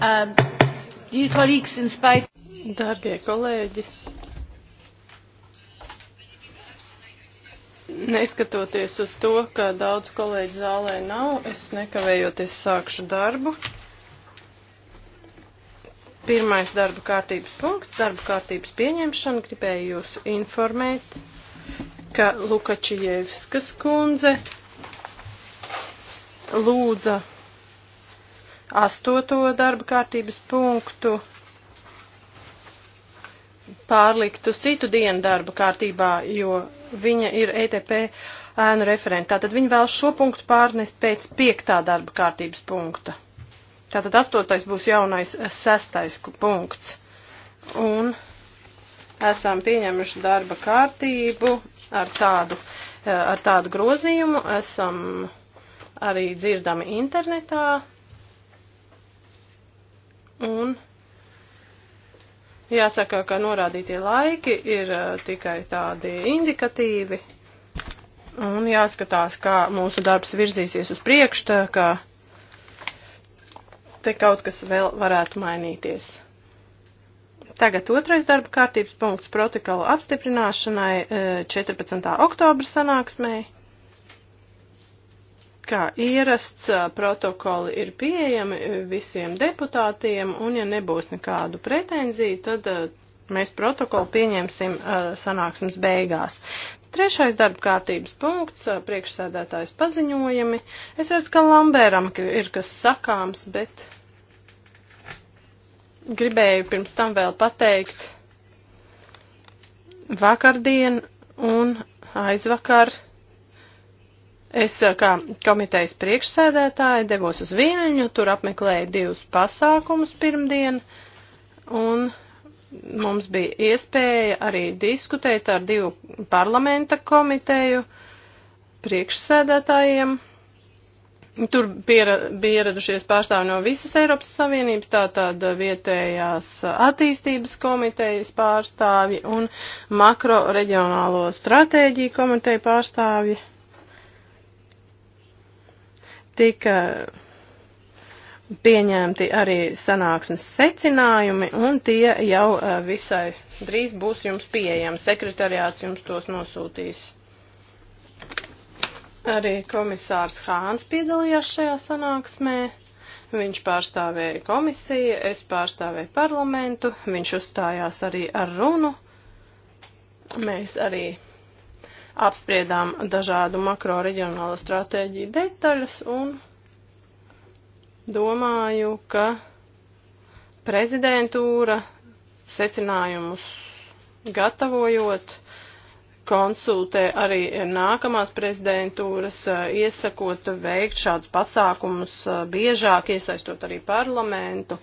Um, spite... Darbie kolēģi, neskatoties uz to, ka daudz kolēģi zālē nav, es nekavējoties sākšu darbu. Pirmais darba kārtības punkts, darba kārtības pieņemšana, gribēju jūs informēt, ka Lukačievskas kundze lūdza astoto darba kārtības punktu pārlikt uz citu dienu darba kārtībā, jo viņa ir ETP ēnu referenta. Tātad viņa vēl šo punktu pārnest pēc piektā darba kārtības punkta. Tātad astotais būs jaunais sestais punkts. Un esam pieņemuši darba kārtību ar tādu, ar tādu grozījumu. Esam arī dzirdami internetā. Un jāsaka, ka norādītie laiki ir eh, tikai tādi indikatīvi. Un jāskatās, kā mūsu darbs virzīsies uz priekšu, tā kā te kaut kas vēl varētu mainīties. Tagad otrais darba kārtības punkts protokolu apstiprināšanai 14. Eh, oktobra sanāksmēji. Kā ierasts, protokoli ir pieejami visiem deputātiem, un ja nebūs nekādu pretenziju, tad mēs protokolu pieņemsim sanāksmes beigās. Trešais darba kārtības punkts, priekšsēdētājs paziņojumi. Es redzu, ka Lambēram ir kas sakāms, bet gribēju pirms tam vēl pateikt vakardien un aizvakar. Es eh, kā komitejas priekšsēdētāja devos uz Viļņu, tur apmeklēju divus pasākumus pirmdien, un mums bija iespēja arī diskutēt ar divu parlamenta komiteju priekšsēdētājiem. Tur piera, bija ieradušies pārstāvi no visas Eiropas Savienības, tātad vietējās attīstības komitejas pārstāvi un makro reģionālo stratēģiju komiteju pārstāvi. Tika pieņemti arī sanāksmes secinājumi, un tie jau uh, visai drīz būs jums pieejami. Sekretariāts jums tos nosūtīs. Arī komisārs Hāns piedalījās šajā sanāksmē. Viņš pārstāvēja komisiju, es pārstāvēju parlamentu, viņš uzstājās arī ar runu. Mēs arī apspriedām dažādu makro reģionālo stratēģiju detaļas un domāju, ka prezidentūra secinājumus gatavojot konsultē arī nākamās prezidentūras, eh, iesakot veikt šādus pasākumus eh, biežāk, iesaistot arī parlamentu.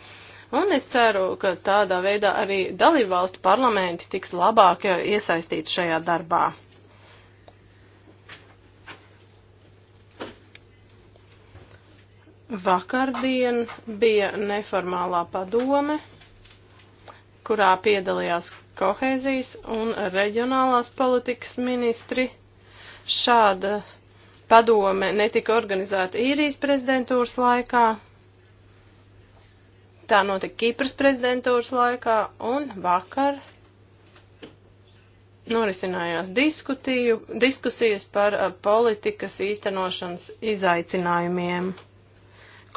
Un es ceru, ka tādā veidā arī dalībvalstu parlamenti tiks labāk eh, iesaistīti šajā darbā. Vakardien bija neformālā padome, kurā piedalījās kohēzijas un reģionālās politikas ministri. Šāda padome netika organizēta īrijas prezidentūras laikā, tā notika Kipras prezidentūras laikā un vakar norisinājās diskusijas par politikas īstenošanas izaicinājumiem.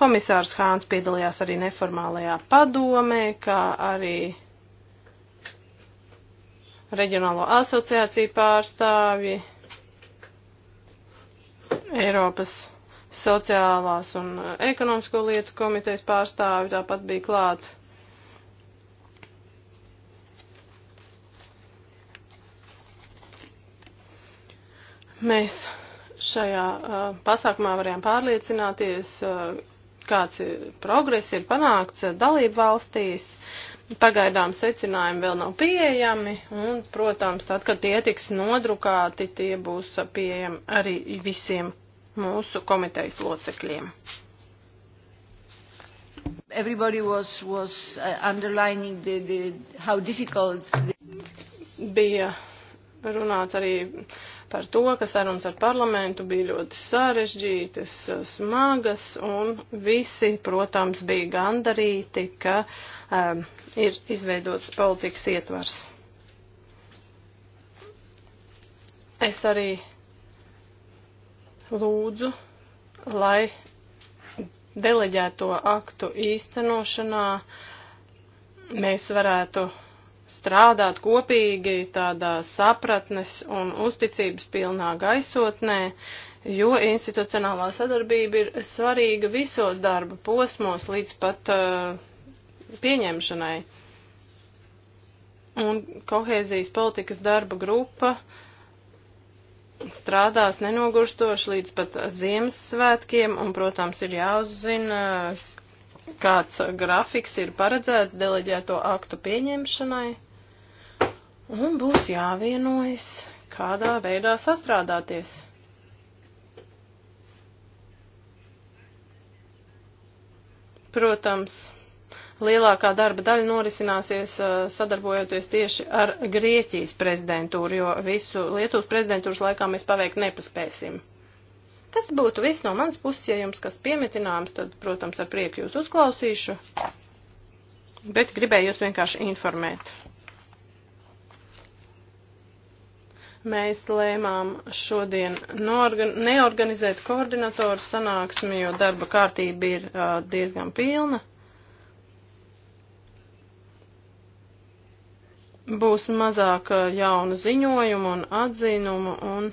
Komisārs Hāns piedalījās arī neformālajā padomē, kā arī reģionālo asociāciju pārstāvji, Eiropas sociālās un ekonomisko lietu komitejas pārstāvji tāpat bija klāt. Mēs šajā uh, pasākumā varējām pārliecināties, uh, kāds ir progress ir panākts dalību valstīs. Pagaidām secinājumi vēl nav pieejami, un, protams, tad, kad tie tiks nodrukāti, tie būs pieejami arī visiem mūsu komitejas locekļiem. Everybody was, was uh, underlining the, the, how difficult the... bija runāts arī par to, ka sarunas ar parlamentu bija ļoti sarežģītas, smagas, un visi, protams, bija gandarīti, ka um, ir izveidots politikas ietvars. Es arī lūdzu, lai deleģēto aktu īstenošanā mēs varētu strādāt kopīgi tādā sapratnes un uzticības pilnā gaisotnē, jo institucionālā sadarbība ir svarīga visos darba posmos līdz pat uh, pieņemšanai. Un kohēzijas politikas darba grupa strādās nenogurstoši līdz pat Ziemassvētkiem, un, protams, ir jāuzzina, kāds grafiks ir paredzēts deleģēto aktu pieņemšanai, un būs jāvienojas, kādā veidā sastrādāties. Protams, lielākā darba daļa norisināsies uh, sadarbojoties tieši ar Grieķijas prezidentūru, jo visu Lietuvas prezidentūras laikā mēs paveikt nepaspēsim. Tas būtu viss no manas puses, ja jums kas piemetināms, tad, protams, ar prieku jūs uzklausīšu, bet gribēju jūs vienkārši informēt. Mēs lēmām šodien neorganizēt koordinatoru sanāksmi, jo darba kārtība ir uh, diezgan pilna. Būs mazāk jaunu ziņojumu un atzinumu un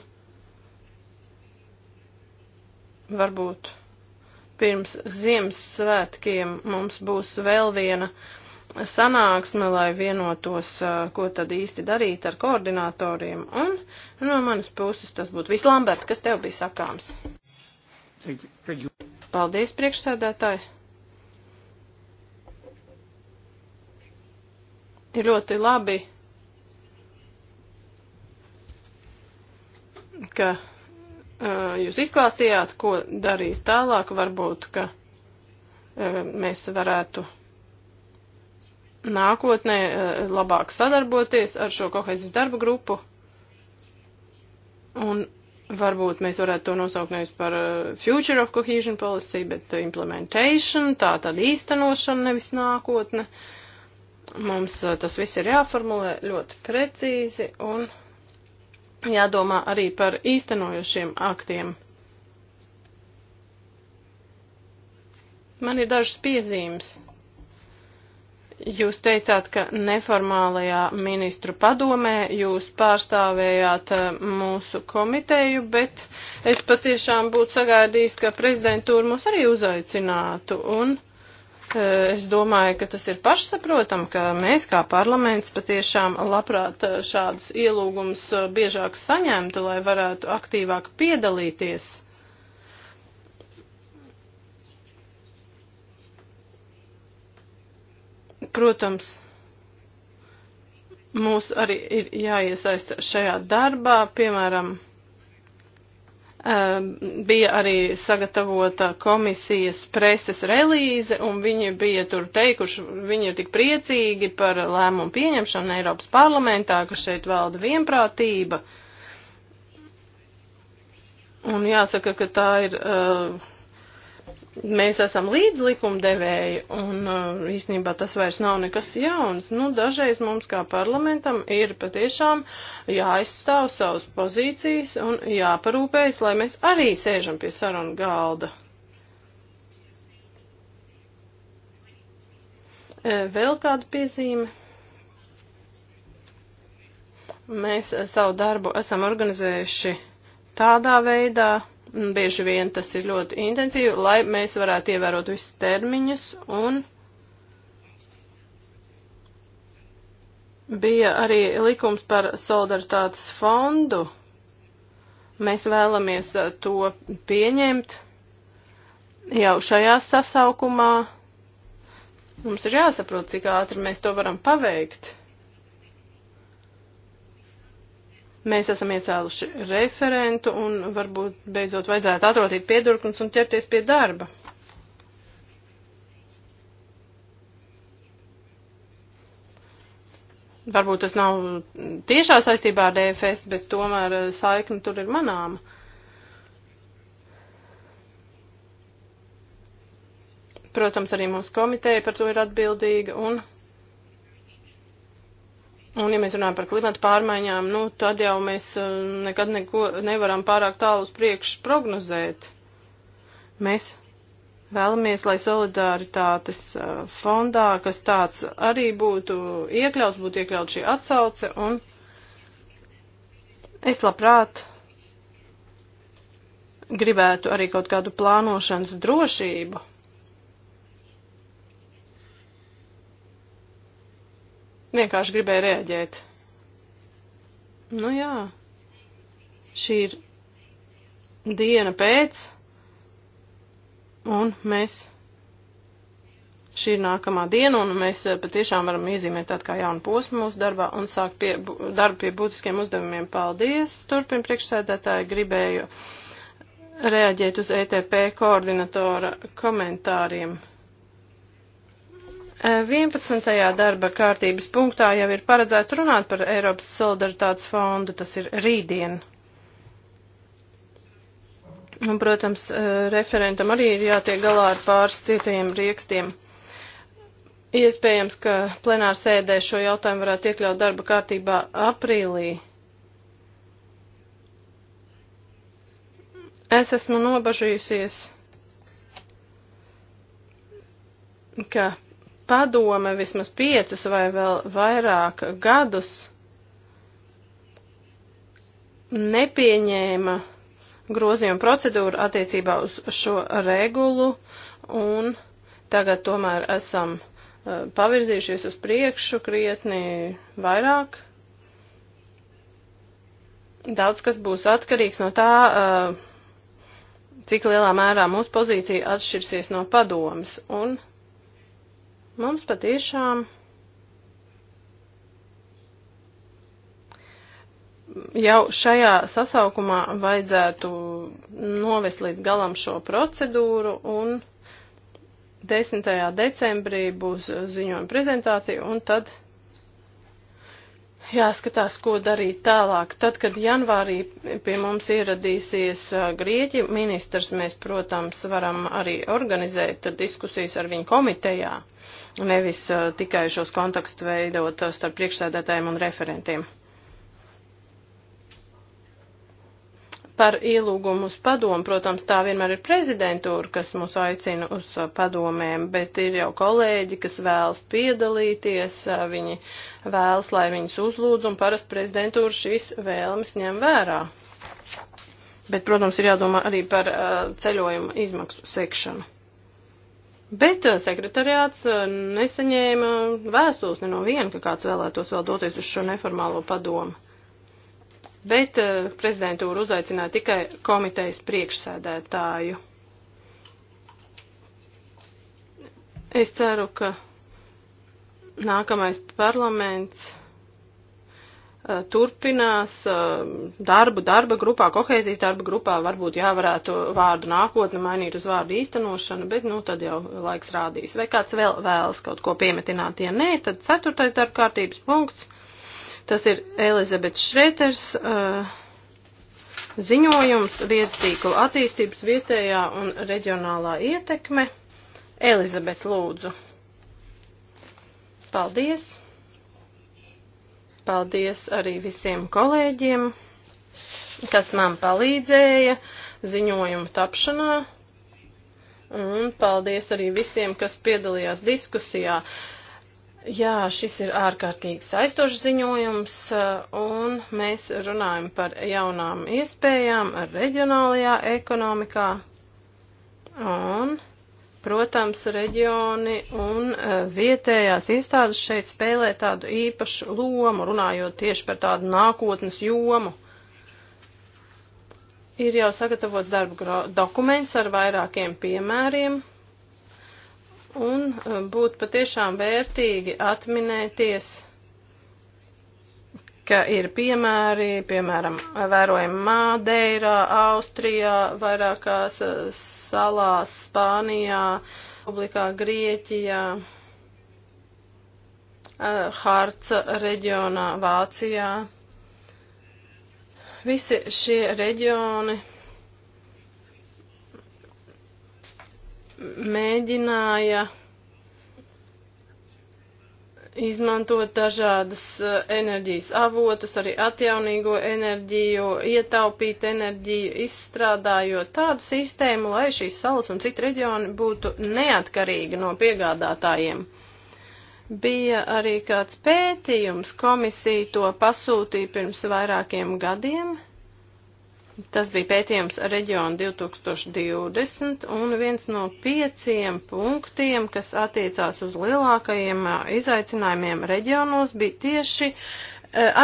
varbūt pirms Ziemassvētkiem mums būs vēl viena sanāksme, lai vienotos, ko tad īsti darīt ar koordinatoriem. Un no manas puses tas būtu viss. Lambert, kas tev bija sakāms? Paldies, priekšsēdētāji. Ir ļoti labi, ka jūs izklāstījāt, ko darīt tālāk, varbūt, ka mēs varētu nākotnē labāk sadarboties ar šo kohēzijas darba grupu. Un varbūt mēs varētu to nosaukt nevis par Future of Cohesion Policy, bet implementation, tā tad īstenošana, nevis nākotne. Mums tas viss ir jāformulē ļoti precīzi un jādomā arī par īstenojošiem aktiem. Man ir dažas piezīmes. Jūs teicāt, ka neformālajā ministru padomē jūs pārstāvējāt eh, mūsu komiteju, bet es patiešām būtu sagaidījis, ka prezidentūra mūs arī uzaicinātu. Un Eh, es domāju, ka tas ir pašsaprotam, ka mēs kā parlaments patiešām labprāt eh, šādus ielūgumus eh, biežāk saņemtu, lai varētu aktīvāk piedalīties. Protams, mūs arī ir jāiesaista šajā darbā, piemēram, bija arī sagatavota komisijas preses relīze, un viņi bija tur teikuši, viņi ir tik priecīgi par lēmumu pieņemšanu Eiropas parlamentā, ka šeit valda vienprātība. Un jāsaka, ka tā ir. Uh, mēs esam līdzlikumdevēji, un uh, īstenībā tas vairs nav nekas jauns. Nu, dažreiz mums kā parlamentam ir patiešām jāizstāv savas pozīcijas un jāparūpējas, lai mēs arī sēžam pie sarunu galda. E, vēl kāda piezīme? Mēs savu darbu esam organizējuši tādā veidā, Bieži vien tas ir ļoti intensīvi, lai mēs varētu ievērot visus termiņus un bija arī likums par solidaritātes fondu. Mēs vēlamies uh, to pieņemt jau šajā sasaukumā. Mums ir jāsaprot, cik ātri mēs to varam paveikt. Mēs esam iecēluši referentu un varbūt beidzot vajadzētu atrotīt piedurknes un ķerties pie darba. Varbūt tas nav tiešā saistībā ar DFS, bet tomēr eh, saikni tur ir manāma. Protams, arī mūsu komiteja par to ir atbildīga un Un, ja mēs runājam par klimatu pārmaiņām, nu, tad jau mēs eh, nekad neko nevaram pārāk tālu uz priekšu prognozēt. Mēs vēlamies, lai solidaritātes eh, fondā, kas tāds arī būtu iekļauts, būtu iekļauts šī atsauce, un es labprāt gribētu arī kaut kādu plānošanas drošību Vienkārši gribēju reaģēt. Nu jā, šī ir diena pēc, un mēs, šī ir nākamā diena, un mēs eh, patiešām varam iezīmēt tādu kā jaunu posmu mūsu darbā un sākt pie, darbu pie būtiskiem uzdevumiem. Paldies! Turpin priekšsēdētāji gribēju reaģēt uz ETP koordinatora komentāriem. 11. darba kārtības punktā jau ir paredzēts runāt par Eiropas solidaritātes fondu, tas ir rītdien. Un, protams, eh, referentam arī ir jātiek galā ar pāris cietajiem riekstiem. Iespējams, ka plenāra sēdē šo jautājumu varētu iekļaut darba kārtībā aprīlī. Es esmu nobažījusies, ka padome vismaz piecus vai vēl vairāk gadus nepieņēma grozījuma procedūru attiecībā uz šo regulu un tagad tomēr esam eh, pavirzījušies uz priekšu krietni vairāk. Daudz kas būs atkarīgs no tā, eh, cik lielā mērā mūsu pozīcija atšķirsies no padomas. Un Mums patiešām jau šajā sasaukumā vajadzētu novest līdz galam šo procedūru un 10. decembrī būs ziņojuma prezentācija un tad jāskatās, ko darīt tālāk. Tad, kad janvārī pie mums ieradīsies uh, Grieķi ministrs, mēs, protams, varam arī organizēt diskusijas ar viņu komitejā nevis uh, tikai šos kontaktus veidot uh, starp priekšsēdētājiem un referentiem. Par ielūgumu uz padomu, protams, tā vienmēr ir prezidentūra, kas mūs aicina uz uh, padomēm, bet ir jau kolēģi, kas vēlas piedalīties, uh, viņi vēlas, lai viņus uzlūdz, un parasti prezidentūra šīs vēlmes ņem vērā. Bet, protams, ir jādomā arī par uh, ceļojumu izmaksu sekšanu. Bet eh, sekretariāts eh, nesaņēma vēstules ne no viena, ka kāds vēlētos vēl doties uz šo neformālo padomu. Bet eh, prezidentūra uzaicināja tikai komitejas priekšsēdētāju. Es ceru, ka nākamais parlaments turpinās darbu darba grupā, kohēzijas darba grupā, varbūt jāvarētu vārdu nākotne mainīt uz vārdu īstenošanu, bet nu tad jau laiks rādīs. Vai kāds vēl vēlas kaut ko piemetināt, ja nē, tad ceturtais darba kārtības punkts, tas ir Elizabetes Šreters ziņojums vietīkla attīstības vietējā un reģionālā ietekme. Elizabet, lūdzu. Paldies! Paldies arī visiem kolēģiem, kas man palīdzēja ziņojumu tapšanā. Un paldies arī visiem, kas piedalījās diskusijā. Jā, šis ir ārkārtīgi saistošs ziņojums, un mēs runājam par jaunām iespējām reģionālajā ekonomikā. Un Protams, reģioni un e, vietējās iestādes šeit spēlē tādu īpašu lomu, runājot tieši par tādu nākotnes jomu. Ir jau sagatavots darba dokuments ar vairākiem piemēriem, un e, būtu patiešām vērtīgi atminēties ka ir piemēri, piemēram, vērojam Mādeirā, Austrijā, vairākās eh, salās, Spānijā, Publikā Grieķijā, eh, Harca reģionā, Vācijā. Visi šie reģioni mēģināja izmantot dažādas eh, enerģijas avotus, arī atjaunīgo enerģiju, ietaupīt enerģiju, izstrādājot tādu sistēmu, lai šīs salas un citi reģioni būtu neatkarīgi no piegādātājiem. Bija arī kāds pētījums, komisija to pasūtīja pirms vairākiem gadiem, Tas bija pētījums reģiona 2020 un viens no pieciem punktiem, kas attiecās uz lielākajiem izaicinājumiem reģionos, bija tieši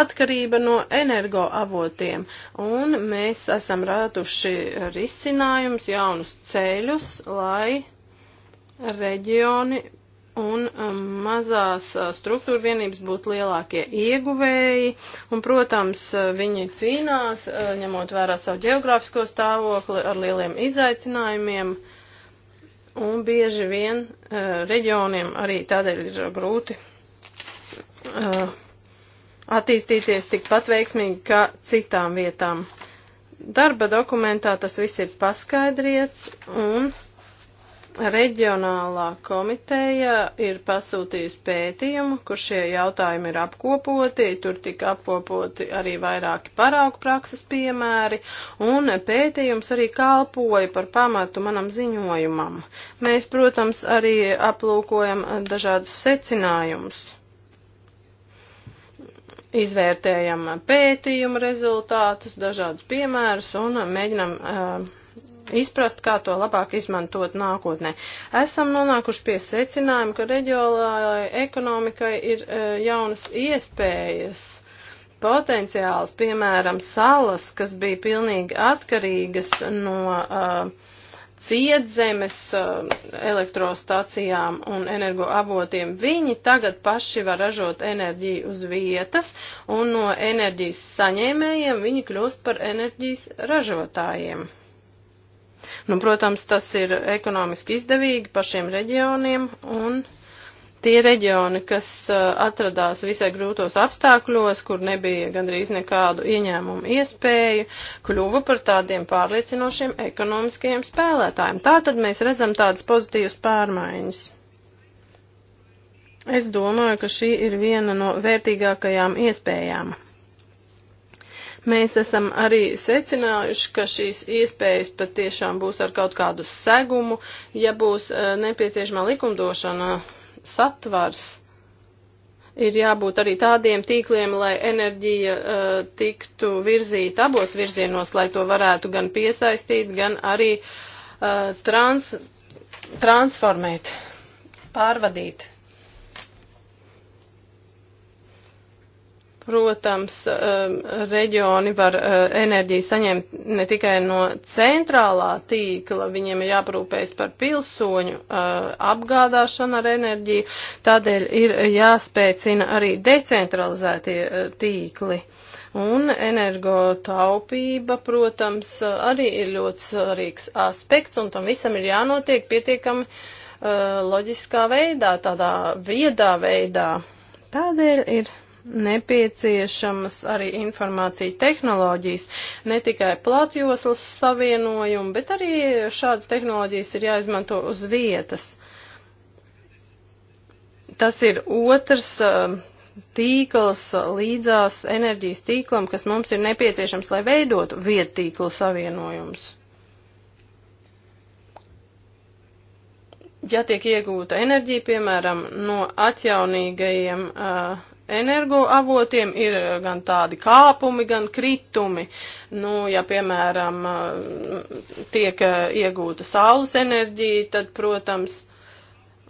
atkarība no energoavotiem. Un mēs esam rāduši risinājums, jaunus ceļus, lai reģioni un um, mazās uh, struktūra vienības būtu lielākie ieguvēji, un, protams, uh, viņi cīnās, uh, ņemot vērā savu geogrāfisko stāvokli, ar lieliem izaicinājumiem, un bieži vien reģioniem arī tādēļ ir grūti attīstīties tikpat veiksmīgi kā citām vietām. Darba dokumentā tas viss ir paskaidriets, un Reģionālā komiteja ir pasūtījusi pētījumu, kur šie jautājumi ir apkopoti, tur tika apkopoti arī vairāki paraugu prakses piemēri, un pētījums arī kalpoja par pamatu manam ziņojumam. Mēs, protams, arī aplūkojam dažādus secinājumus izvērtējam pētījumu rezultātus, dažādus piemērus un mēģinam uh, izprast, kā to labāk izmantot nākotnē. Esam nonākuši pie secinājuma, ka reģionālajai ekonomikai ir e, jaunas iespējas potenciāls, piemēram, salas, kas bija pilnīgi atkarīgas no uh, e, ciedzemes uh, e, elektrostacijām un energoavotiem. Viņi tagad paši var ražot enerģiju uz vietas, un no enerģijas saņēmējiem viņi kļūst par enerģijas ražotājiem. Nu, protams, tas ir ekonomiski izdevīgi pašiem reģioniem un tie reģioni, kas atradās visai grūtos apstākļos, kur nebija gandrīz nekādu ieņēmumu iespēju, kļuva par tādiem pārliecinošiem ekonomiskajiem spēlētājiem. Tā tad mēs redzam tādas pozitīvas pārmaiņas. Es domāju, ka šī ir viena no vērtīgākajām iespējām. Mēs esam arī secinājuši, ka šīs iespējas patiešām būs ar kaut kādu segumu, ja būs uh, eh, nepieciešama likumdošana satvars. Ir jābūt arī tādiem tīkliem, lai enerģija uh, tiktu virzīta abos virzienos, lai to varētu gan piesaistīt, gan arī uh, trans, transformēt, pārvadīt. Protams, um, reģioni var uh, enerģiju saņemt ne tikai no centrālā tīkla, viņiem ir jāprūpējas par pilsoņu uh, apgādāšanu ar enerģiju, tādēļ ir jāspēcina arī decentralizētie uh, tīkli. Un energotaupība, protams, arī ir ļoti svarīgs aspekts, un tam visam ir jānotiek pietiekami loģiskā veidā, tādā viedā veidā. Tādēļ ir nepieciešamas arī informācija tehnoloģijas, ne tikai platjoslas savienojumi, bet arī šādas tehnoloģijas ir jāizmanto uz vietas. Tas ir otrs um, tīkls līdzās enerģijas tīklam, kas mums ir nepieciešams, lai veidotu viedtīklu savienojumus. ja tiek iegūta enerģija, piemēram, no atjaunīgajiem uh, energoavotiem ir eh, gan tādi kāpumi, gan kritumi. Nu, ja, piemēram, eh, tiek eh, iegūta saules enerģija, tad, protams,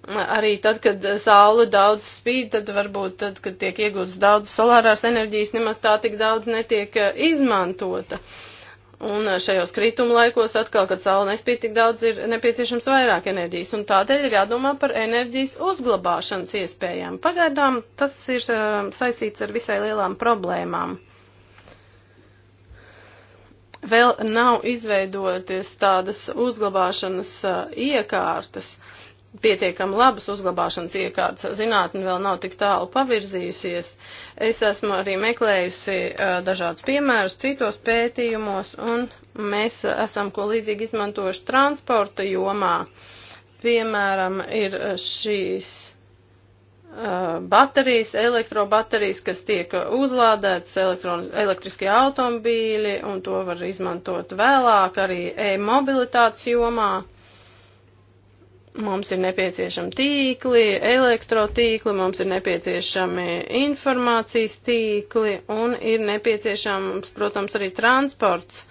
arī tad, kad saule daudz spīd, tad varbūt tad, kad tiek iegūts daudz solārās enerģijas, nemaz tā tik daudz netiek izmantota. Uh, Un šajos krituma laikos atkal, kad saule nespīd tik daudz, ir nepieciešams vairāk enerģijas. Un tādēļ ir jādomā par enerģijas uzglabāšanas iespējām. Pagaidām tas ir um, saistīts ar visai lielām problēmām. Vēl nav izveidoties tādas uzglabāšanas uh, iekārtas. Uh, pietiekami labas uzglabāšanas iekārtas. Zinātne vēl nav tik tālu pavirzījusies. Es esmu arī meklējusi uh, dažādus piemērus citos pētījumos, un mēs esam ko līdzīgi izmantojuši transporta jomā. Piemēram, ir šīs uh, baterijas, elektrobaterijas, kas tiek uzlādētas elektriskie automobīļi, un to var izmantot vēlāk arī e-mobilitātes jomā. Uh, Mums ir nepieciešami tīkli, elektrotīkli, mums ir nepieciešami informācijas tīkli un ir nepieciešams, protams, arī transports,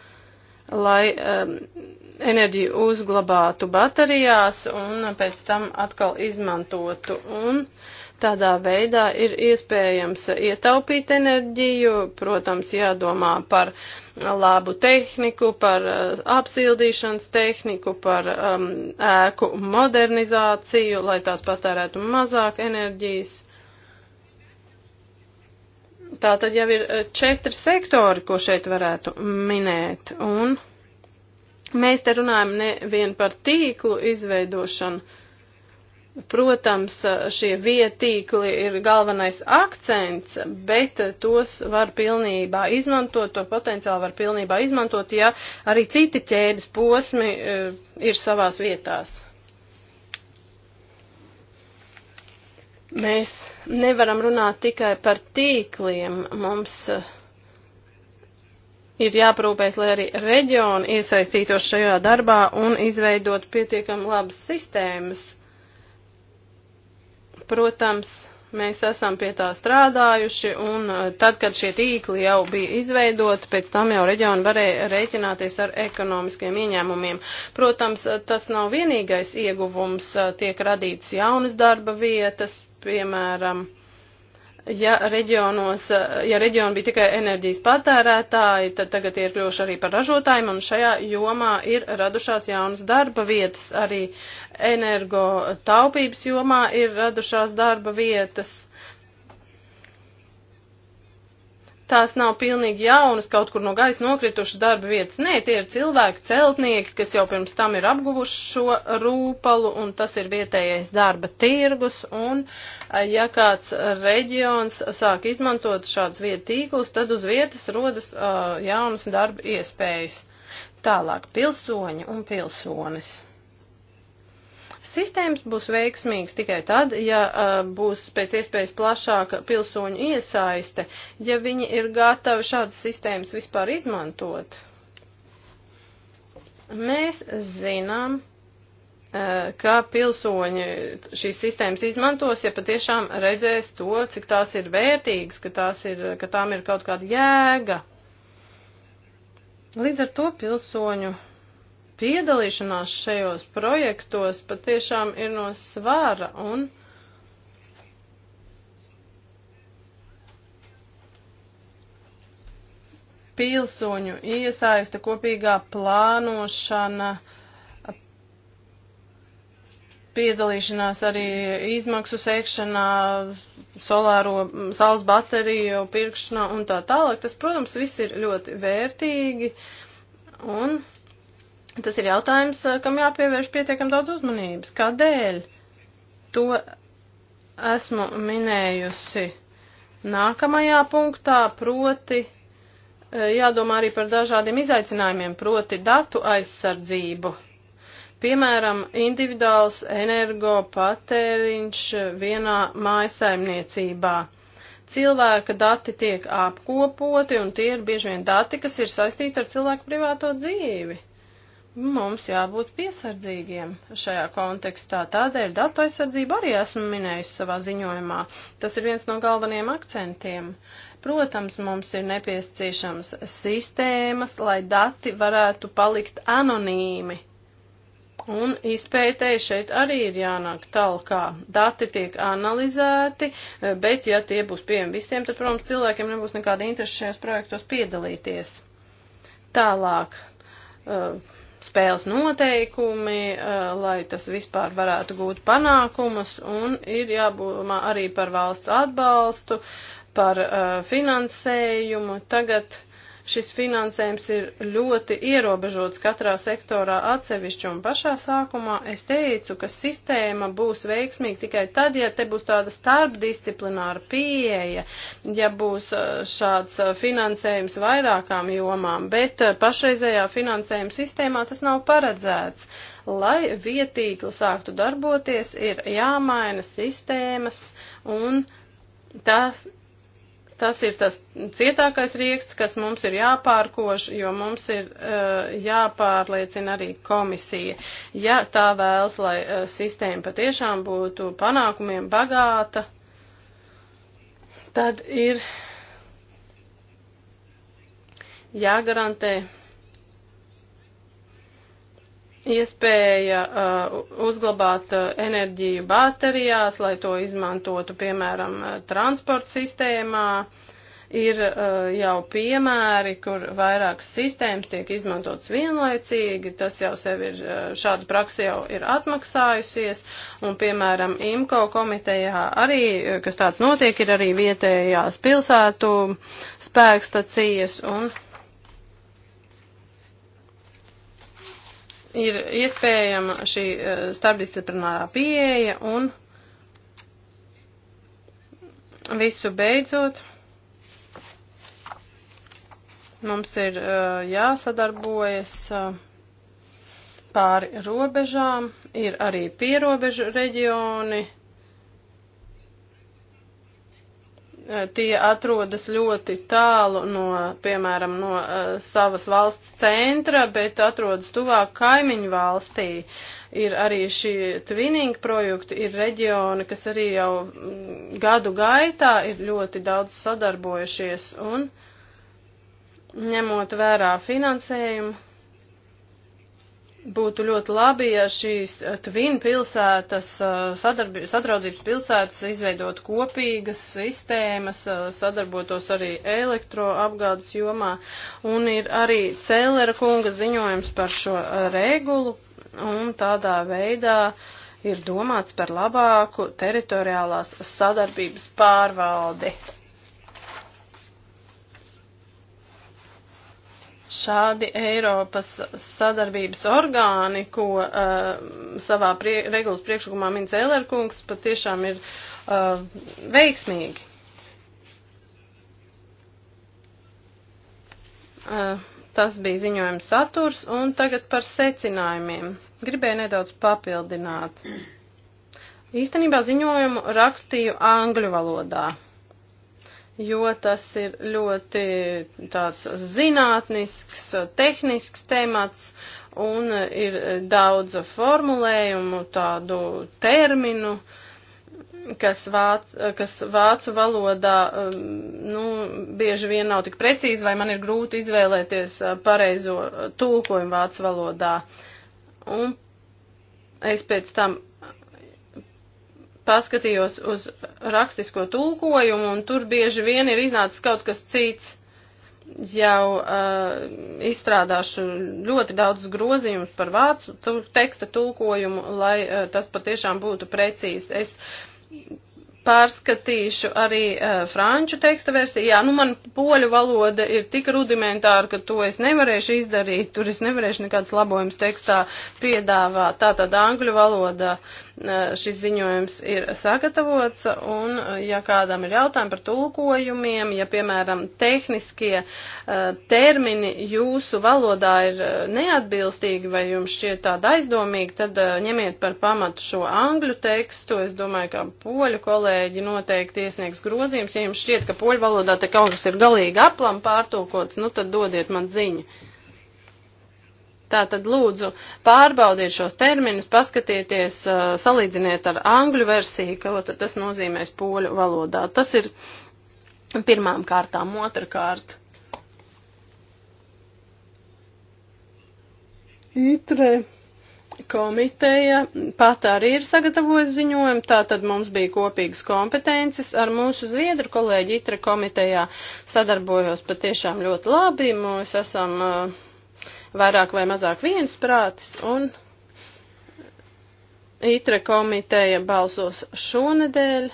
lai um, enerģiju uzglabātu baterijās un pēc tam atkal izmantotu. Un, uh, Tādā veidā ir iespējams ietaupīt enerģiju, protams, jādomā par labu tehniku, par eh, apsildīšanas tehniku, par um, ēku modernizāciju, lai tās patērētu mazāk enerģijas. Tā tad jau ir eh, četri sektori, ko šeit varētu minēt, un mēs te runājam nevien par tīklu izveidošanu, Protams, šie vietīkli ir galvenais akcents, bet tos var pilnībā izmantot, to potenciāli var pilnībā izmantot, ja arī citi ķēdes posmi eh, ir savās vietās. Mēs nevaram runāt tikai par tīkliem. Mums eh, ir jāprūpēs, lai arī reģioni iesaistītos šajā darbā un izveidot pietiekam labas sistēmas. Protams, mēs esam pie tā strādājuši, un uh, tad, kad šie tīkli jau bija izveidoti, pēc tam jau reģioni varēja rēķināties ar ekonomiskiem ieņēmumiem. Protams, uh, tas nav vienīgais ieguvums, uh, tiek radīts jaunas darba vietas, piemēram, Ja reģionos, eh, ja reģioni bija tikai enerģijas patērētāji, tad tagad ir kļuvuši arī par ražotājiem, un šajā jomā ir radušās jaunas darba vietas, arī energo taupības jomā ir radušās darba vietas. tās nav pilnīgi jaunas, kaut kur no gaisa nokritušas darba vietas. Nē, tie ir cilvēki, celtnieki, kas jau pirms tam ir apguvuši šo rūpalu, un tas ir vietējais darba tirgus, un eh, ja kāds reģions sāk izmantot šādus vietu tīklus, tad uz vietas rodas uh, jaunas darba iespējas. Tālāk pilsoņi un pilsonis. Sistēmas būs veiksmīgas tikai tad, ja uh, būs pēc iespējas plašāka pilsoņu iesaiste, ja viņi ir gatavi šādas sistēmas vispār izmantot. Mēs zinām, kā pilsoņi šīs sistēmas izmantos, ja patiešām redzēs to, cik tās ir vērtīgas, ka, tās ir, ka tām ir kaut kāda jēga. Līdz ar to pilsoņu piedalīšanās šajos projektos patiešām ir no svāra un. pilsoņu iesaista, kopīgā plānošana, piedalīšanās arī izmaksu sekšanā, solāro saules bateriju pirkšanā un tā tālāk. Tas, protams, viss ir ļoti vērtīgi un Tas ir jautājums, eh, kam jāpievērš pietiekam daudz uzmanības. Kādēļ? To esmu minējusi nākamajā punktā, proti eh, jādomā arī par dažādiem izaicinājumiem, proti datu aizsardzību. Piemēram, individuāls energopatēriņš vienā mājasaimniecībā cilvēka dati tiek apkopoti, un tie ir bieži vien dati, kas ir saistīti ar cilvēku privāto dzīvi. Mums jābūt piesardzīgiem šajā kontekstā, tādēļ datu aizsardzību arī esmu minējusi savā ziņojumā. Tas ir viens no galvenajiem akcentiem. Protams, mums ir nepieciešams sistēmas, lai dati varētu palikt anonīmi. Un izpētēji šeit arī ir jānāk talkā. Dati tiek analizēti, bet ja tie būs pieejami visiem, tad, protams, cilvēkiem nebūs nekāda interesa šajos projektos piedalīties. Tālāk. Uh, spēles noteikumi, eh, lai tas vispār varētu gūt panākumus, un ir jābūt arī par valsts atbalstu, par eh, finansējumu. Tagad Šis finansējums ir ļoti ierobežots katrā sektorā atsevišķi, un pašā sākumā es teicu, ka sistēma būs veiksmīga tikai tad, ja te būs tāda starpdisciplināra pieeja, ja būs uh, šāds uh, finansējums vairākām jomām, bet uh, pašreizējā finansējuma sistēmā tas nav paredzēts. Lai vietīgi sāktu darboties, ir jāmaina sistēmas un tas Tas ir tas cietākais rieksts, kas mums ir jāpārkož, jo mums ir uh, jāpārliecina arī komisija. Ja tā vēlas, lai uh, sistēma patiešām būtu panākumiem bagāta, tad ir jāgarantē iespēja uh, uzglabāt uh, enerģiju baterijās, lai to izmantotu, piemēram, uh, transporta sistēmā. Ir uh, jau piemēri, kur vairākas sistēmas tiek izmantotas vienlaicīgi, tas jau sev ir, uh, šāda praksa jau ir atmaksājusies, un, piemēram, IMCO komitejā arī, uh, kas tāds notiek, ir arī vietējās pilsētu spēkstacijas, un ir iespējama šī eh, starpdisciplinārā pieeja un visu beidzot mums ir eh, jāsadarbojas eh, pāri robežām, ir arī pierobežu reģioni Eh, tie atrodas ļoti tālu no, piemēram, no uh, savas valsts centra, bet atrodas tuvāk kaimiņu valstī. Ir arī šie twinning projekti, ir reģioni, kas arī jau mm, gadu gaitā ir ļoti daudz sadarbojušies un ņemot vērā finansējumu Būtu ļoti labi, ja šīs eh, Twin pilsētas, eh, sadarbi, sadraudzības pilsētas izveidot kopīgas sistēmas, eh, sadarbotos arī elektroapgādes jomā. Un ir arī Cēlera kunga ziņojums par šo regulu, un tādā veidā ir domāts par labāku teritoriālās sadarbības pārvaldi. šādi Eiropas sadarbības orgāni, ko uh, savā prie, regulas priekšlikumā min Cēlērkungs, patiešām ir uh, veiksmīgi. Uh, tas bija ziņojums saturs, un tagad par secinājumiem. Gribēju nedaudz papildināt. Īstenībā ziņojumu rakstīju angļu valodā jo tas ir ļoti tāds zinātnisks, tehnisks temats un ir daudz formulējumu, tādu terminu, kas, vāc, kas vācu valodā um, nu, bieži vien nav tik precīzi, vai man ir grūti izvēlēties uh, pareizo tulkojumu vācu valodā. Un es pēc tam paskatījos uz rakstisko tulkojumu, un tur bieži vien ir iznācis kaut kas cits. Jau uh, izstrādāšu ļoti daudz grozījumus par vācu tu, teksta tulkojumu, lai uh, tas patiešām būtu precīzi. Es pārskatīšu arī uh, franču teksta versiju. Jā, nu man poļu valoda ir tik rudimentāra, ka to es nevarēšu izdarīt. Tur es nevarēšu nekādas labojumus tekstā piedāvāt. Tātad angļu valoda. Uh, šis ziņojums ir sagatavots, un ja kādam ir jautājumi par tulkojumiem, ja, piemēram, tehniskie termini jūsu valodā ir neatbilstīgi vai jums šķiet tāda aizdomīga, tad ņemiet par pamatu šo angļu tekstu. Es domāju, ka poļu kolēģi noteikti iesniegs grozījums. Ja jums šķiet, ka poļu valodā te kaut kas ir galīgi aplam pārtulkots, nu tad dodiet man ziņu. Tātad lūdzu pārbaudiet šos terminus, paskatieties, salīdziniet ar angļu versiju, ko tad tas nozīmēs poļu valodā. Tas ir pirmām kārtām, otrkārt. Itre komiteja pat arī ir sagatavojusi ziņojumu, tātad mums bija kopīgas kompetences ar mūsu zviedru kolēģi Itre komitejā sadarbojos patiešām ļoti labi, mēs esam uh, vairāk vai mazāk viensprātis, un ITRE komiteja balsos šonedēļ,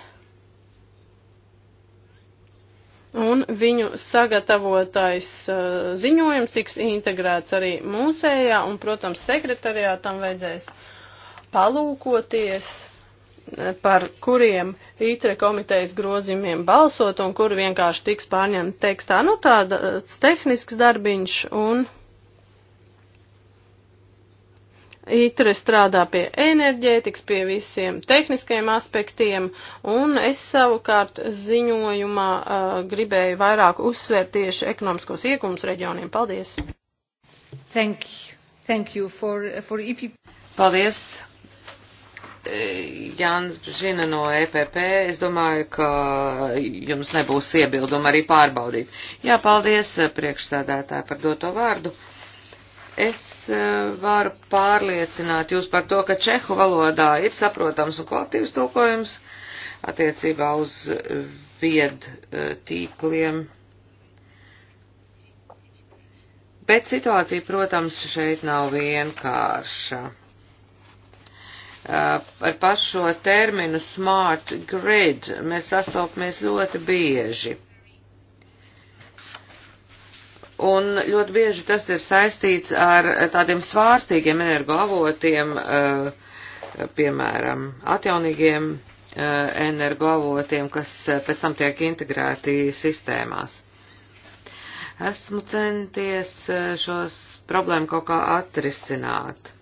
un viņu sagatavotais uh, ziņojums tiks integrēts arī mūsējā, un, protams, sekretariātam vajadzēs palūkoties uh, par kuriem ITRE komitejas grozījumiem balsot un kur vienkārši tiks pārņemta tekstā. Nu, tāds tehnisks darbiņš un Itre strādā pie enerģētikas, pie visiem tehniskajiem aspektiem, un es savukārt ziņojumā uh, gribēju vairāk uzsvērt tieši ekonomiskos iegums reģioniem. Paldies! Thank you. Thank you for, for EP. Paldies! Jānis Žina no EPP, es domāju, ka jums nebūs iebildumi arī pārbaudīt. Jā, paldies priekšsēdētāji par doto vārdu. Uh, Es eh, varu pārliecināt jūs par to, ka čehu valodā ir saprotams un kvalitīvs tulkojums attiecībā uz vied eh, tīkliem. Bet situācija, protams, šeit nav vienkārša. Eh, ar pašo terminu smart grid mēs sastopamies ļoti bieži. Un ļoti bieži tas ir saistīts ar tādiem svārstīgiem energoavotiem, eh, piemēram, atjaunīgiem eh, energoavotiem, kas eh, pēc tam tiek integrēti sistēmās. Esmu centies šos problēmu kaut kā atrisināt.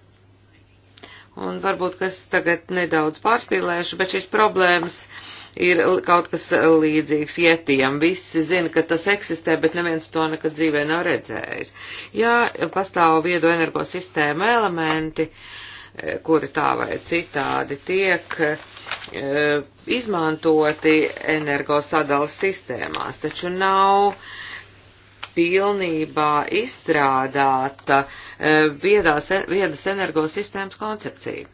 Un varbūt, ka es tagad nedaudz pārspīlēšu, bet šīs problēmas uh, ir kaut kas līdzīgs jetiem. Visi zina, ka tas eksistē, bet neviens to nekad dzīvē nav redzējis. Jā, pastāv viedo energosistēma elementi, e, kuri tā vai citādi tiek e, izmantoti energosadalas sistēmās, taču nav pilnībā izstrādāta e, viedās, viedas energosistēmas koncepcija.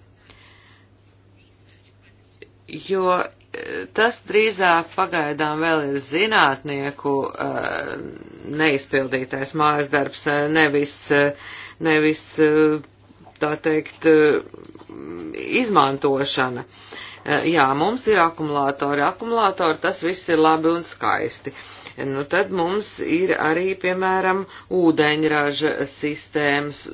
Jo tas drīzāk pagaidām vēl ir zinātnieku eh, neizpildītais mājas darbs, eh, nevis, eh, nevis tā teikt, izmantošana. Jā, mums ir akumulātori, akumulātori, tas viss ir labi un skaisti. Nu, tad mums ir arī, piemēram, ūdeņraža sistēmas,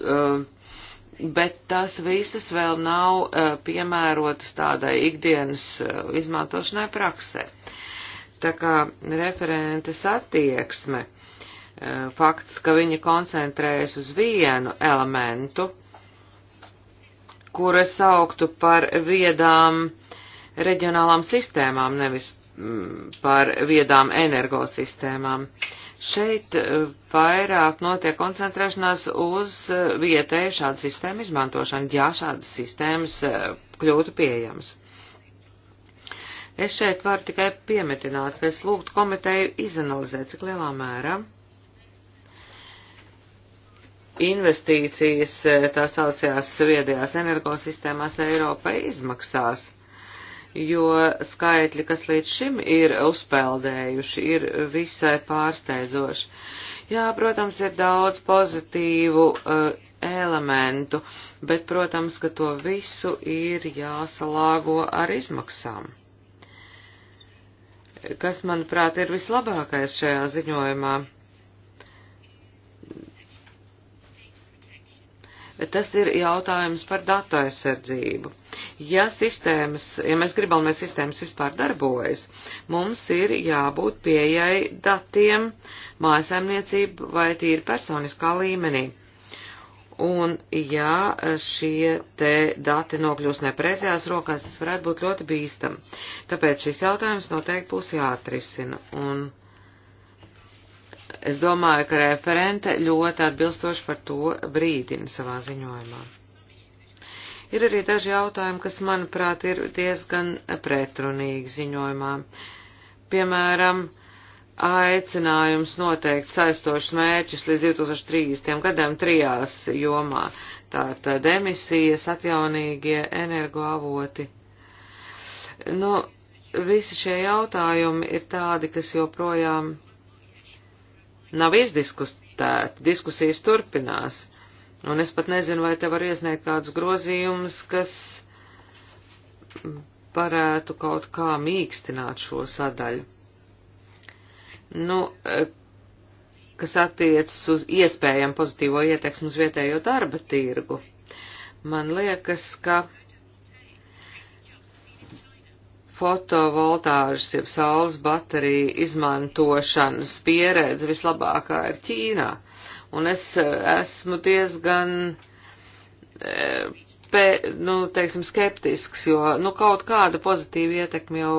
bet tās visas vēl nav uh, piemērotas tādai ikdienas uh, izmantošanai praksē. Tā kā referentes attieksme, uh, fakts, ka viņa koncentrējas uz vienu elementu, kuru es augtu par viedām reģionālām sistēmām, nevis mm, par viedām energosistēmām. Uh, Šeit e, vairāk notiek koncentrēšanās uz e, vietēju šādu sistēmu izmantošanu, ja šādas sistēmas e, kļūtu pieejamas. Es šeit varu tikai piemetināt, ka es lūgtu komiteju izanalizēt, cik lielā mērā investīcijas tā saucajās viedajās energosistēmās Eiropai izmaksās jo skaitļi, kas līdz šim ir uzpeldējuši, ir visai pārsteidzoši. Jā, protams, ir daudz pozitīvu uh, elementu, bet, protams, ka to visu ir jāsalāgo ar izmaksām. Kas, manuprāt, ir vislabākais šajā ziņojumā? bet tas ir jautājums par datu aizsardzību. Ja sistēmas, ja mēs gribam, lai sistēmas vispār darbojas, mums ir jābūt pieejai datiem mājasēmniecību vai tīri personiskā līmenī. Un ja šie te dati nokļūs nepreizajās rokās, tas varētu būt ļoti bīstam. Tāpēc šis jautājums noteikti būs jāatrisina. Un Es domāju, ka referente ļoti atbilstoši par to brīdina savā ziņojumā. Ir arī daži jautājumi, kas, manuprāt, ir diezgan pretrunīgi ziņojumā. Piemēram, aicinājums noteikt saistošus mērķus līdz 2030. gadam trijās jomā - tātad emisijas, atjaunīgie energoavoti. Nu, visi šie jautājumi ir tādi, kas joprojām nav izdiskutēti, diskusijas turpinās, un es pat nezinu, vai te var iesniegt kādus grozījumus, kas varētu kaut kā mīkstināt šo sadaļu. Nu, eh, kas attiecas uz iespējam pozitīvo ieteksmu uz vietējo darba tirgu. Man liekas, ka fotovoltāžas, jeb saules bateriju izmantošanas pieredze vislabākā ir Ķīnā. Un es eh, esmu diezgan, eh, pē, nu, teiksim, skeptisks, jo, nu, kaut kāda pozitīva ietekme jau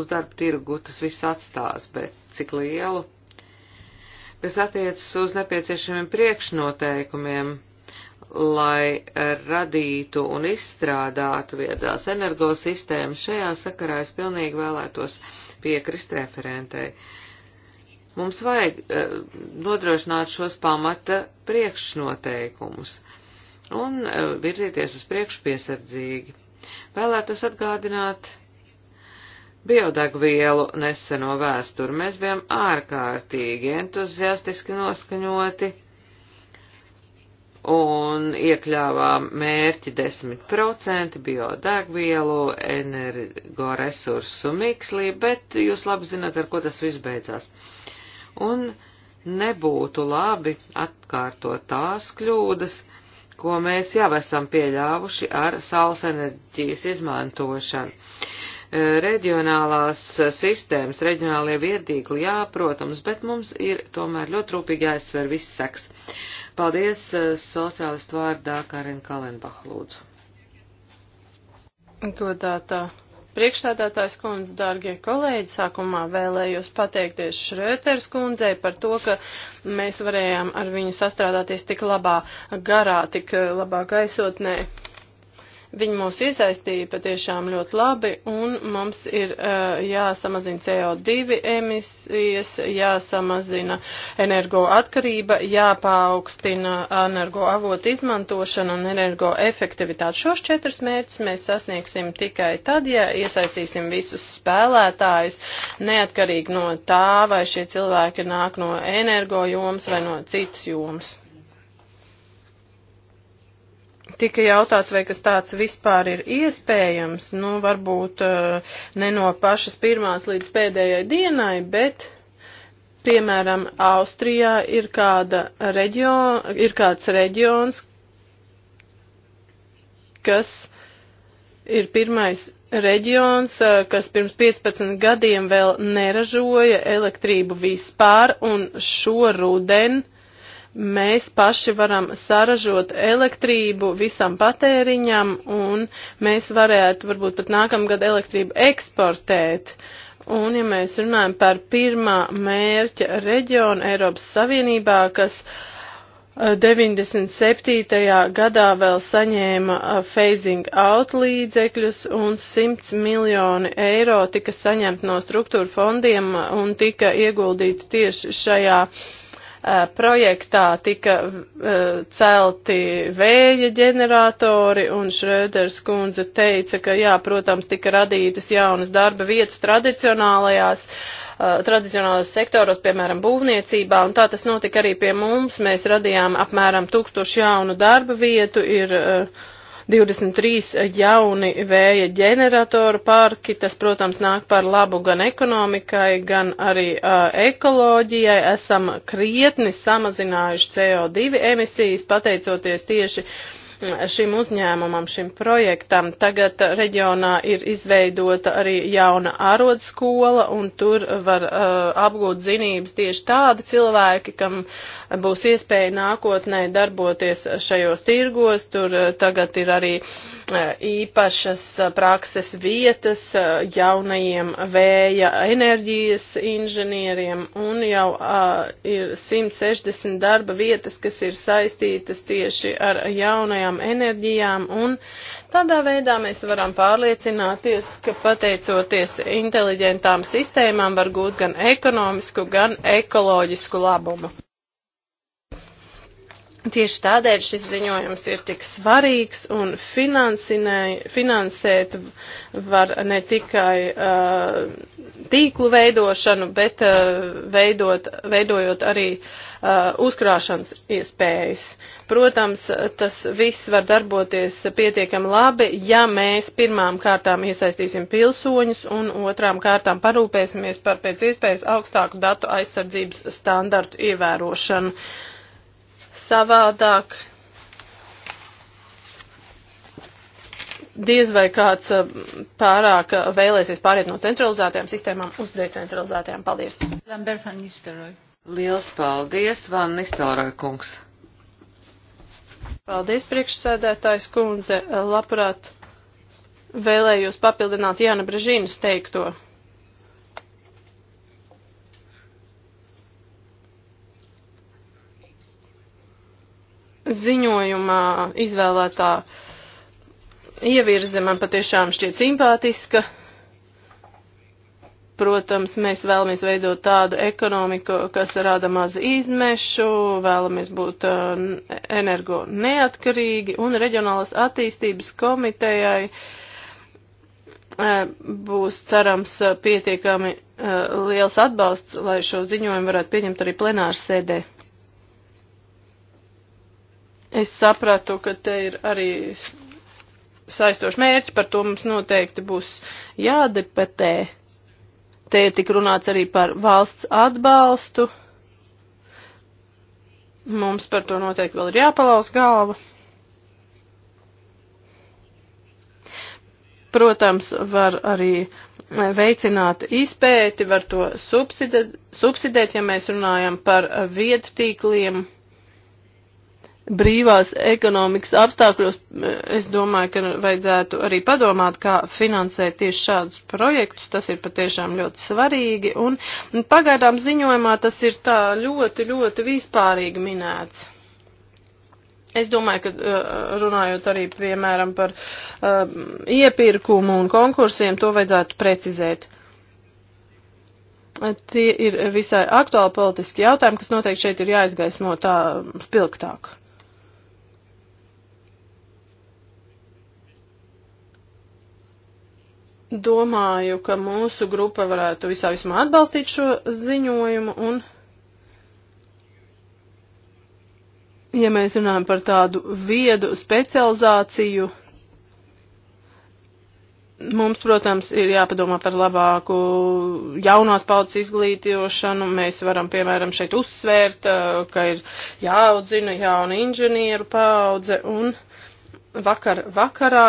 uz darba tirgu tas viss atstās, bet cik lielu, kas attiecas uz nepieciešamiem priekšnoteikumiem lai eh, radītu un izstrādātu viedās energosistēmas. Šajā sakarā es pilnīgi vēlētos piekrist referentei. Mums vajag uh, nodrošināt šos pamata priekšnoteikumus un uh, virzīties uz priekšu piesardzīgi. Vēlētos atgādināt biodegvielu neseno vēsturi. Mēs bijām ārkārtīgi entuziastiski noskaņoti un iekļāvām mērķi 10% biodegvielu, energoresursu mikslī, bet jūs labi zināt, ar ko tas viss beidzās. Un nebūtu labi atkārtot tās kļūdas, ko mēs jau esam pieļāvuši ar saules enerģijas izmantošanu. E, reģionālās sistēmas, reģionālie viedīgli, jā, protams, bet mums ir tomēr ļoti rūpīgi jāizsver viss seks. Uh, Paldies eh, sociālistu vārdā Karina Kalenbach lūdzu. Godātā priekšstādātājs kundze, dārgie kolēģi, sākumā vēlējos pateikties Šrēters kundzei par to, ka mēs varējām ar viņu sastrādāties tik labā garā, tik eh, labā gaisotnē. Viņi mūs izaistīja patiešām ļoti labi, un mums ir uh, jāsamazina CO2 emisijas, jāsamazina energoatkarība, jāpaukstina energoavotu izmantošana un energoefektivitāte. Šos četrus mērķus mēs sasniegsim tikai tad, ja iesaistīsim visus spēlētājus, neatkarīgi no tā, vai šie cilvēki nāk no energojomas vai no citas jomas tika jautāts, vai kas tāds vispār ir iespējams, nu, varbūt eh, ne no pašas pirmās līdz pēdējai dienai, bet, piemēram, Austrijā ir, kāda reģion, ir kāds reģions, kas ir pirmais reģions, eh, kas pirms 15 gadiem vēl neražoja elektrību vispār, un šo rudenu mēs paši varam saražot elektrību visam patēriņam un mēs varētu varbūt pat nākamgad elektrību eksportēt. Un, ja mēs runājam par pirmā mērķa reģionu Eiropas Savienībā, kas 97. Eh, gadā vēl saņēma eh, phasing out līdzekļus un 100 miljoni eiro tika saņemt no struktūra fondiem eh, un tika ieguldīti tieši šajā uh, projektā tika celti vēja ģeneratori, un Šrēders kundze teica, ka jā, protams, tika radītas jaunas darba vietas tradicionālajās tradicionālajos sektoros, piemēram, būvniecībā, un tā tas notika arī pie mums. Mēs radījām apmēram tūkstošu jaunu darba vietu, ir uh, 23 jauni vēja ģeneratoru parki. Tas, protams, nāk par labu gan ekonomikai, gan arī uh, ekoloģijai. Esam krietni samazinājuši CO2 emisijas, pateicoties tieši šim uzņēmumam, šim projektam. Tagad reģionā ir izveidota arī jauna ārodskola, un tur var uh, apgūt zinības tieši tādi cilvēki, kam būs iespēja nākotnē darboties šajos tirgos. Tur eh, tagad ir arī eh, īpašas eh, prakses vietas jaunajiem vēja enerģijas inženieriem un jau uh, ir 160 darba vietas, kas ir saistītas tieši ar jaunajām enerģijām un tādā veidā mēs varam pārliecināties, ka pateicoties inteliģentām sistēmām var gūt gan ekonomisku, gan ekoloģisku labumu. Tieši tādēļ šis ziņojums ir tik svarīgs un finansēt var ne tikai uh, tīklu veidošanu, bet uh, veidot, veidojot arī uh, uzkrāšanas iespējas. Protams, tas viss var darboties pietiekami labi, ja mēs pirmām kārtām iesaistīsim pilsoņus un otrām kārtām parūpēsimies par pēc iespējas augstāku datu aizsardzības standartu ievērošanu. Uh, Savādāk diez vai kāds eh, pārāk eh, vēlēsies pāriet no centralizētajām sistēmām uz decentralizētajām. Paldies! Lambert van Nistelrooy. Liels paldies, Van Nistelrooy kungs! Paldies, priekšsēdētājs kundze. Labprāt vēlējos papildināt Jāna Brežīnas teikto. ziņojumā izvēlētā ievirze man patiešām šķiet simpātiska. Protams, mēs vēlamies veidot tādu ekonomiku, kas rada maz izmešu, vēlamies būt eh, energo neatkarīgi un reģionālas attīstības komitejai eh, būs cerams eh, pietiekami liels atbalsts, lai šo ziņojumu varētu pieņemt arī plenāru sēdē. Es sapratu, ka te ir arī saistoši mērķi, par to mums noteikti būs jādepatē. Te ir tik runāts arī par valsts atbalstu. Mums par to noteikti vēl ir jāpalauz galva. Protams, var arī veicināt izpēti, var to subsidēt, subsidēt ja mēs runājam par viedtīkliem. tīkliem brīvās ekonomikas apstākļos, es domāju, ka vajadzētu arī padomāt, kā finansēt tieši šādus projektus. Tas ir patiešām ļoti svarīgi. Un pagaidām ziņojumā tas ir tā ļoti, ļoti vispārīgi minēts. Es domāju, ka uh, runājot arī, piemēram, par uh, iepirkumu un konkursiem, to vajadzētu precizēt tie ir visai aktuāli politiski jautājumi, kas noteikti šeit ir jāizgaismo tā spilgtāk. Domāju, ka mūsu grupa varētu visā vismā atbalstīt šo ziņojumu un, ja mēs runājam par tādu viedu specializāciju, mums, protams, ir jāpadomā par labāku jaunās paudzes izglītošanu. Mēs varam, piemēram, šeit uzsvērt, ka ir jāaudzina jauna inženieru paudze. Un vakar vakarā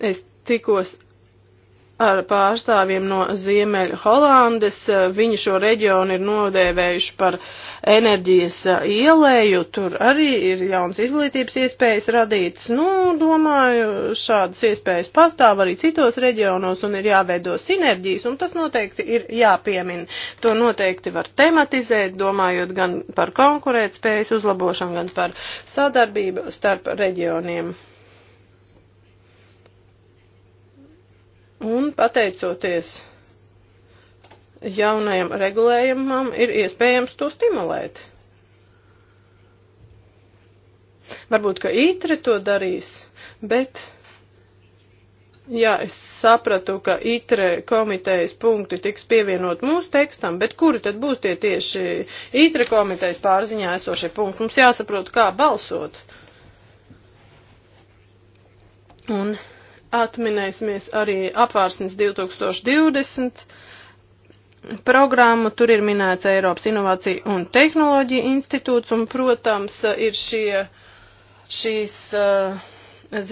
es tikos ar pārstāvjiem no Ziemeļa Holandes. Viņi šo reģionu ir nodēvējuši par enerģijas ielēju. Tur arī ir jauns izglītības iespējas radītas. Nu, domāju, šādas iespējas pastāv arī citos reģionos un ir jāveido sinerģijas, un tas noteikti ir jāpiemina. To noteikti var tematizēt, domājot gan par konkurētspējas uzlabošanu, gan par sadarbību starp reģioniem. Un pateicoties jaunajam regulējumam, ir iespējams to stimulēt. Varbūt, ka ītri to darīs, bet, jā, es sapratu, ka ītre komitejas punkti tiks pievienot mūsu tekstam, bet kuri tad būs tie tieši ītre komitejas pārziņā esošie punkti? Mums jāsaprot, kā balsot. Un Atminēsimies arī apvārsnes 2020 programmu, tur ir minēts Eiropas Inovācija un Tehnoloģija institūts, un, protams, ir šie, šīs uh,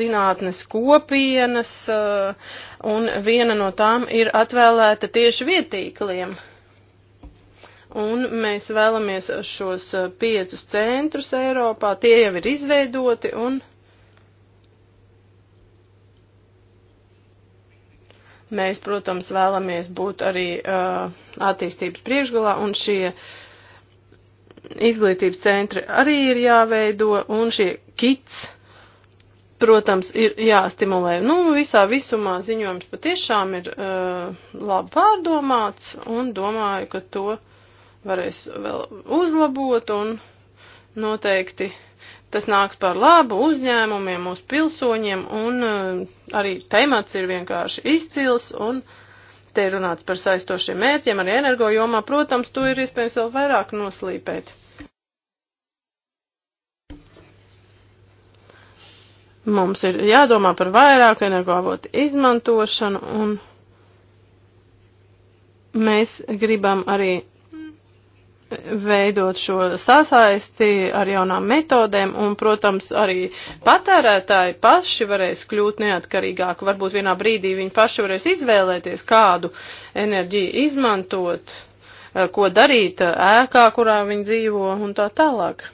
zinātnes kopienas, uh, un viena no tām ir atvēlēta tieši vietīkliem. Un mēs vēlamies šos eh, piecus centrus Eiropā, tie jau ir izveidoti, un Mēs, protams, vēlamies būt arī uh, attīstības priekšgalā, un šie izglītības centri arī ir jāveido, un šie kits, protams, ir jāstimulē. Nu, visā visumā ziņojums patiešām ir uh, labi pārdomāts, un domāju, ka to varēs vēl uzlabot, un noteikti Tas nāks par labu uzņēmumiem, mūsu pilsoņiem, un eh, arī temats ir vienkārši izcils, un te ir runāts par saistošiem mērķiem, arī energojomā, protams, to ir iespējams vēl vairāk noslīpēt. Mums ir jādomā par vairāku energoavotu izmantošanu, un mēs gribam arī veidot šo sasaisti ar jaunām metodēm, un, protams, arī patērētāji paši varēs kļūt neatkarīgāk. Varbūt vienā brīdī viņi paši varēs izvēlēties, kādu enerģiju izmantot, eh, ko darīt ēkā, kurā viņi dzīvo, un tā tālāk.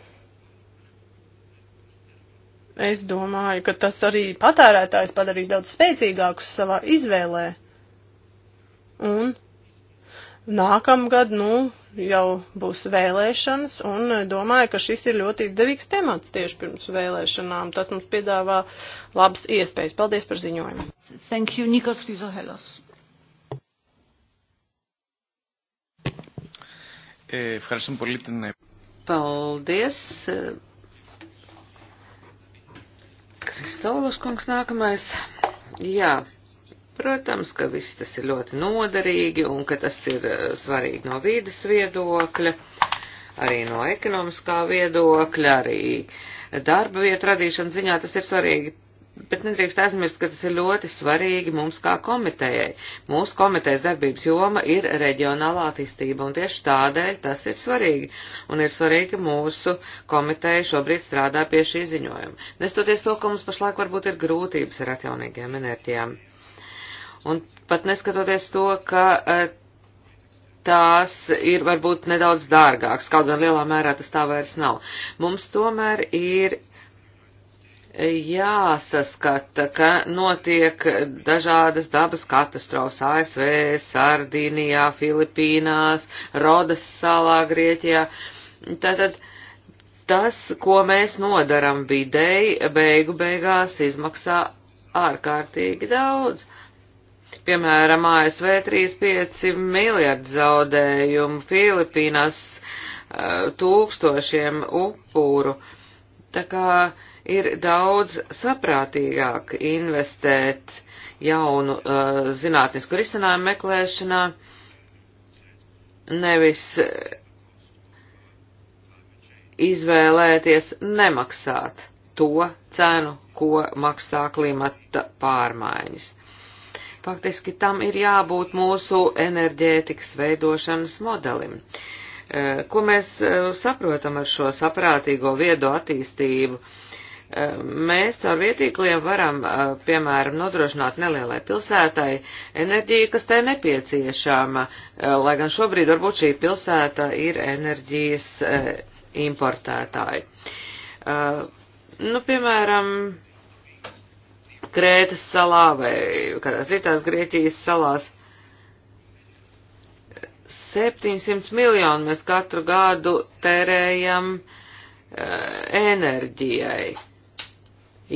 Es domāju, ka tas arī patērētājs padarīs daudz spēcīgākus savā izvēlē. Un nākamgad, nu, jau būs vēlēšanas, un domāju, ka šis ir ļoti izdevīgs temats tieši pirms vēlēšanām. Tas mums piedāvā labas iespējas. Paldies par ziņojumu. Thank you, Nikos Fizohelos. Eh, ευχαριστούμε πολύ την... Paldies. Kristolus kungs nākamais. Jā, Protams, ka viss tas ir ļoti noderīgi un ka tas ir eh, svarīgi no vīdes viedokļa, arī no ekonomiskā viedokļa, arī darba vietu radīšanas ziņā tas ir svarīgi. Bet nedrīkst aizmirst, ka tas ir ļoti svarīgi mums kā komitejai. Mūsu komitejas darbības joma ir reģionālā attīstība, un tieši tādēļ tas ir svarīgi. Un ir svarīgi, ka mūsu komiteja šobrīd strādā pie šī ziņojuma. Nestoties to, ka mums pašlaik varbūt ir grūtības ar atjaunīgiem enerģijām. Un pat neskatoties to, ka e, tās ir varbūt nedaudz dārgākas, kaut gan lielā mērā tas tā vairs nav. Mums tomēr ir jāsaskata, ka notiek dažādas dabas katastrofas ASV, Sardīnijā, Filipīnās, Rodas salā, Grieķijā. Tātad tas, ko mēs nodaram videi, beigu beigās izmaksā ārkārtīgi daudz. Uh, Piemēram, ASV 3,5 miljardi zaudējumu, Filipīnās eh, tūkstošiem upuru. Tā kā ir daudz saprātīgāk investēt jaunu uh, zinātnisku risinājumu meklēšanā, nevis eh, izvēlēties nemaksāt to cenu, ko maksā klimata pārmaiņas. Faktiski tam ir jābūt mūsu enerģētikas veidošanas modelim. E, ko mēs e, saprotam ar šo saprātīgo viedo attīstību? E, mēs ar vietīkliem varam, piemēram, nodrošināt nelielai pilsētai enerģiju, kas tai nepieciešama, lai gan šobrīd varbūt šī pilsēta ir enerģijas importētāji. Nu, piemēram, Krētas salā vai kādās citās Grieķijas salās. 700 miljonu mēs katru gadu tērējam uh, enerģijai.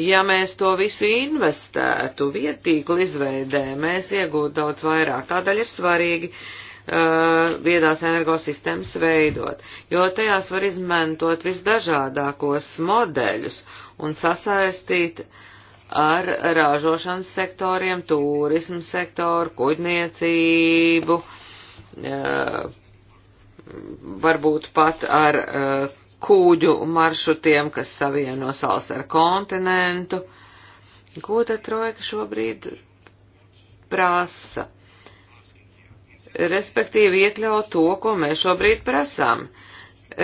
Ja mēs to visu investētu vietīkli izveidē, mēs iegūtu daudz vairāk. Tādēļ ir svarīgi uh, viedās energosistēmas veidot, jo tajās var izmantot visdažādākos modeļus un sasaistīt uh, ar ražošanas sektoriem, turismu sektoru, kuģniecību, varbūt pat ar kūģu maršrutiem, kas savieno salas ar kontinentu. Ko tad trojka šobrīd prasa? Respektīvi iekļaut to, ko mēs šobrīd prasām. Uh,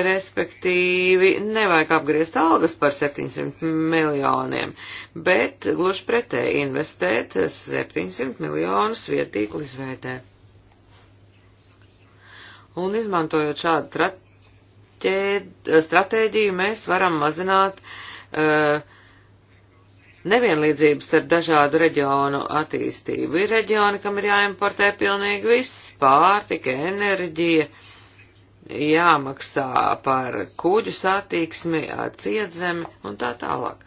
respektīvi nevajag apgriezt algas par 700 miljoniem, bet gluži pretēji investēt 700 miljonus vietīklu izveidē. Un izmantojot šādu stratēģiju, mēs varam mazināt uh, nevienlīdzības starp dažādu reģionu attīstību. Ir reģioni, kam ir jāimportē pilnīgi viss - pārtika, enerģija, uh, jāmaksā par kuģu satiksmi, cietzemi un tā tālāk.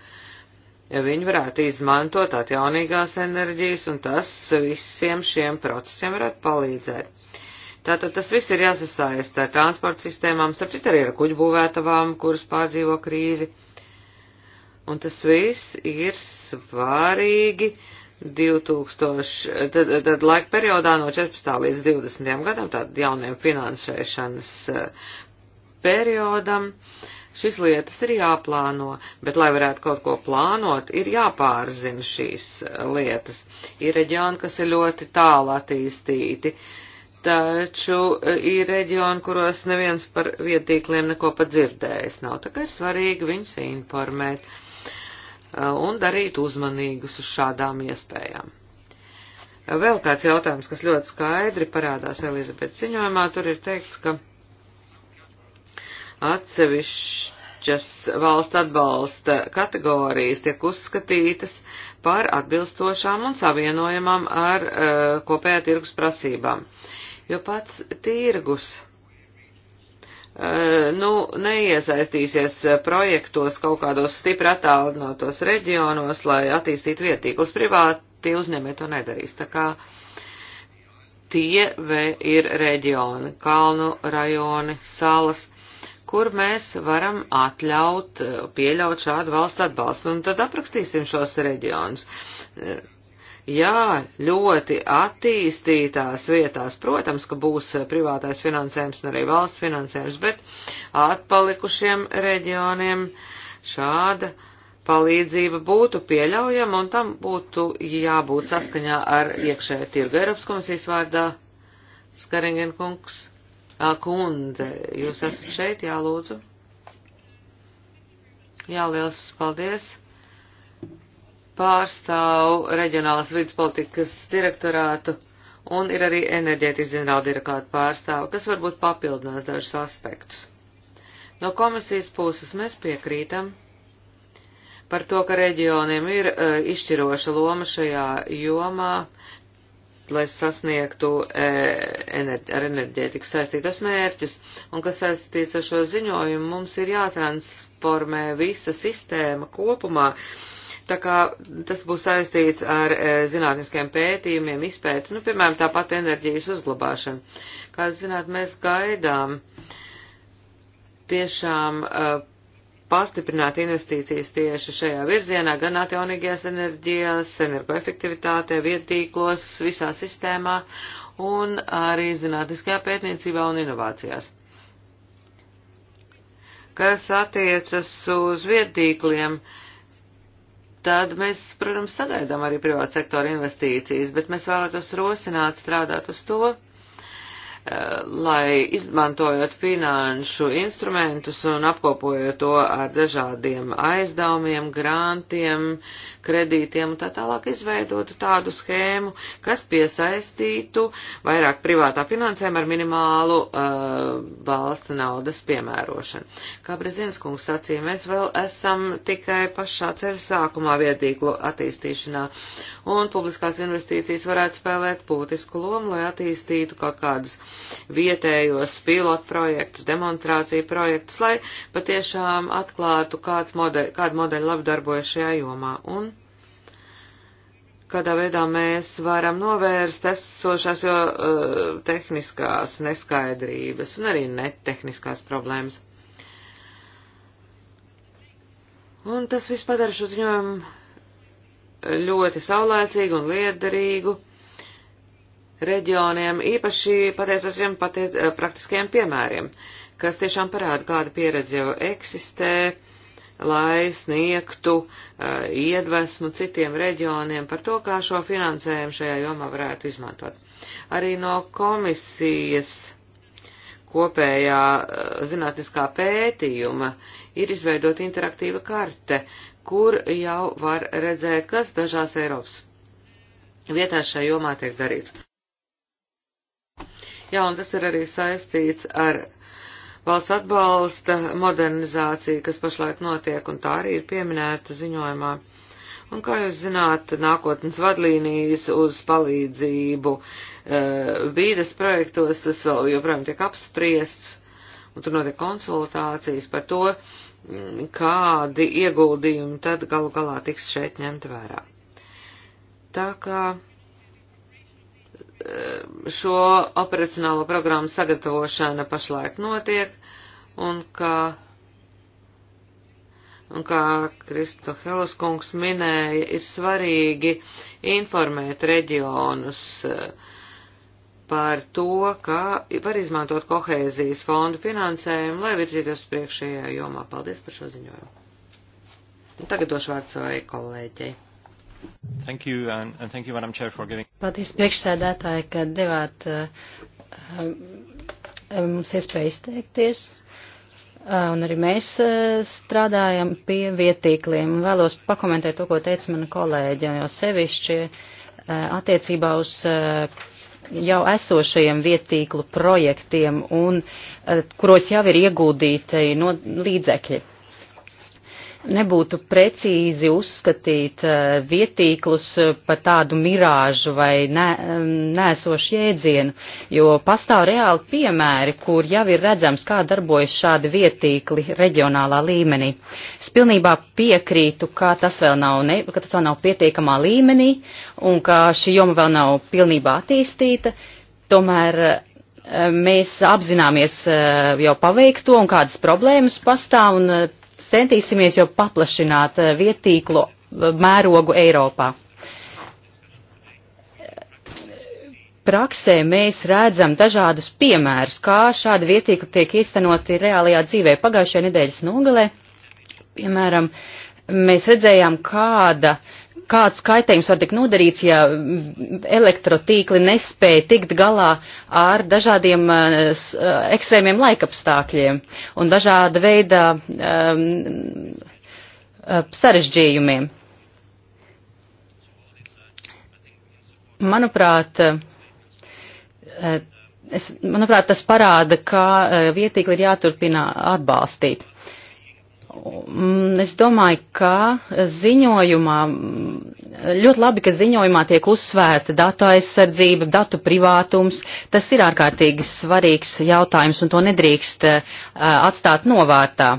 Ja viņi varētu izmantot atjaunīgās enerģijas, un tas visiem šiem procesiem varētu palīdzēt. Tātad tas viss ir jāsasaist ar transporta sistēmām, starp citu arī ar kuģu būvētavām, kuras pārdzīvo krīzi. Un tas viss ir svarīgi 2000, tad, tad laika periodā no 14. līdz 20. gadam, tātad jauniem finansēšanas eh, periodam, šis lietas ir jāplāno, bet, lai varētu kaut ko plānot, ir jāpārzina šīs eh, lietas. Ir reģioni, kas ir ļoti tālu attīstīti, taču eh, ir reģioni, kuros neviens par vietīkliem neko padzirdējis nav, tā kā ir svarīgi viņus informēt Eh, un darīt uzmanīgus uz šādām iespējām. Eh, vēl kāds jautājums, kas ļoti skaidri parādās Elizabetes ziņojumā, tur ir teikts, ka atsevišķas valsts atbalsta kategorijas tiek uzskatītas par atbilstošām un savienojamām ar uh, kopējā tirgus prasībām, jo pats tirgus Eh, nu, neiesaistīsies projektos kaut kādos stipri attālinātos reģionos, lai attīstītu vietīklus privāti uzņēmēji to nedarīs. Tā kā tie ir reģioni, kalnu rajoni, salas, kur mēs varam atļaut, eh, pieļaut šādu valstu atbalstu. Un tad aprakstīsim šos reģionus eh, Jā, ļoti attīstītās vietās, protams, ka būs eh, privātais finansējums un arī valsts finansējums, bet atpalikušiem reģioniem šāda palīdzība būtu pieļaujama un tam būtu jābūt saskaņā ar iekšējā tirga Eiropas komisijas vārdā. Skaringen kungs, kundze, jūs esat šeit, jā, lūdzu. Jā, liels paldies pārstāv reģionālas vidas politikas direktorātu un ir arī enerģētikas ģenerāldirektorāta pārstāva, kas varbūt papildinās dažus aspektus. No komisijas puses mēs piekrītam par to, ka reģioniem ir uh, izšķiroša loma šajā jomā, lai sasniegtu e, enerģi, ar enerģētikas saistītos mērķus, un kas saistīts ar šo ziņojumu, mums ir jātransformē visa sistēma kopumā, uh, Tā kā tas būs saistīts ar e, zinātniskiem pētījumiem, izpēti, nu, piemēram, tāpat enerģijas uzglabāšana. Kā jūs zināt, mēs gaidām tiešām e, pastiprināt investīcijas tieši šajā virzienā, gan atjaunīgajās enerģijās, energoefektivitātē, vietīklos, visā sistēmā un arī zinātniskajā pētniecībā un inovācijās. Kas attiecas uz vietīkliem, uh, tad mēs, protams, sagaidām arī privāta sektora investīcijas, bet mēs vēlētos rosināt strādāt uz to, Eh, lai izmantojot finanšu instrumentus un apkopojot to ar dažādiem aizdevumiem, grantiem, kredītiem un tā tālāk izveidotu tādu schēmu, kas piesaistītu vairāk privātā finansēm ar minimālu uh, valsts naudas piemērošanu. Kā Brezinskungs sacīja, mēs vēl esam tikai pašā ceļa sākumā viedīklu attīstīšanā, un publiskās investīcijas varētu spēlēt būtisku lomu, lai attīstītu kaut kādas vietējos pilotu projektus, demonstrāciju projektus, lai patiešām atklātu, modeļ, kāda modeļa labi darbojas šajā jomā un kādā veidā mēs varam novērst esošās jo uh, tehniskās neskaidrības un arī netehniskās problēmas. Un tas viss padara šo ziņojumu ļoti saulēcīgu un liederīgu, reģioniem, īpaši pateicos viņam pateic, eh, praktiskajiem piemēriem, kas tiešām parāda, kāda pieredze jau eksistē, lai sniegtu uh, iedvesmu citiem reģioniem par to, kā šo finansējumu šajā jomā varētu izmantot. Arī no komisijas kopējā uh, zinātniskā pētījuma ir izveidota interaktīva karte, kur jau var redzēt, kas dažās Eiropas vietās šajā jomā tiek darīts. Jā, un tas ir arī saistīts ar valsts atbalsta modernizāciju, kas pašlaik notiek, un tā arī ir pieminēta ziņojumā. Un, kā jūs zināt, nākotnes vadlīnijas uz palīdzību eh, vīdes projektos, tas vēl joprojām tiek apspriests, un tur notiek konsultācijas par to, mm, kādi ieguldījumi tad galu galā tiks šeit ņemt vērā. Tā kā Eh, šo operacionālo programmu sagatavošana pašlaik notiek, un kā, un kā Kristo Heloskungs minēja, ir svarīgi informēt reģionus eh, par to, kā var izmantot kohēzijas fondu finansējumu, lai virzītos priekšējā jomā. Paldies par šo ziņojumu. Un tagad došu vārdu savai kolēģei. Thank you, and, and thank you, Madam Chair, for giving. Paldies priekšsēdētāji, ka devāt uh, um, mums iespēju izteikties. Uh, un arī mēs uh, strādājam pie vietīkliem. Vēlos pakomentēt to, ko teica mana kolēģa, jo sevišķi uh, attiecībā uz uh, jau esošajiem vietīklu projektiem, un, uh, kuros jau ir ieguldīti no, līdzekļi nebūtu precīzi uzskatīt eh, vietīklus eh, par tādu mirāžu vai ne, mm, nēsošu jēdzienu, jo pastāv reāli piemēri, kur jau ir redzams, kā darbojas šādi vietīkli reģionālā līmenī. Es pilnībā piekrītu, ka tas vēl nav, ne, ka tas vēl nav pietiekamā līmenī un ka šī joma vēl nav pilnībā attīstīta. Tomēr eh, mēs apzināmies jau paveikto un kādas problēmas pastāv un centīsimies jau paplašināt eh, vietīklo eh, mērogu Eiropā. Praksē mēs redzam dažādus piemērus, kā šādi vietīkli tiek īstenoti reālajā dzīvē. Pagājušajā nedēļas nogalē, piemēram, mēs redzējām, kāda uh, kāds kaitējums var tikt nodarīts, ja elektrotīkli nespēja tikt galā ar dažādiem eh, eh, ekstrēmiem laikapstākļiem un dažāda veida um, sarežģījumiem. Manuprāt, es, manuprāt, tas parāda, kā vietīkli ir jāturpina atbalstīt. Mm, es domāju, ka ziņojumā, mm, ļoti labi, ka ziņojumā tiek uzsvērta datu aizsardzība, datu privātums. Tas ir ārkārtīgi svarīgs jautājums un to nedrīkst eh, atstāt novārtā.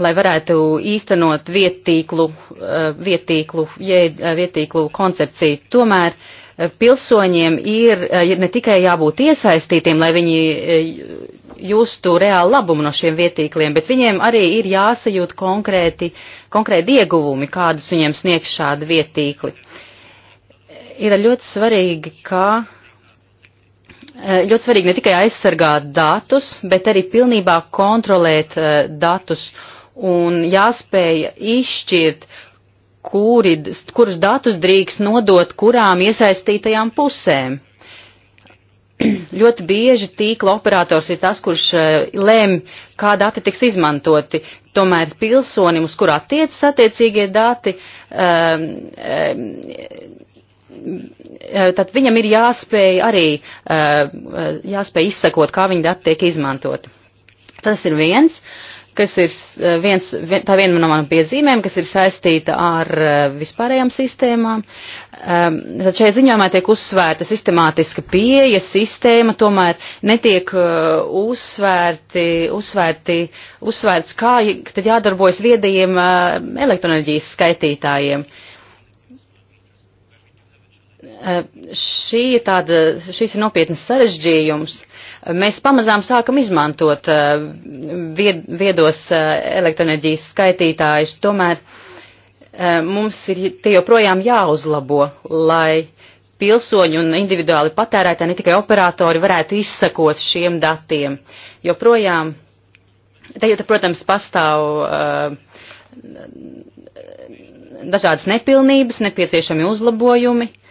Lai varētu īstenot vietīklu, eh, vietīklu, eh, vietīklu koncepciju. Tomēr pilsoņiem ir ne tikai jābūt iesaistītiem, lai viņi justu reāli labumu no šiem vietīkliem, bet viņiem arī ir jāsajūt konkrēti, konkrēti ieguvumi, kādus viņiem sniegs šādi vietīkli. Ir ļoti svarīgi, ka e, ļoti svarīgi ne tikai aizsargāt datus, bet arī pilnībā kontrolēt uh, datus un jāspēja izšķirt, kuri, kurus datus drīkst nodot kurām iesaistītajām pusēm. ļoti bieži tīkla operators ir tas, kurš eh, lēm, kā dati tiks izmantoti. Tomēr pilsonim, uz kur attiecas attiecīgie dati, um, um, tad viņam ir jāspēj arī uh, jāspēj izsekot, kā viņa dati tiek izmantoti. Tas ir viens kas ir eh, viens, tā viena no manām piezīmēm, kas ir saistīta ar eh, vispārējām sistēmām. Ehm, tad šajā ziņojumā tiek uzsvērta sistemātiska pieeja, sistēma, tomēr netiek eh, uzsvērti, uzsvērti, uzsvērts, kā tad jādarbojas viedajiem elektroenerģijas skaitītājiem. Uh, Eh, šī ir tāda, šis ir nopietnas sarežģījums. Eh, mēs pamazām sākam izmantot eh, vied, viedos elektroenerģijas skaitītājus, tomēr mums ir tie joprojām jāuzlabo, lai pilsoņi un individuāli patērētāji, ne tikai operatori, varētu izsakot šiem datiem. Jo projām, te jau, protams, pastāv uh, dažādas nepilnības, nepieciešami uzlabojumi. Uh,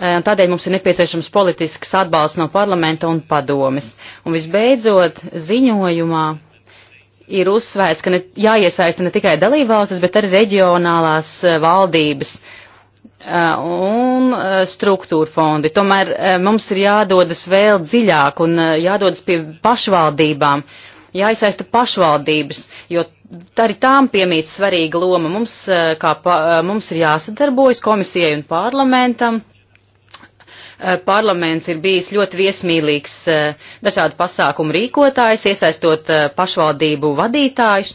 Eh, tādēļ mums ir nepieciešams politisks atbalsts no parlamenta un padomes. Un visbeidzot, ziņojumā ir uzsvērts, ka ne, jāiesaista ne tikai dalībvalstis, bet arī reģionālās eh, valdības eh, un struktūra fondi. Tomēr mums ir jādodas vēl dziļāk un jādodas pie pašvaldībām, jāiesaista pašvaldības, jo arī tām piemīt svarīga loma. Mums, kā, mums ir jāsadarbojas komisijai un parlamentam Eh, parlaments ir bijis ļoti viesmīlīgs eh, dažādu pasākumu rīkotājs, iesaistot eh, pašvaldību vadītājus.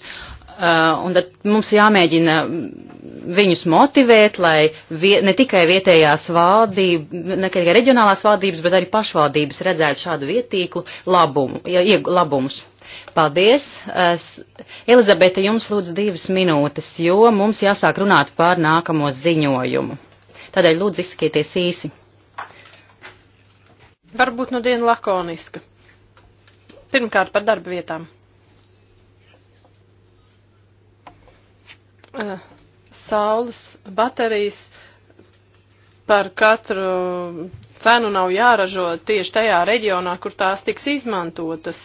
Un tad mums jāmēģina mm, viņus motivēt, lai vie, ne tikai vietējās valdības, ne tikai reģionālās valdības, bet arī pašvaldības redzētu šādu vietīklu labumu, labumus. Paldies. Elizabete, jums lūdzu divas minūtes, jo mums jāsāk runāt par nākamo ziņojumu. Tādēļ lūdzu izskieties īsi. Varbūt nu diena lakoniska. Pirmkārt par darba vietām. Eh, saules baterijas par katru cenu nav jāražo tieši tajā reģionā, kur tās tiks izmantotas.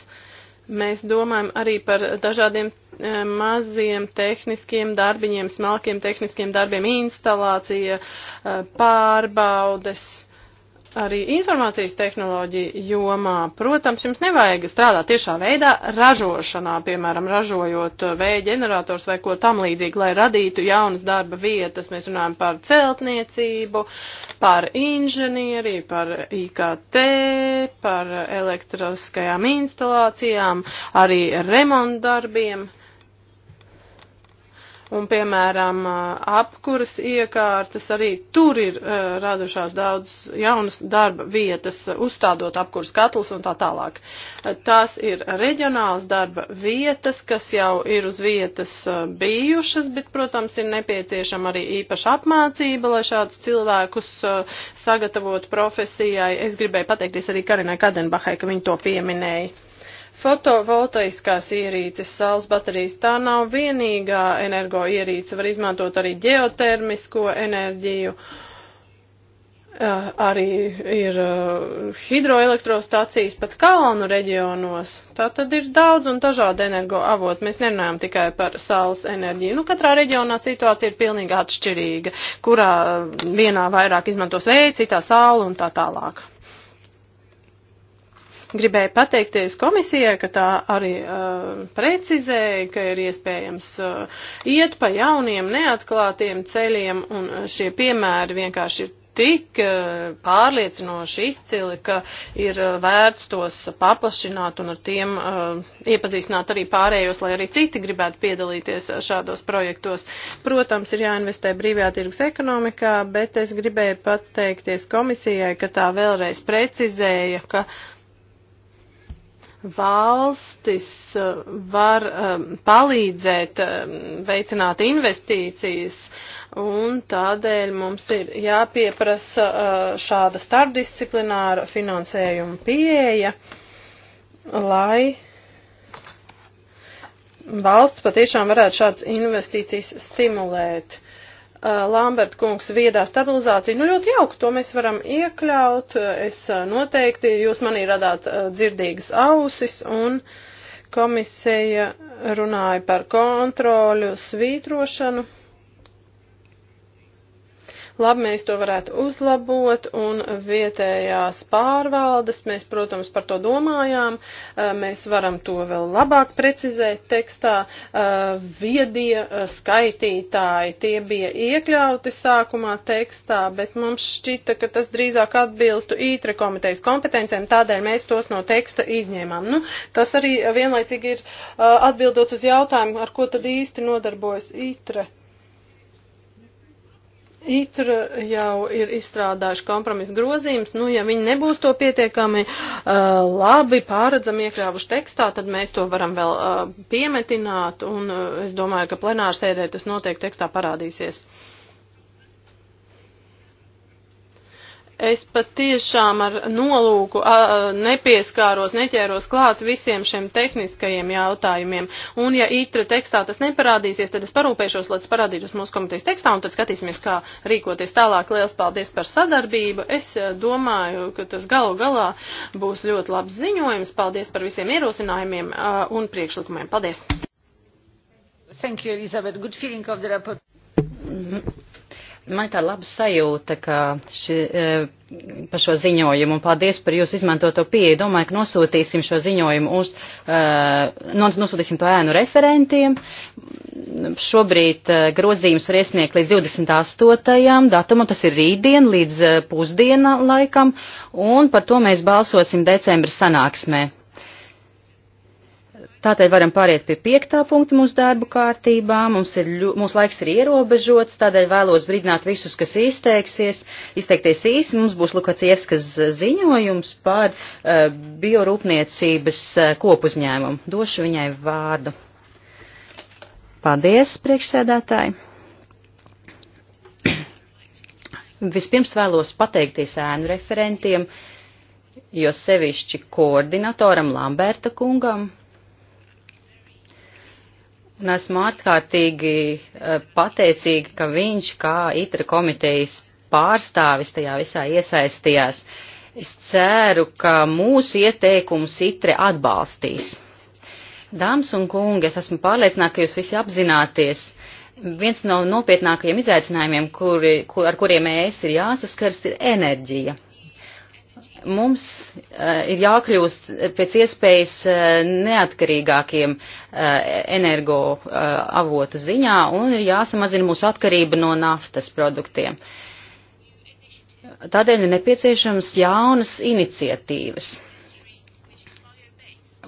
Mēs domājam arī par dažādiem eh, maziem tehniskiem darbiņiem, smalkiem tehniskiem darbiem, instalācija, eh, pārbaudes arī informācijas tehnoloģija jomā. Protams, jums nevajag strādāt tiešā veidā ražošanā, piemēram, ražojot vēja ģenerators vai ko tam līdzīgi, lai radītu jaunas darba vietas. Mēs runājam par celtniecību, par inženieriju, par IKT, par elektriskajām instalācijām, arī remontdarbiem. darbiem Un, piemēram, apkuras iekārtas arī tur ir uh, radušās daudz jaunas darba vietas, uzstādot apkuras katlus un tā tālāk. Tās ir reģionāls darba vietas, kas jau ir uz vietas bijušas, bet, protams, ir nepieciešama arī īpaša apmācība, lai šādus cilvēkus uh, sagatavotu profesijai. Es gribēju pateikties arī Karinai Kadenbahai, ka viņa to pieminēja. Fotovoltaiskās ierīces, saules baterijas, tā nav vienīgā energo ierīce, var izmantot arī geotermisko enerģiju. Uh, arī ir uh, hidroelektrostacijas pat kalnu reģionos. Tā tad ir daudz un dažādi energoavoti. Mēs nerunājam tikai par saules enerģiju. Nu, katrā reģionā situācija ir pilnīgi atšķirīga, kurā vienā vairāk izmantos vēja, citā saule un tā tālāk. Gribēju pateikties komisijai, ka tā arī uh, precizēja, ka ir iespējams uh, iet pa jauniem, neatklātiem ceļiem, un uh, šie piemēri vienkārši ir tik uh, pārliecinoši izcili, ka ir uh, vērts tos paplašināt un ar tiem iepazīstināt arī pārējos, lai arī citi gribētu piedalīties šādos projektos. Protams, ir jāinvestē brīvajā tirgus ekonomikā, bet es gribēju pateikties komisijai, ka tā vēlreiz precizēja, ka uh, valstis uh, var um, palīdzēt um, veicināt investīcijas, un tādēļ mums ir jāpieprasa uh, šāda starpdisciplināra finansējuma pieeja, lai valsts patiešām varētu šādas investīcijas stimulēt. Uh, Lambert kungs viedā stabilizācija. Nu, ļoti jauki, to mēs varam iekļaut. Es noteikti, jūs manī radāt dzirdīgas ausis un komisija runāja par kontroļu svītrošanu. Labi, mēs to varētu uzlabot un vietējās pārvaldes, mēs, protams, par to domājām, mēs varam to vēl labāk precizēt tekstā. Viedie skaitītāji tie bija iekļauti sākumā tekstā, bet mums šķita, ka tas drīzāk atbilstu ītra komitejas kompetencijām, tādēļ mēs tos no teksta izņēmām. Nu, tas arī vienlaicīgi ir atbildot uz jautājumu, ar ko tad īsti nodarbojas ītra. ITR jau ir izstrādājuši kompromisu grozījumus, nu, ja viņi nebūs to pietiekami uh, labi pāredzami iekļāvuši tekstā, tad mēs to varam vēl uh, piemetināt, un uh, es domāju, ka plenārsēdē tas noteikti tekstā parādīsies. Uh, Es patiešām ar nolūku a, a, nepieskāros, neķēros klāt visiem šiem tehniskajiem jautājumiem. Un ja itra tekstā tas neparādīsies, tad es parūpēšos, lai tas parādītos mūsu komitejas tekstā, un tad skatīsimies, kā rīkoties tālāk. Liels paldies par sadarbību. Es domāju, ka tas galu galā būs ļoti labs ziņojums. Paldies par visiem ierosinājumiem a, un priekšlikumiem. Paldies! Thank you, Elizabeth. Good feeling of the report. Mm -hmm. Man ir tā laba sajūta, ka ši, e, par šo ziņojumu un paldies par jūsu izmantoto pieeju. Domāju, ka nosūtīsim šo ziņojumu uz, e, nosūtīsim to ēnu referentiem. Šobrīd e, grozījums var iesniegt līdz 28. datumam, tas ir rītdien līdz pusdiena laikam, un par to mēs balsosim decembra sanāksmē. Tātad varam pāriet pie piektā punkta mūsu darbu kārtībā. Mums ir, mūsu laiks ir ierobežots, tādēļ vēlos brīdināt visus, kas izteiksies. Izteikties īsi, mums būs Lukacievskas ziņojums par uh, biorūpniecības uh, kopuzņēmumu. Došu viņai vārdu. Paldies, priekšsēdētāji. Vispirms vēlos pateikties ēnu referentiem, jo sevišķi koordinatoram Lamberta kungam Un esmu ārkārtīgi eh, pateicīga, ka viņš kā itra komitejas pārstāvis tajā visā iesaistījās. Es ceru, ka mūsu ieteikums itre atbalstīs. Dāmas un kungi, es esmu pārliecināta, ka jūs visi apzināties. Viens no nopietnākajiem izaicinājumiem, kuri, kur, ar kuriem mēs ir jāsaskars, ir enerģija mums eh, ir jākļūst pēc iespējas eh, neatkarīgākiem eh, energo avotu ziņā un ir jāsamazina mūsu atkarība no naftas produktiem. Tādēļ ir nepieciešams jaunas iniciatīvas.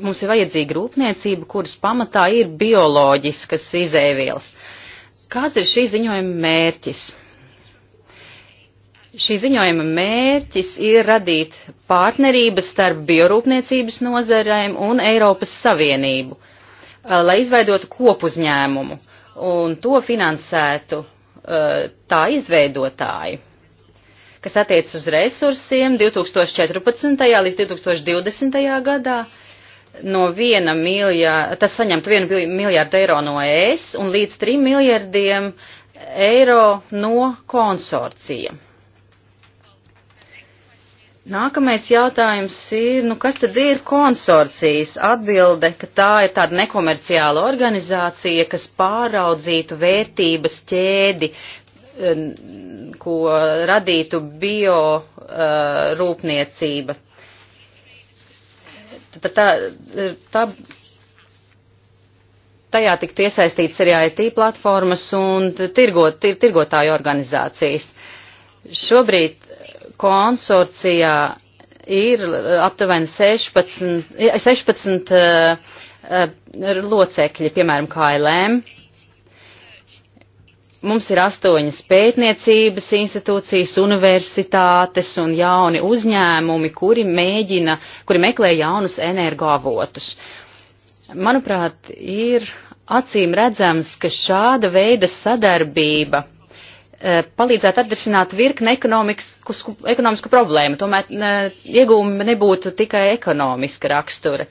Mums ir vajadzīga rūpniecība, kuras pamatā ir bioloģiskas izēvielas. Kāds ir šī ziņojuma mērķis? Šī ziņojuma mērķis ir radīt partnerības starp biorūpniecības nozarēm un Eiropas Savienību, lai izveidotu kopuzņēmumu un to finansētu tā izveidotāji, kas attiec uz resursiem 2014. līdz 2020. gadā. No viena miljārda, tas saņemtu vienu miljārdu eiro no ES un līdz trim miljardiem eiro no konsorcijiem. Nākamais jautājums ir, nu kas tad ir konsorcijas? Atbilde, ka tā ir tāda nekomerciāla organizācija, kas pāraudzītu vērtības ķēdi, ko radītu bio uh, rūpniecība. Tā, tā, tā, tajā tiktu iesaistīts arī IT platformas un tirgot, tir, tirgotāju organizācijas. Šobrīd konsorcijā ir aptuveni 16, 16 uh, uh, locekļi, piemēram, KLM. Mums ir astoņas pētniecības institūcijas, universitātes un jauni uzņēmumi, kuri mēģina, kuri meklē jaunus energoavotus. Manuprāt, ir acīm redzams, ka šāda veida sadarbība Eh, palīdzētu atrisināt virkni ekonomisku problēmu. Tomēr ne, eh, iegūmi nebūtu tikai ekonomiska rakstura.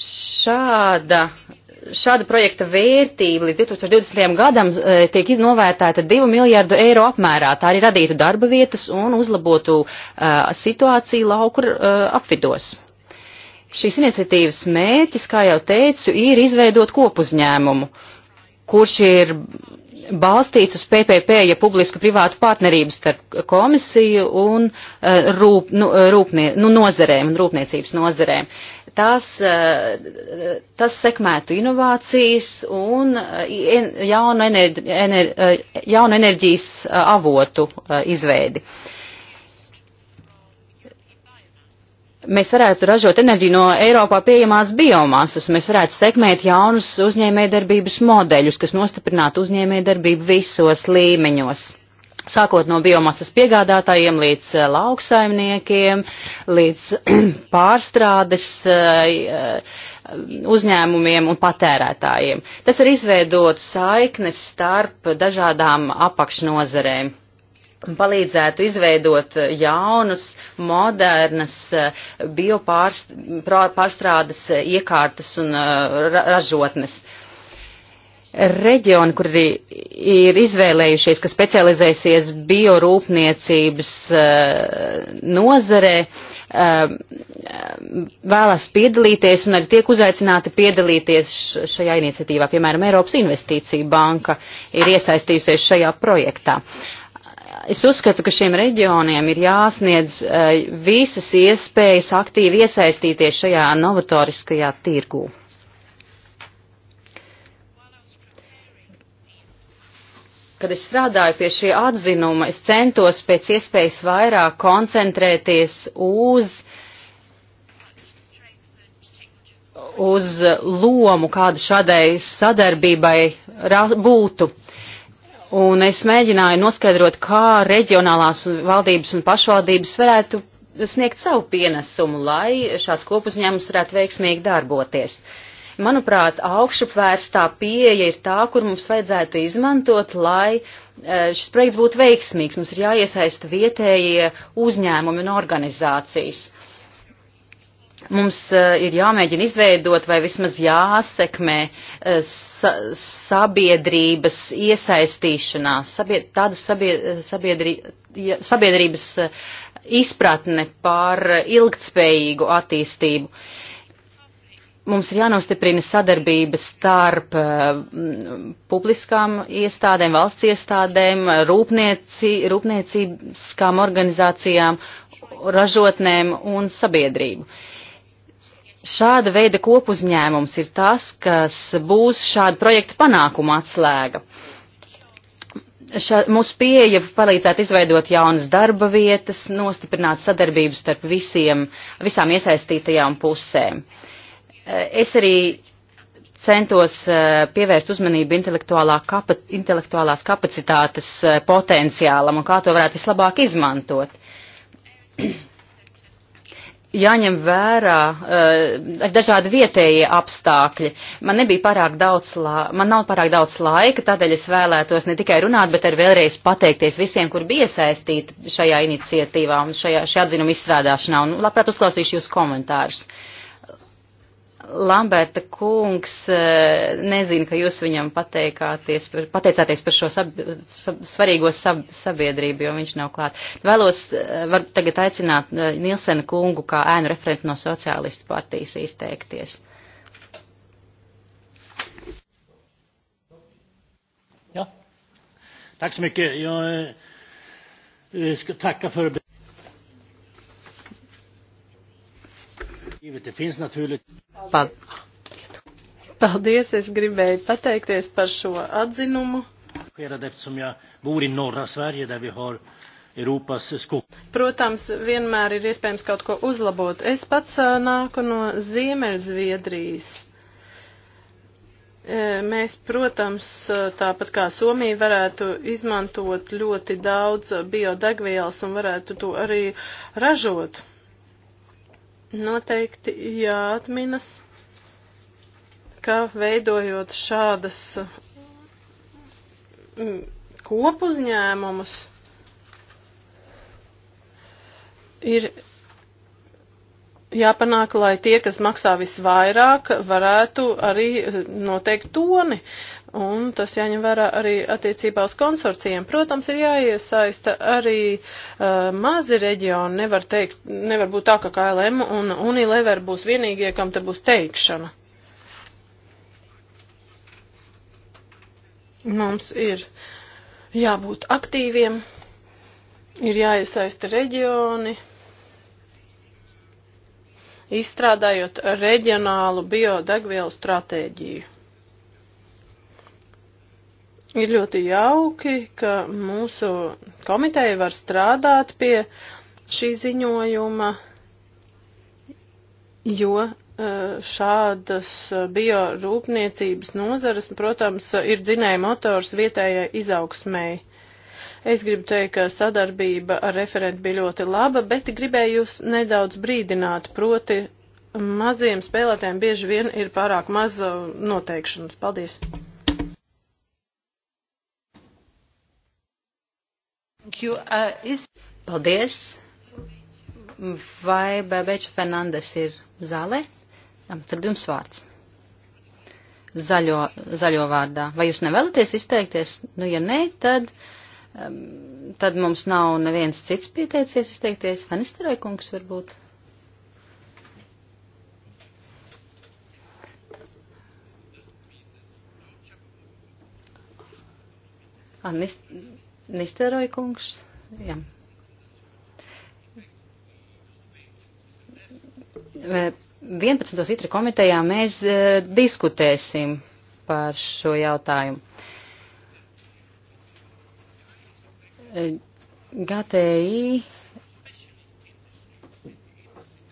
Šāda, šāda projekta vērtība līdz 2020. gadam eh, tiek iznovērtēta 2 miljārdu eiro apmērā. Tā arī radītu darba vietas un uzlabotu uh, situāciju lauku uh, apvidos. Šīs iniciatīvas mērķis, kā jau teicu, ir izveidot kopuzņēmumu, kurš ir balstīts uz PPP, ja publiska privātu partnerības starp komisiju un eh, rūp, nu, eh, rūpnie, nu, nozerēm un rūpniecības nozerēm. Tas, eh, tas sekmētu inovācijas un jaunu, enerģi, ener, jaunu enerģijas avotu izveidi. Uh, mēs varētu ražot enerģiju no Eiropā pieejamās biomasas, mēs varētu sekmēt jaunus uzņēmējdarbības modeļus, kas nostiprinātu uzņēmējdarbību visos līmeņos. Sākot no biomasas piegādātājiem līdz eh, lauksaimniekiem, līdz pārstrādes eh, eh, uzņēmumiem un patērētājiem. Tas ir izveidot saiknes starp dažādām apakšnozerēm palīdzētu izveidot jaunas, modernas eh, biopārstrādes iekārtas un eh, ražotnes. Reģioni, kur ir izvēlējušies, ka specializēsies biorūpniecības eh, nozarē, vēlas piedalīties un arī tiek uzaicināti piedalīties šajā iniciatīvā. Piemēram, Eiropas Investīcija banka ir iesaistījusies šajā projektā. Uh, Es uzskatu, ka šiem reģioniem ir jāsniedz eh, visas iespējas aktīvi iesaistīties šajā novatoriskajā tirgū. Kad es strādāju pie šī atzinuma, es centos pēc iespējas vairāk koncentrēties uz, uz lomu, kāda šādai sadarbībai būtu. Un es mēģināju noskaidrot, kā reģionālās valdības un pašvaldības varētu sniegt savu pienesumu, lai šāds kopuzņēmums varētu veiksmīgi darboties. Manuprāt, augšupvērstā pieeja ir tā, kur mums vajadzētu izmantot, lai e, šis projekts būtu veiksmīgs. Mums ir jāiesaista vietējie uzņēmumi un organizācijas mums eh, ir jāmēģina izveidot vai vismaz jāsekmē eh, sa sabiedrības iesaistīšanās, sabied tāda sabied sabiedrī sabiedrības eh, izpratne par ilgtspējīgu attīstību. Mums ir jānostiprina sadarbība starp publiskām iestādēm, valsts iestādēm, rūpnieci, rūpniecīskām organizācijām, ražotnēm un sabiedrību. Uh, Šāda veida kopuzņēmums ir tas, kas būs šāda projekta panākuma atslēga. Šā, mūsu pieeja palīdzētu izveidot jaunas darba vietas, nostiprināt sadarbību starp visiem, visām iesaistītajām pusēm. Es arī centos eh, pievērst uzmanību intelektuālā kapa, intelektuālās kapacitātes eh, potenciālam un kā to varētu vislabāk izmantot jāņem vērā uh, dažādi vietējie apstākļi. Man nebija pārāk daudz, la... man nav pārāk daudz laika, tādēļ es vēlētos ne tikai runāt, bet arī vēlreiz pateikties visiem, kur bija iesaistīti šajā iniciatīvā un šajā, šajā atzinuma izstrādāšanā. Un labprāt uzklausīšu jūs komentārus. Uh, Lamberta kungs eh, nezina, ka jūs viņam pateikāties, pateicāties par šo sab, sab, svarīgo sab, sabiedrību, jo viņš nav klāt. Vēlos eh, var tagad aicināt eh, Nilsena kungu kā ēnu referentu no sociālistu partijas izteikties. Ja. Tack så mycket. Jag ska tacka för Paldies, es gribēju pateikties par šo atzinumu. Protams, vienmēr ir iespējams kaut ko uzlabot. Es pats nāku no Ziemeļzviedrijas. Mēs, protams, tāpat kā Somija, varētu izmantot ļoti daudz biodegvielas un varētu to arī ražot noteikti jāatminas, ka veidojot šādas mm, kopuzņēmumus, ir jāpanāk, lai tie, kas maksā visvairāk, varētu arī noteikt toni. Un tas jāņem vērā arī attiecībā uz konsorcijiem. Protams, ir jāiesaista arī uh, mazi reģioni. Nevar, teikt, nevar būt tā, ka KLM un Unilever būs vienīgie, kam te būs teikšana. Mums ir jābūt aktīviem, ir jāiesaista reģioni izstrādājot reģionālu biodegvielu stratēģiju. Ir ļoti jauki, ka mūsu komiteja var strādāt pie šī ziņojuma, jo e, šādas biorūpniecības nozares, protams, ir dzinēja motors vietējai izaugsmēji. Es gribu teikt, ka sadarbība ar referentu bija ļoti laba, bet gribēju jūs nedaudz brīdināt, proti maziem spēlētājiem bieži vien ir pārāk maz e, noteikšanas. Paldies! Uh, Paldies! Vai Bebeča Fernandes ir zālē? Tad jums vārds. Zaļo, zaļo vārdā. Vai jūs nevēlaties izteikties? Nu, ja nē, tad, um, tad mums nav neviens cits pieteicies izteikties. Fanisterai kungs varbūt. Anist... Nisteroja kungs. Jā. Vai 11. itra komitejā mēs uh, diskutēsim par šo jautājumu. E, GTI.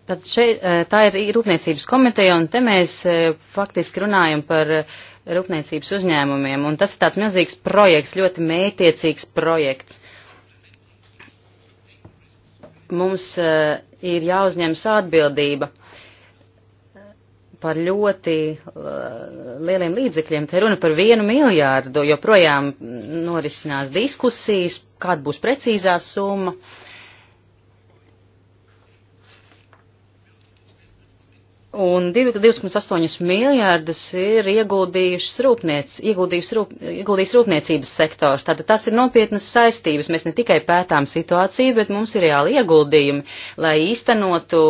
Tad šeit, e, tā ir rūpniecības komiteja, un te mēs faktiski runājam par uh, rūpniecības uzņēmumiem. Un tas ir tāds milzīgs projekts, ļoti mētiecīgs projekts. Mums uh, ir jāuzņemas atbildība par ļoti uh, lieliem līdzekļiem. Te runa par vienu miljārdu, jo projām mm, norisinās diskusijas, kāda būs precīzā summa. Uh, un 2,8 miljārdus ir ieguldījušas rūpniec, ieguldījušas rūp, ieguldījis rūpniecības sektors. Tātad tas ir nopietnas saistības. Mēs ne tikai pētām situāciju, bet mums ir reāli ieguldījumi, lai īstenotu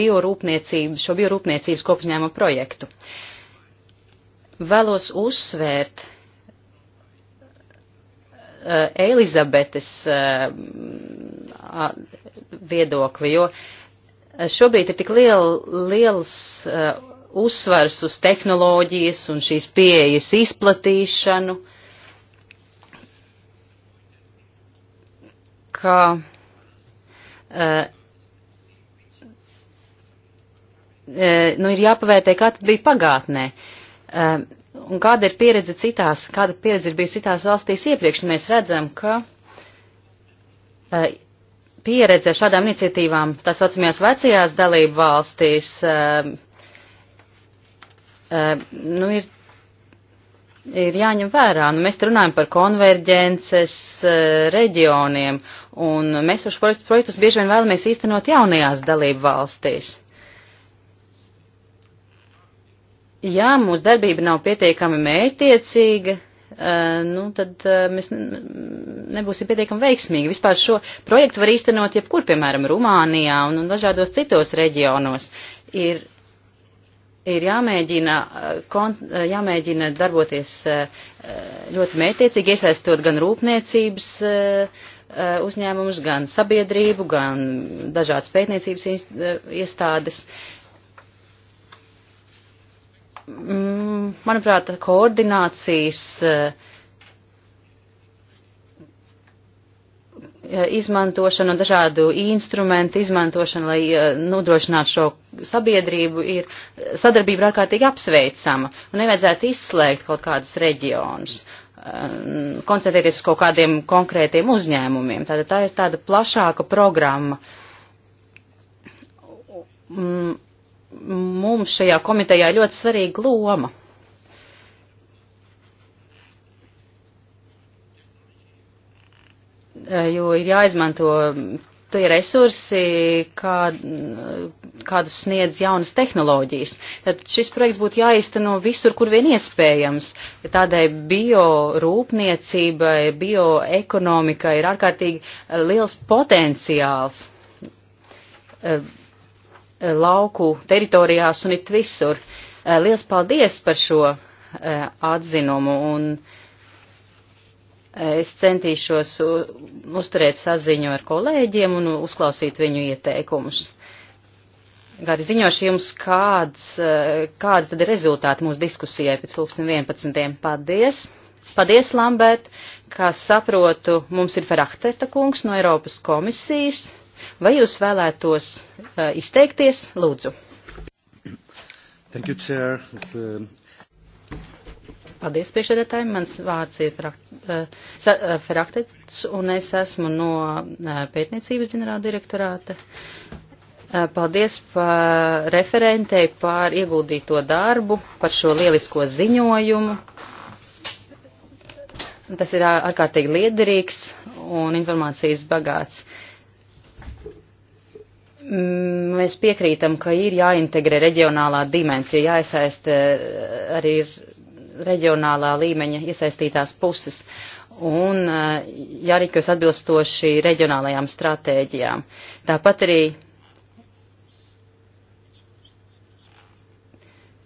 biorūpniecību, šo biorūpniecības kopņēmu projektu. Vēlos uzsvērt uh, Elizabetes uh, viedokli, jo uh, Eh, šobrīd ir tik liel, liels uh, uzsvars uz tehnoloģijas un šīs pieejas izplatīšanu, ka uh, nu, ir jāpavērtē, kā tad bija pagātnē. Uh, un kāda ir pieredze citās, kāda pieredze ir bijusi citās valstīs iepriekš, mēs redzam, ka uh, pieredze ar šādām iniciatīvām, tā saucamajās vecajās dalību valstīs, eh, eh, nu, ir, ir jāņem vērā. Nu, mēs runājam par konverģences eh, reģioniem, un mēs šos projektus bieži vien vēlamies īstenot jaunajās dalību valstīs. Ja mūsu darbība nav pietiekami mērķtiecīga, Eh, nu, tad eh, mēs nebūsim pietiekami veiksmīgi. Vispār šo projektu var īstenot jebkur, piemēram, Rumānijā un, un dažādos citos reģionos. Ir, ir jāmēģina, eh, kon, jāmēģina darboties ļoti mētiecīgi, iesaistot gan rūpniecības uzņēmumus, gan sabiedrību, gan dažādas pētniecības iestādes. Uh, Mm, manuprāt, koordinācijas eh, eh, izmantošana un dažādu instrumentu izmantošana, lai eh, nodrošinātu šo sabiedrību, ir sadarbība ārkārtīgi apsveicama un nevajadzētu izslēgt kaut kādus reģionus, koncentrēties uz kaut kādiem konkrētiem uzņēmumiem. Tātad tā ir tāda plašāka programma. Mm mums šajā komitejā ir ļoti svarīga loma. E, jo ir jāizmanto tie resursi, kā, kādus sniedz jaunas tehnoloģijas. Tad šis projekts būtu jāizteno visur, kur vien iespējams. Tādai biorūpniecībai, bioekonomikai ir ārkārtīgi liels potenciāls. E, lauku teritorijās un it visur. Eh, liels paldies par šo eh, atzinumu un eh, es centīšos uzturēt saziņu ar kolēģiem un uzklausīt viņu ieteikumus. Gari ziņošu jums, kāds, kādi tad ir rezultāti mūsu diskusijai pēc 2011. Paldies! Paldies, Lambert! Kā saprotu, mums ir Ferachteta kungs no Eiropas komisijas. Vai jūs vēlētos uh, izteikties? Lūdzu. Thank you, Chair. It's, uh... Paldies, priekšsēdētāji. Mans vārds ir frakt, uh, uh Fraktets, un es esmu no uh, pētniecības ģenerāla direktorāta. Uh, paldies par referentei par ieguldīto darbu, par šo lielisko ziņojumu tas ir ārkārtīgi liederīgs un informācijas bagāts. Mm, mēs piekrītam, ka ir jāintegrē reģionālā dimensija, jāiesaist eh, arī reģionālā līmeņa iesaistītās puses un eh, jārīkos atbilstoši reģionālajām stratēģijām. Tāpat arī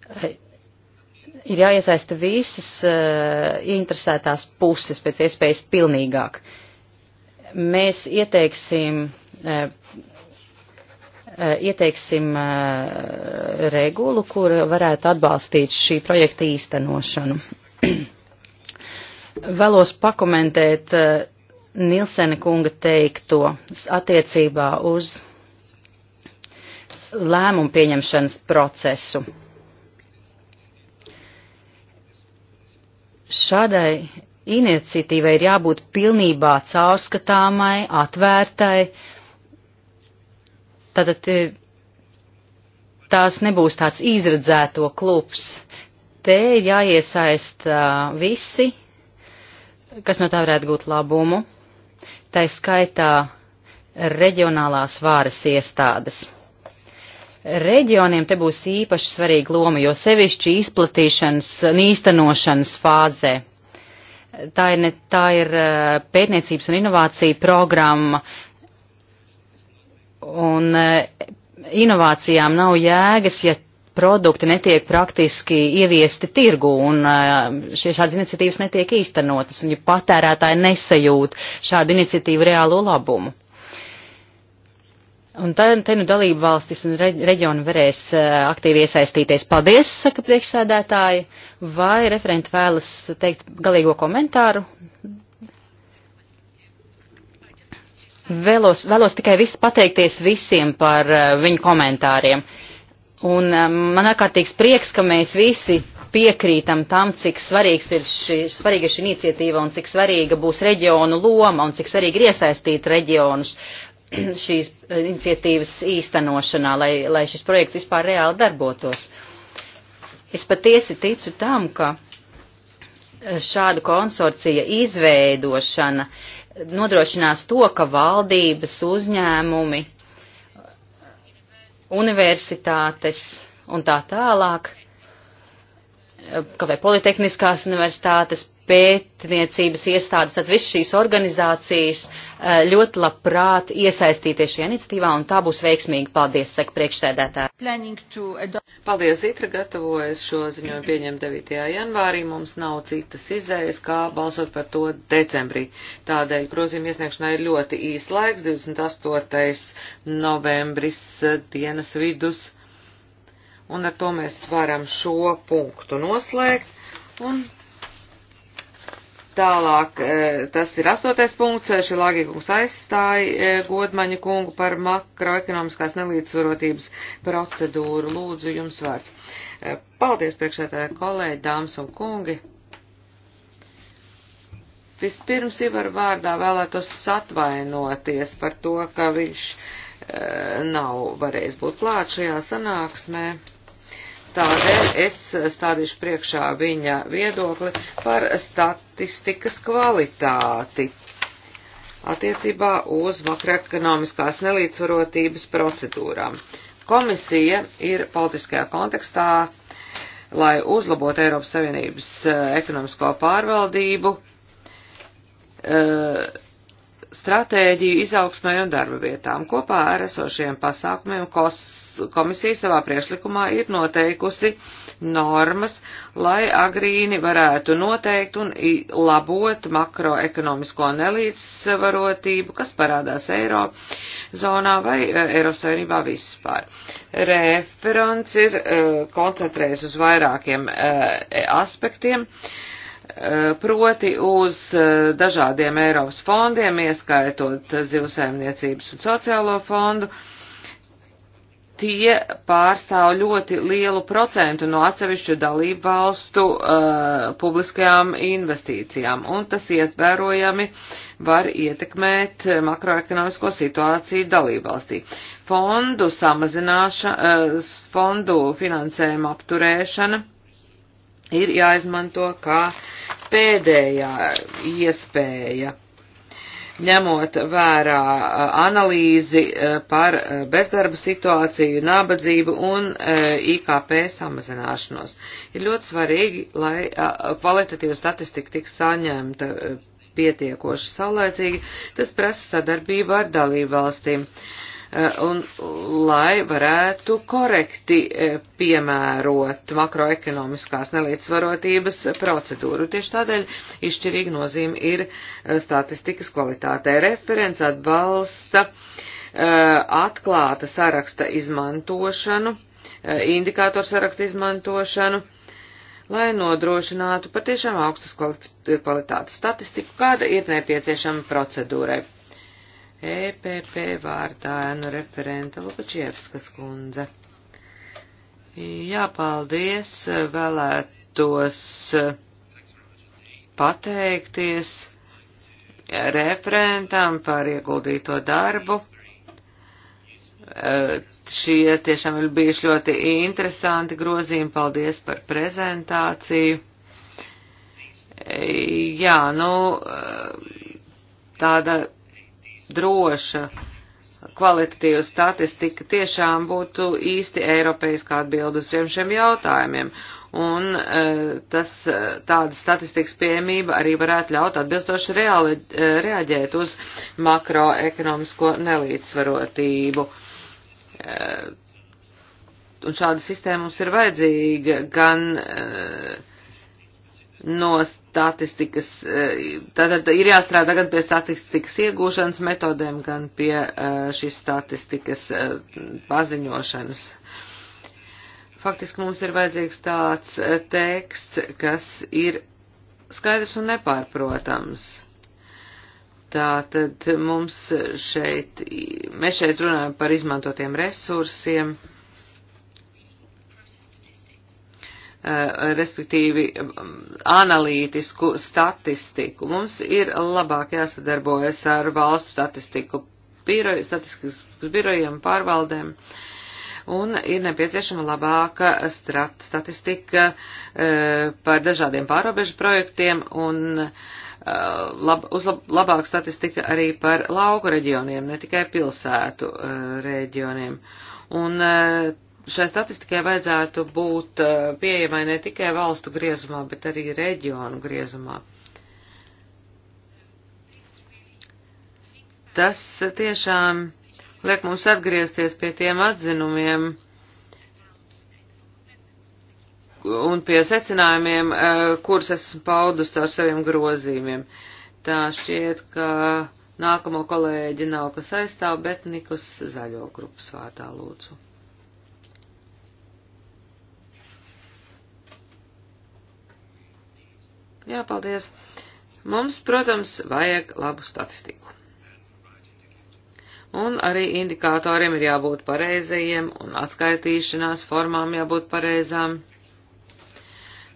eh, ir jāiesaista visas interesētās puses pēc iespējas pilnīgāk. Mēs ieteiksim Eh, ieteiksim eh, regulu, kur varētu atbalstīt šī projekta īstenošanu. Vēlos pakomentēt eh, Nilsena kunga teikto attiecībā uz lēmumu pieņemšanas procesu. Šādai iniciatīvai ir jābūt pilnībā caurskatāmai, atvērtai Tātad e, tās nebūs tāds izredzēto klubs. Te ir jāiesaist e, visi, kas no tā varētu gūt labumu. Tā skaitā reģionālās vāras iestādes. Reģioniem te būs īpaši svarīga loma, jo sevišķi izplatīšanas un īstenošanas fāzē. Tā ir, ne, tā ir e, pētniecības un inovācija programma, Un e, inovācijām nav jēgas, ja produkti netiek praktiski ieviesti tirgu un e, šie šādas iniciatīvas netiek īstenotas un ja patērētāji nesajūt šādu iniciatīvu reālo labumu. Un tad te nu dalību valstis un reģioni varēs e, aktīvi iesaistīties. Paldies, saka priekšsēdētāji. Vai referenti vēlas teikt galīgo komentāru? Vēlos, vēlos tikai viss pateikties visiem par uh, viņu komentāriem. Un um, man ārkārtīgs prieks, ka mēs visi piekrītam tam, cik svarīgs ir šī, svarīga šī iniciatīva un cik svarīga būs reģionu loma un cik svarīgi ir iesaistīt reģionus šīs eh, iniciatīvas īstenošanā, lai, lai šis projekts vispār reāli darbotos. Es patiesi ticu tam, ka šādu konsorcija izveidošana uh, nodrošinās to, ka valdības uzņēmumi, universitātes un tā tālāk, kaut vai politehniskās universitātes pētniecības iestādes, tad viss šīs organizācijas eh, ļoti labprāt iesaistīties šajā iniciatīvā, un tā būs veiksmīga. Paldies, saka priekšsēdētāji. Paldies, Itra gatavojas šo ziņojumu pieņemt 9. janvārī. Mums nav citas izējas, kā balsot par to decembrī. Tādēļ grozījuma iesniegšanai ir ļoti īs laiks, 28. novembris eh, dienas vidus. Un ar to mēs varam šo punktu noslēgt. Un Tālāk, e, tas ir astotais punkts, šī lāgīgums aizstāja e, godmaņa kungu par makroekonomiskās nelīdzsvarotības procedūru. Lūdzu, jums vārds. E, paldies, priekšētāji kolēģi, dāmas un kungi. Vispirms Ivar vārdā vēlētos atvainoties par to, ka viņš e, nav varējis būt klāt šajā sanāksmē. Tādēļ es stādīšu priekšā viņa viedokli par statistikas kvalitāti attiecībā uz makroekonomiskās nelīdzvarotības procedūrām. Komisija ir politiskajā kontekstā, lai uzlabotu Eiropas Savienības eh, ekonomisko pārvaldību, uh, stratēģiju izaugsmai un darba vietām. Kopā ar esošiem pasākumiem kos, komisija savā priešlikumā ir noteikusi normas, lai agrīni varētu noteikt un labot makroekonomisko nelīdzsvarotību, kas parādās eiro zonā vai e, Eiropas Savienībā vispār. Referents ir uh, e, koncentrējis uz vairākiem uh, aspektiem. Uh, Eh, proti uz eh, dažādiem Eiropas fondiem, ieskaitot zivsaimniecības un sociālo fondu, tie pārstāv ļoti lielu procentu no atsevišķu dalību valstu uh, publiskajām investīcijām, un tas ietvērojami var ietekmēt makroekonomisko situāciju dalību valstī. Fondu samazināšana, uh, fondu finansējuma apturēšana ir jāizmanto kā pēdējā iespēja, ņemot vērā analīzi par bezdarba situāciju, nabadzību un IKP samazināšanos. Ir ļoti svarīgi, lai kvalitatīva statistika tiks saņemta pietiekoši saulēcīgi, tas prasa sadarbību ar dalību valstīm. Uh, Eh, un lai varētu korekti eh, piemērot makroekonomiskās nelīdzsvarotības procedūru. Tieši tādēļ izšķirīga nozīme ir eh, statistikas kvalitātē. Referents atbalsta atklāta saraksta izmantošanu, indikātoru saraksta izmantošanu, lai nodrošinātu patiešām augstas kvalitātes statistiku, kāda ir nepieciešama procedūrai. EPP vārdā ēnu referente Lukačievskas kundze. Jā, paldies, vēlētos pateikties referentam par ieguldīto darbu. Šie tiešām ir bijuši ļoti interesanti grozījumi. Paldies par prezentāciju. Jā, nu, tāda droša kvalitatīva statistika tiešām būtu īsti eiropeiskā atbild uz šiem, šiem jautājumiem. Un e, tas, e, tāda statistikas pieejamība arī varētu ļaut atbilstoši reali, e, reaģēt uz makroekonomisko nelīdzsvarotību. E, un šāda sistēma mums ir vajadzīga gan e, no st statistikas, eh, tātad ir jāstrādā gan pie statistikas iegūšanas metodēm, gan pie eh, šīs statistikas eh, paziņošanas. Faktiski mums ir vajadzīgs tāds teksts, kas ir skaidrs un nepārprotams. Tātad mums šeit, mēs šeit runājam par izmantotiem resursiem. Eh, respektīvi mm, analītisku statistiku. Mums ir labāk jāsadarbojas ar valsts statistiku, biroju, statistikas birojiem, pārvaldēm. Un ir nepieciešama labāka strat, statistika e, par dažādiem pārobežu projektiem un e, lab, uzlab, labāka statistika arī par lauku reģioniem, ne tikai pilsētu e, reģioniem. Un e, šai statistikai vajadzētu būt eh, pieejamai ne tikai valstu griezumā, bet arī reģionu griezumā. Tas tiešām liek mums atgriezties pie tiem atzinumiem un pie secinājumiem, eh, kurus esmu paudus ar saviem grozījumiem. Tā šķiet, ka nākamo kolēģi nav kas aizstāv, bet Nikus zaļo grupas vārdā lūdzu. Jā, paldies. Mums, protams, vajag labu statistiku. Un arī indikātoriem ir jābūt pareizajiem, un atskaitīšanās formām jābūt pareizām.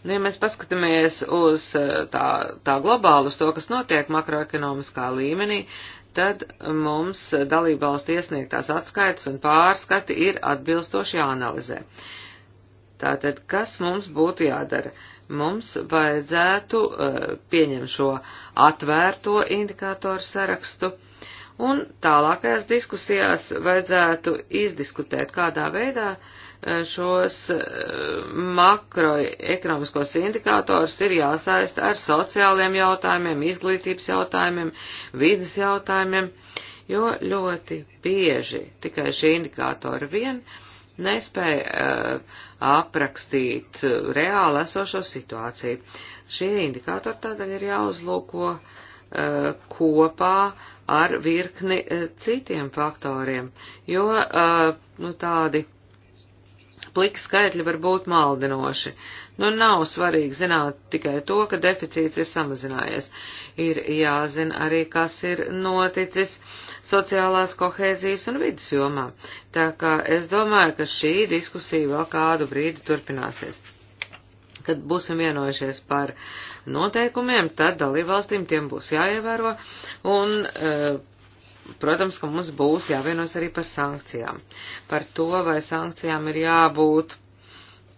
Nu, ja mēs paskatāmies uz eh, tā, tā globālu, uz to, kas notiek makroekonomiskā līmenī, tad mums dalībvalstu iesniegtās atskaites un pārskati ir atbilstoši jāanalizē. Tātad, kas mums būtu jādara? mums vajadzētu eh, pieņemt šo atvērto indikātoru sarakstu, un tālākajās diskusijās vajadzētu izdiskutēt, kādā veidā eh, šos eh, makroekonomiskos indikātors ir jāsaista ar sociāliem jautājumiem, izglītības jautājumiem, vidas jautājumiem, jo ļoti bieži tikai šī indikātori vien uh, nespēja uh, aprakstīt eh, reāli esošo situāciju. Šie indikātori tādēļ ir jāuzlūko uh, kopā ar virkni uh, citiem faktoriem, jo nu, tādi pliki skaitļi var būt maldinoši. Nu, nav svarīgi zināt tikai to, ka deficīts ir samazinājies. Ir jāzina arī, kas ir noticis sociālās kohēzijas un vidas jomā. Tā kā es domāju, ka šī diskusija vēl kādu brīdi turpināsies. Kad būsim vienojušies par noteikumiem, tad dalībvalstīm tiem būs jāievēro un uh, Protams, ka mums būs jāvienos arī par sankcijām. Par to, vai sankcijām ir jābūt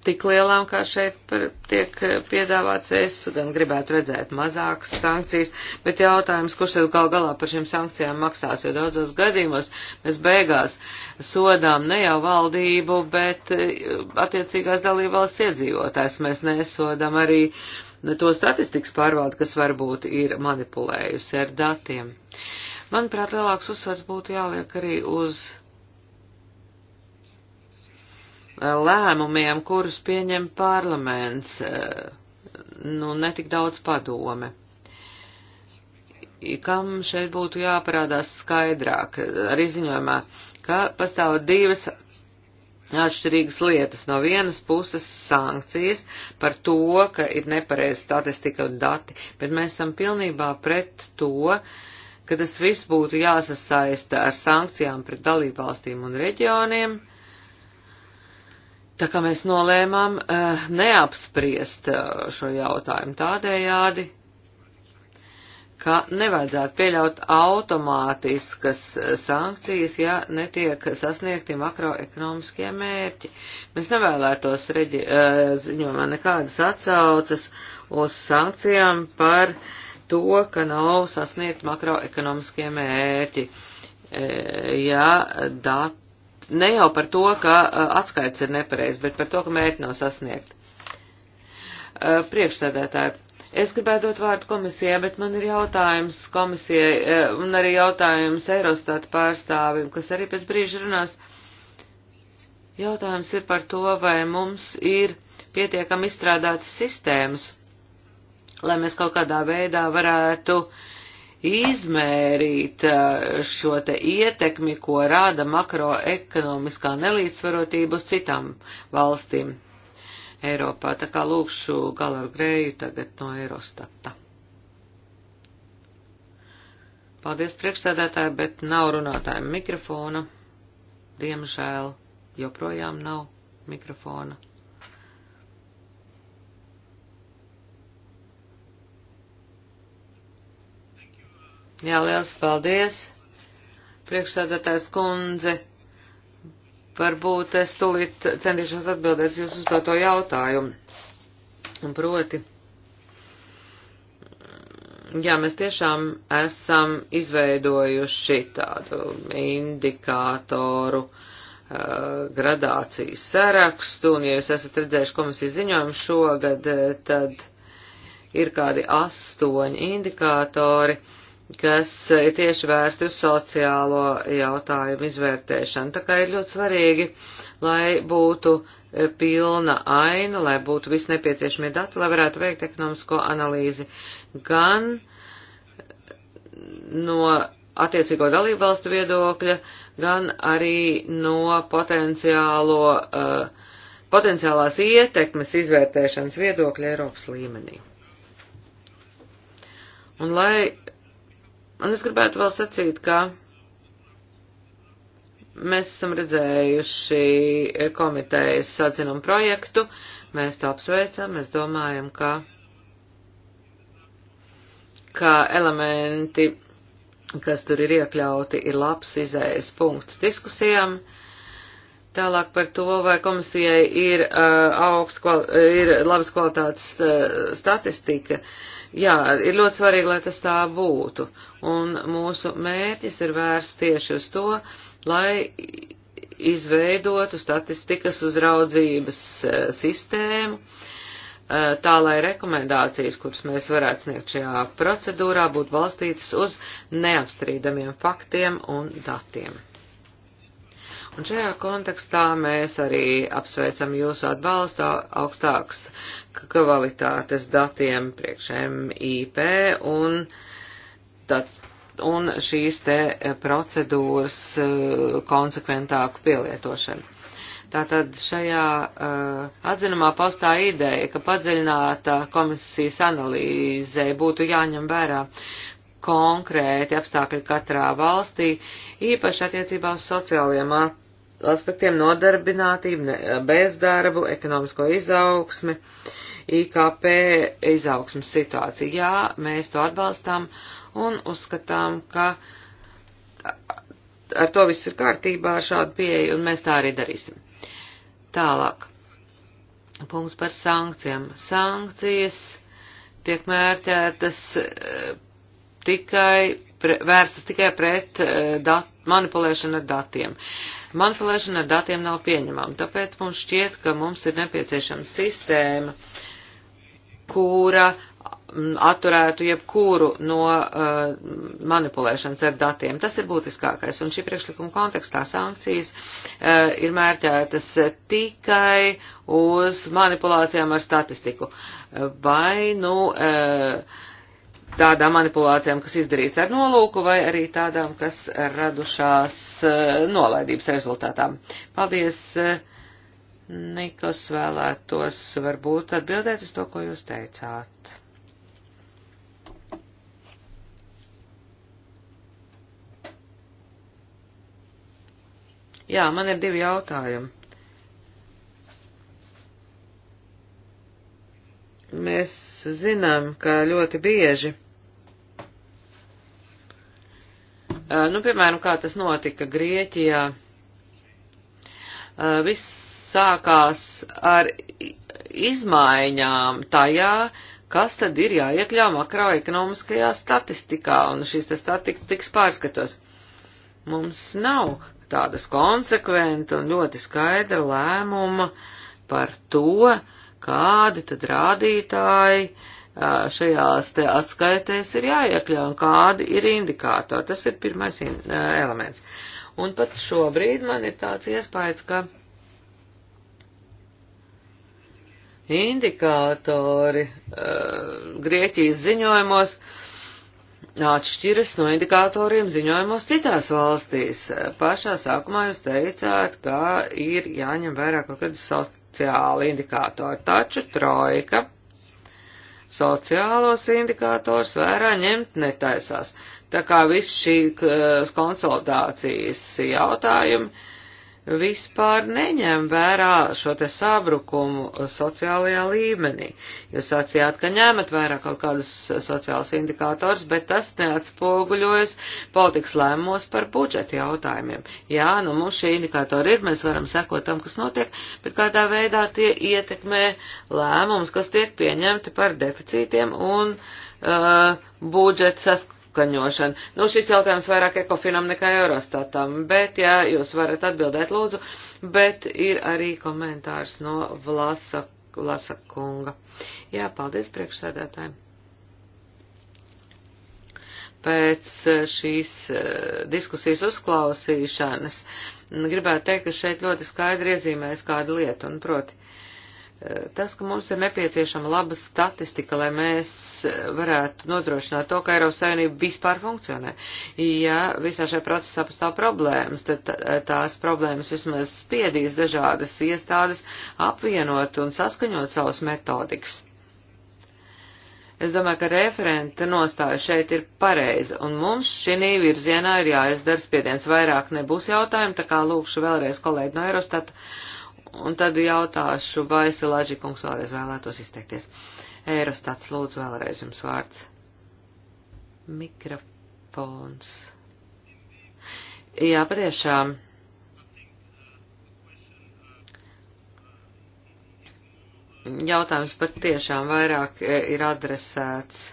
tik lielām, kā šeit par, tiek piedāvāts. Es gan gribētu redzēt mazākas sankcijas, bet jautājums, kurš tad gal galā par šīm sankcijām maksās, jo daudzos gadījumos mēs beigās sodām ne jau valdību, bet e, attiecīgās dalībvalsts iedzīvotājs. Mēs nesodam arī to statistikas pārvaldu, kas varbūt ir manipulējusi ar datiem. Uh, Manuprāt, lielāks uzsvars būtu jāliek arī uz eh, lēmumiem, kurus pieņem parlaments, eh, nu, netik daudz padome. Kam šeit būtu jāparādās skaidrāk arī ziņojumā, ka pastāv divas atšķirīgas lietas. No vienas puses sankcijas par to, ka ir nepareiza statistika un dati, bet mēs esam pilnībā pret to, uh, ka tas viss būtu jāsasaista ar sankcijām pret dalībvalstīm un reģioniem. Tā kā mēs nolēmām uh, neapspriest uh, šo jautājumu tādējādi, ka nevajadzētu pieļaut automātiskas eh, sankcijas, ja netiek sasniegti makroekonomiskie mērķi. Mēs nevēlētos reģi, ziņojumā nekādas atsaucas uz sankcijām par uh, to, ka nav sasniegt makroekonomiskie mērķi. E, ja dat, ne jau par to, ka e, atskaits ir nepareiz, bet par to, ka mērķi nav sasniegt. E, priekšsēdētāji, Es gribētu dot vārdu komisijai, bet man ir jautājums komisijai un arī jautājums Eirostata pārstāvim, kas arī pēc brīža runās. Jautājums ir par to, vai mums ir pietiekami izstrādātas sistēmas, lai mēs kaut kādā veidā varētu izmērīt šo te ietekmi, ko rāda makroekonomiskā nelīdzsvarotība uz citām valstīm Eiropā. Tā kā lūkšu Galaru Grēju tagad no Eurostata. Paldies priekšsēdētāji, bet nav runātājiem mikrofona. Diemžēl joprojām nav mikrofona. Jā, liels paldies, priekšsādātājs kundze. Varbūt es tulīt centīšos atbildēt jūs uz to, to jautājumu. Un proti, jā, mēs tiešām esam izveidojuši tādu indikātoru uh, gradācijas sarakstu, un ja jūs esat redzējuši komisijas ziņojumu šogad, uh, tad ir kādi astoņi indikātori. Uh, kas ir tieši vērsti uz sociālo jautājumu izvērtēšanu. Tā kā ir ļoti svarīgi, lai būtu eh, pilna aina, lai būtu visi nepieciešamie dati, lai varētu veikt ekonomisko analīzi gan eh, no attiecīgo dalību valstu viedokļa, gan arī no potenciālo, uh, potenciālās ietekmes izvērtēšanas viedokļa Eiropas līmenī. Un lai Un es gribētu vēl sacīt, ka mēs esam redzējuši komitejas sadzinumu projektu, mēs to apsveicam, mēs domājam, ka, ka elementi, kas tur ir iekļauti, ir labs izējas punkts diskusijām. Tālāk par to, vai komisijai ir, uh, augst, ir labas kvalitātes uh, statistika. Uh, Jā, ir ļoti svarīgi, lai tas tā būtu. Un mūsu mērķis ir vērsts tieši uz to, lai izveidotu statistikas uzraudzības eh, sistēmu, eh, tā lai rekomendācijas, kuras mēs varētu sniegt šajā procedūrā, būtu balstītas uz neapstrīdamiem faktiem un datiem. Un šajā kontekstā mēs arī apsveicam jūsu atbalstu augstāks kvalitātes datiem priekšējiem IP un, dat, un šīs te e, procedūras e, konsekventāku pielietošanu. Tātad šajā uh, atzinumā paustā ideja, ka padziļināta komisijas analīzē būtu jāņem vērā konkrēti apstākļi katrā valstī, īpaši attiecībā uz sociālajiem at aspektiem nodarbinātību, bezdarbu, ekonomisko izaugsmi, IKP izaugsmas situāciju. Jā, mēs to atbalstām un uzskatām, ka ar to viss ir kārtībā ar šādu pieeju, un mēs tā arī darīsim. Tālāk. Punkts par sankcijām. Sankcijas tiek mērķētas eh, tikai, pre, vērstas tikai pret eh, dat, manipulēšanu ar datiem. Uh, Manipulēšana ar datiem nav pieņemama, tāpēc mums šķiet, ka mums ir nepieciešama sistēma, kura atturētu jebkuru no uh, manipulēšanas ar datiem. Tas ir būtiskākais, un šī priekšlikuma kontekstā sankcijas uh, ir mērķētas tikai uz manipulācijām ar statistiku. Vai, nu, uh, tādām manipulācijām, kas izdarīts ar nolūku, vai arī tādām, kas radušās eh, nolaidības rezultātā. Paldies, eh, Nikos, vēlētos varbūt atbildēt uz to, ko jūs teicāt. Jā, man ir divi jautājumi. Mēs zinām, ka ļoti bieži Nu, piemēram, kā tas notika Grieķijā, viss sākās ar izmaiņām tajā, kas tad ir jāiekļau makroekonomiskajā statistikā, un šīs statistikas pārskatos. Mums nav tādas konsekventa un ļoti skaidra lēmuma par to, kādi tad rādītāji uh, šajās te atskaitēs ir jāiekļauj un kādi ir indikātori. Tas ir pirmais in elements. Un pat šobrīd man ir tāds iespējas, ka indikātori uh, Grieķijas ziņojumos atšķiras no indikātoriem ziņojumos citās valstīs. Pašā sākumā jūs teicāt, ka ir jāņem vērā kaut kādi sociāli indikātori, taču trojka sociālos indikātors vērā ņemt netaisās. Tā kā viss šī konsolidācijas jautājumi vispār neņem vērā šo te sabrukumu sociālajā līmenī. Jūs sacījāt, ka ņemat vērā kaut kādus sociālus indikātors, bet tas neatspoguļojas politikas lēmumos par budžeta jautājumiem. Jā, nu mums šie indikātori ir, mēs varam sekot tam, kas notiek, bet kādā veidā tie ietekmē lēmumus, kas tiek pieņemti par deficītiem un uh, budžeta apkaņošana. Nu, šis jautājums vairāk ekofinam nekā Eurostatam, bet, jā, jūs varat atbildēt lūdzu, bet ir arī komentārs no Vlasa, Vlasa kunga. Jā, paldies priekšsēdētājiem. Pēc eh, šīs eh, diskusijas uzklausīšanas gribētu teikt, ka šeit ļoti skaidri iezīmēs kādu lietu, un proti, uh, tas, ka mums ir nepieciešama laba statistika, lai mēs varētu nodrošināt to, ka Eiropas Savienība vispār funkcionē. Ja visā šajā procesā pastāv problēmas, tad tās problēmas vismaz spiedīs dažādas iestādes apvienot un saskaņot savus metodikas. Es domāju, ka referenta nostāja šeit ir pareiza, un mums šī virzienā ir jāizdara spiediens. Vairāk nebūs jautājumu, tā kā lūkšu vēlreiz kolēģi no Eurostata Un tad jautāšu, vai Silāģi kungs vēlreiz vēlētos izteikties. Eirostats, lūdzu, vēlreiz jums vārds. Mikrofons. Jā, patiešām. Jautājums pat tiešām vairāk eh, ir adresēts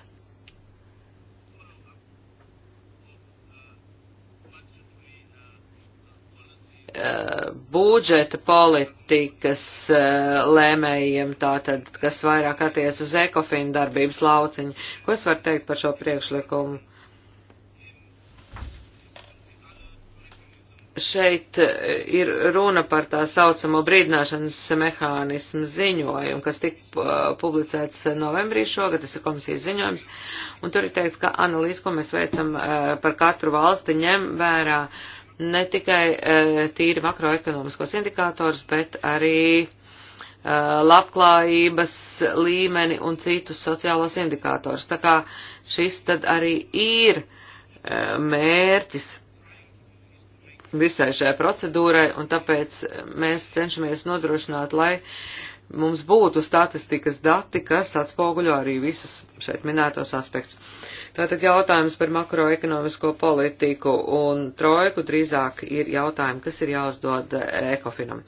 Eh, budžeta politikas eh, lēmējiem, tātad, kas vairāk attiec uz ekofinu darbības lauciņu. Ko es varu teikt par šo priekšlikumu? Šeit eh, ir runa par tā saucamo brīdināšanas mehānismu ziņojumu, kas tika publicēts novembrī šogad, tas ir komisijas ziņojums, un tur ir teikts, ka analīze, ko mēs veicam par katru valsti, ņem vērā uh, ne tikai e, tīri makroekonomiskos indikātors, bet arī e, labklājības līmeni un citus sociālos indikātors. Tā kā šis tad arī ir e, mērķis visai šai procedūrai, un tāpēc mēs cenšamies nodrošināt, lai uh, mums būtu statistikas dati, kas atspoguļo arī visus šeit minētos aspektus. Tātad jautājums par makroekonomisko politiku un trojku drīzāk ir jautājumi, kas ir jāuzdod eh, ekofinam.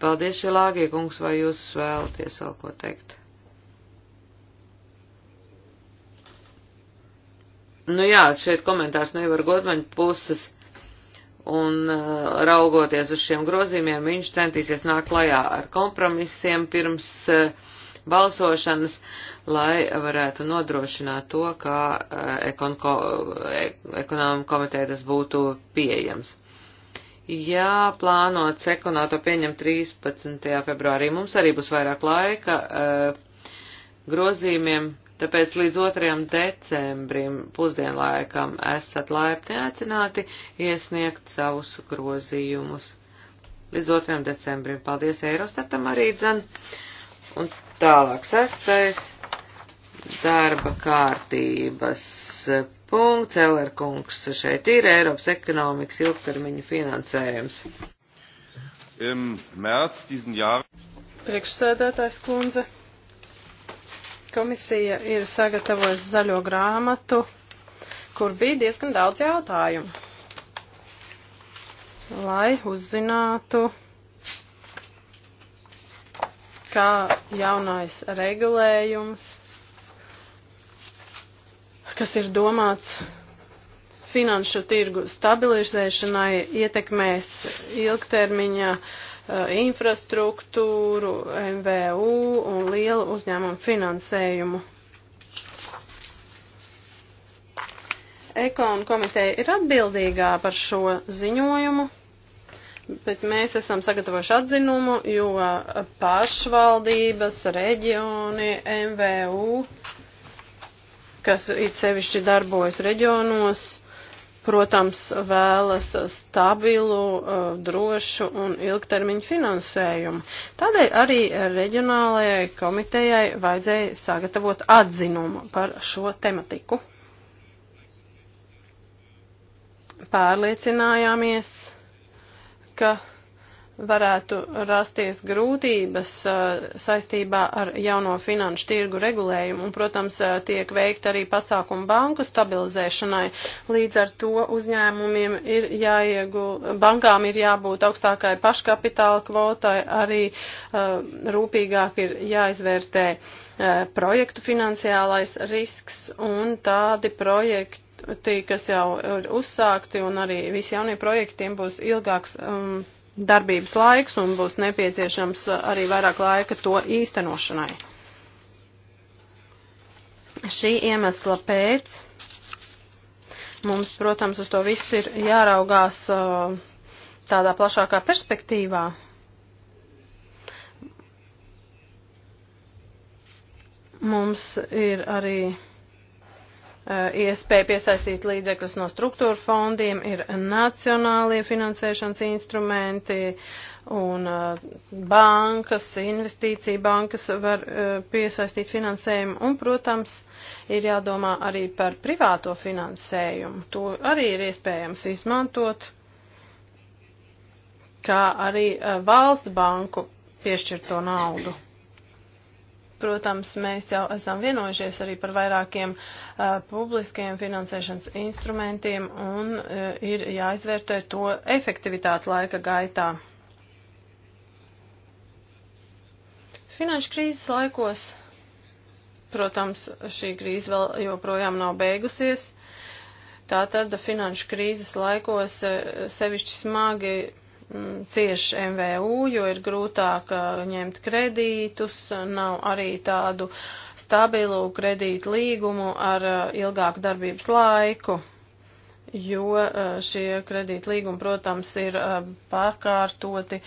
Paldies, Šilāgie kungs, vai jūs vēlaties vēl ko teikt? Nu jā, šeit komentārs nevar godmaņa puses un uh, raugoties uz šiem grozījumiem, viņš centīsies nākt klajā ar kompromisiem pirms uh, balsošanas, lai varētu nodrošināt to, kā uh, ekonko, e, ekonomika komiteja tas būtu pieejams. Jā, plānots ekonāto pieņem 13. februārī. Mums arī būs vairāk laika grozījumiem Tāpēc līdz 2. decembrim pusdienlaikam esat laipni aicināti iesniegt savus grozījumus. Līdz 2. decembrim. Paldies Eirostatam arī dzan. Un tālāk sastais darba kārtības punkts. Elerkungs šeit ir Eiropas ekonomikas ilgtermiņa finansējums. Priekšsēdētājs kundze komisija ir sagatavojusi zaļo grāmatu, kur bija diezgan daudz jautājumu, lai uzzinātu, kā jaunais regulējums, kas ir domāts finanšu tirgu stabilizēšanai, ietekmēs ilgtermiņā uh, Eh, infrastruktūru, MVU un lielu uzņēmumu finansējumu. Ekonu komiteja ir atbildīgā par šo ziņojumu, bet mēs esam sagatavojuši atzinumu, jo pašvaldības, reģioni, MVU, kas it sevišķi darbojas reģionos, protams, vēlas stabilu, eh, drošu un ilgtermiņu finansējumu. Tādēļ arī reģionālajai komitejai vajadzēja sagatavot atzinumu par šo tematiku. Pārliecinājāmies, ka varētu rasties grūtības eh, saistībā ar jauno finanšu tirgu regulējumu, un, protams, eh, tiek veikta arī pasākumu banku stabilizēšanai. Līdz ar to uzņēmumiem ir jāiegul, bankām ir jābūt augstākai paškapitāla kvotai, arī eh, rūpīgāk ir jāizvērtē projektu finansiālais risks un tādi projekti projekti, kas jau ir uzsākti, un arī visi jaunie projekti, tiem būs ilgāks um, darbības laiks un būs nepieciešams uh, arī vairāk laika to īstenošanai. Šī iemesla pēc mums, protams, uz to visu ir jāraugās uh, tādā plašākā perspektīvā. Mums ir arī Eh, iespēja piesaistīt līdzekļus no struktūra fondiem, ir nacionālie finansēšanas instrumenti un eh, bankas, investīcija bankas var eh, piesaistīt finansējumu un, protams, ir jādomā arī par privāto finansējumu. To arī ir iespējams izmantot, kā arī valsts banku piešķirto naudu. Protams, mēs jau esam vienojušies arī par vairākiem uh, publiskajiem finansēšanas instrumentiem un uh, ir jāizvērtē to efektivitāti laika gaitā. Finanšu krīzes laikos, protams, šī krīze vēl joprojām nav beigusies, tātad finanšu krīzes laikos uh, sevišķi smagi Mm, cieši MVU, jo ir grūtāk ņemt kredītus, nav arī tādu stabilu kredītu līgumu ar ilgāku darbības laiku, jo šie kredītu līgumi, protams, ir pakārtoti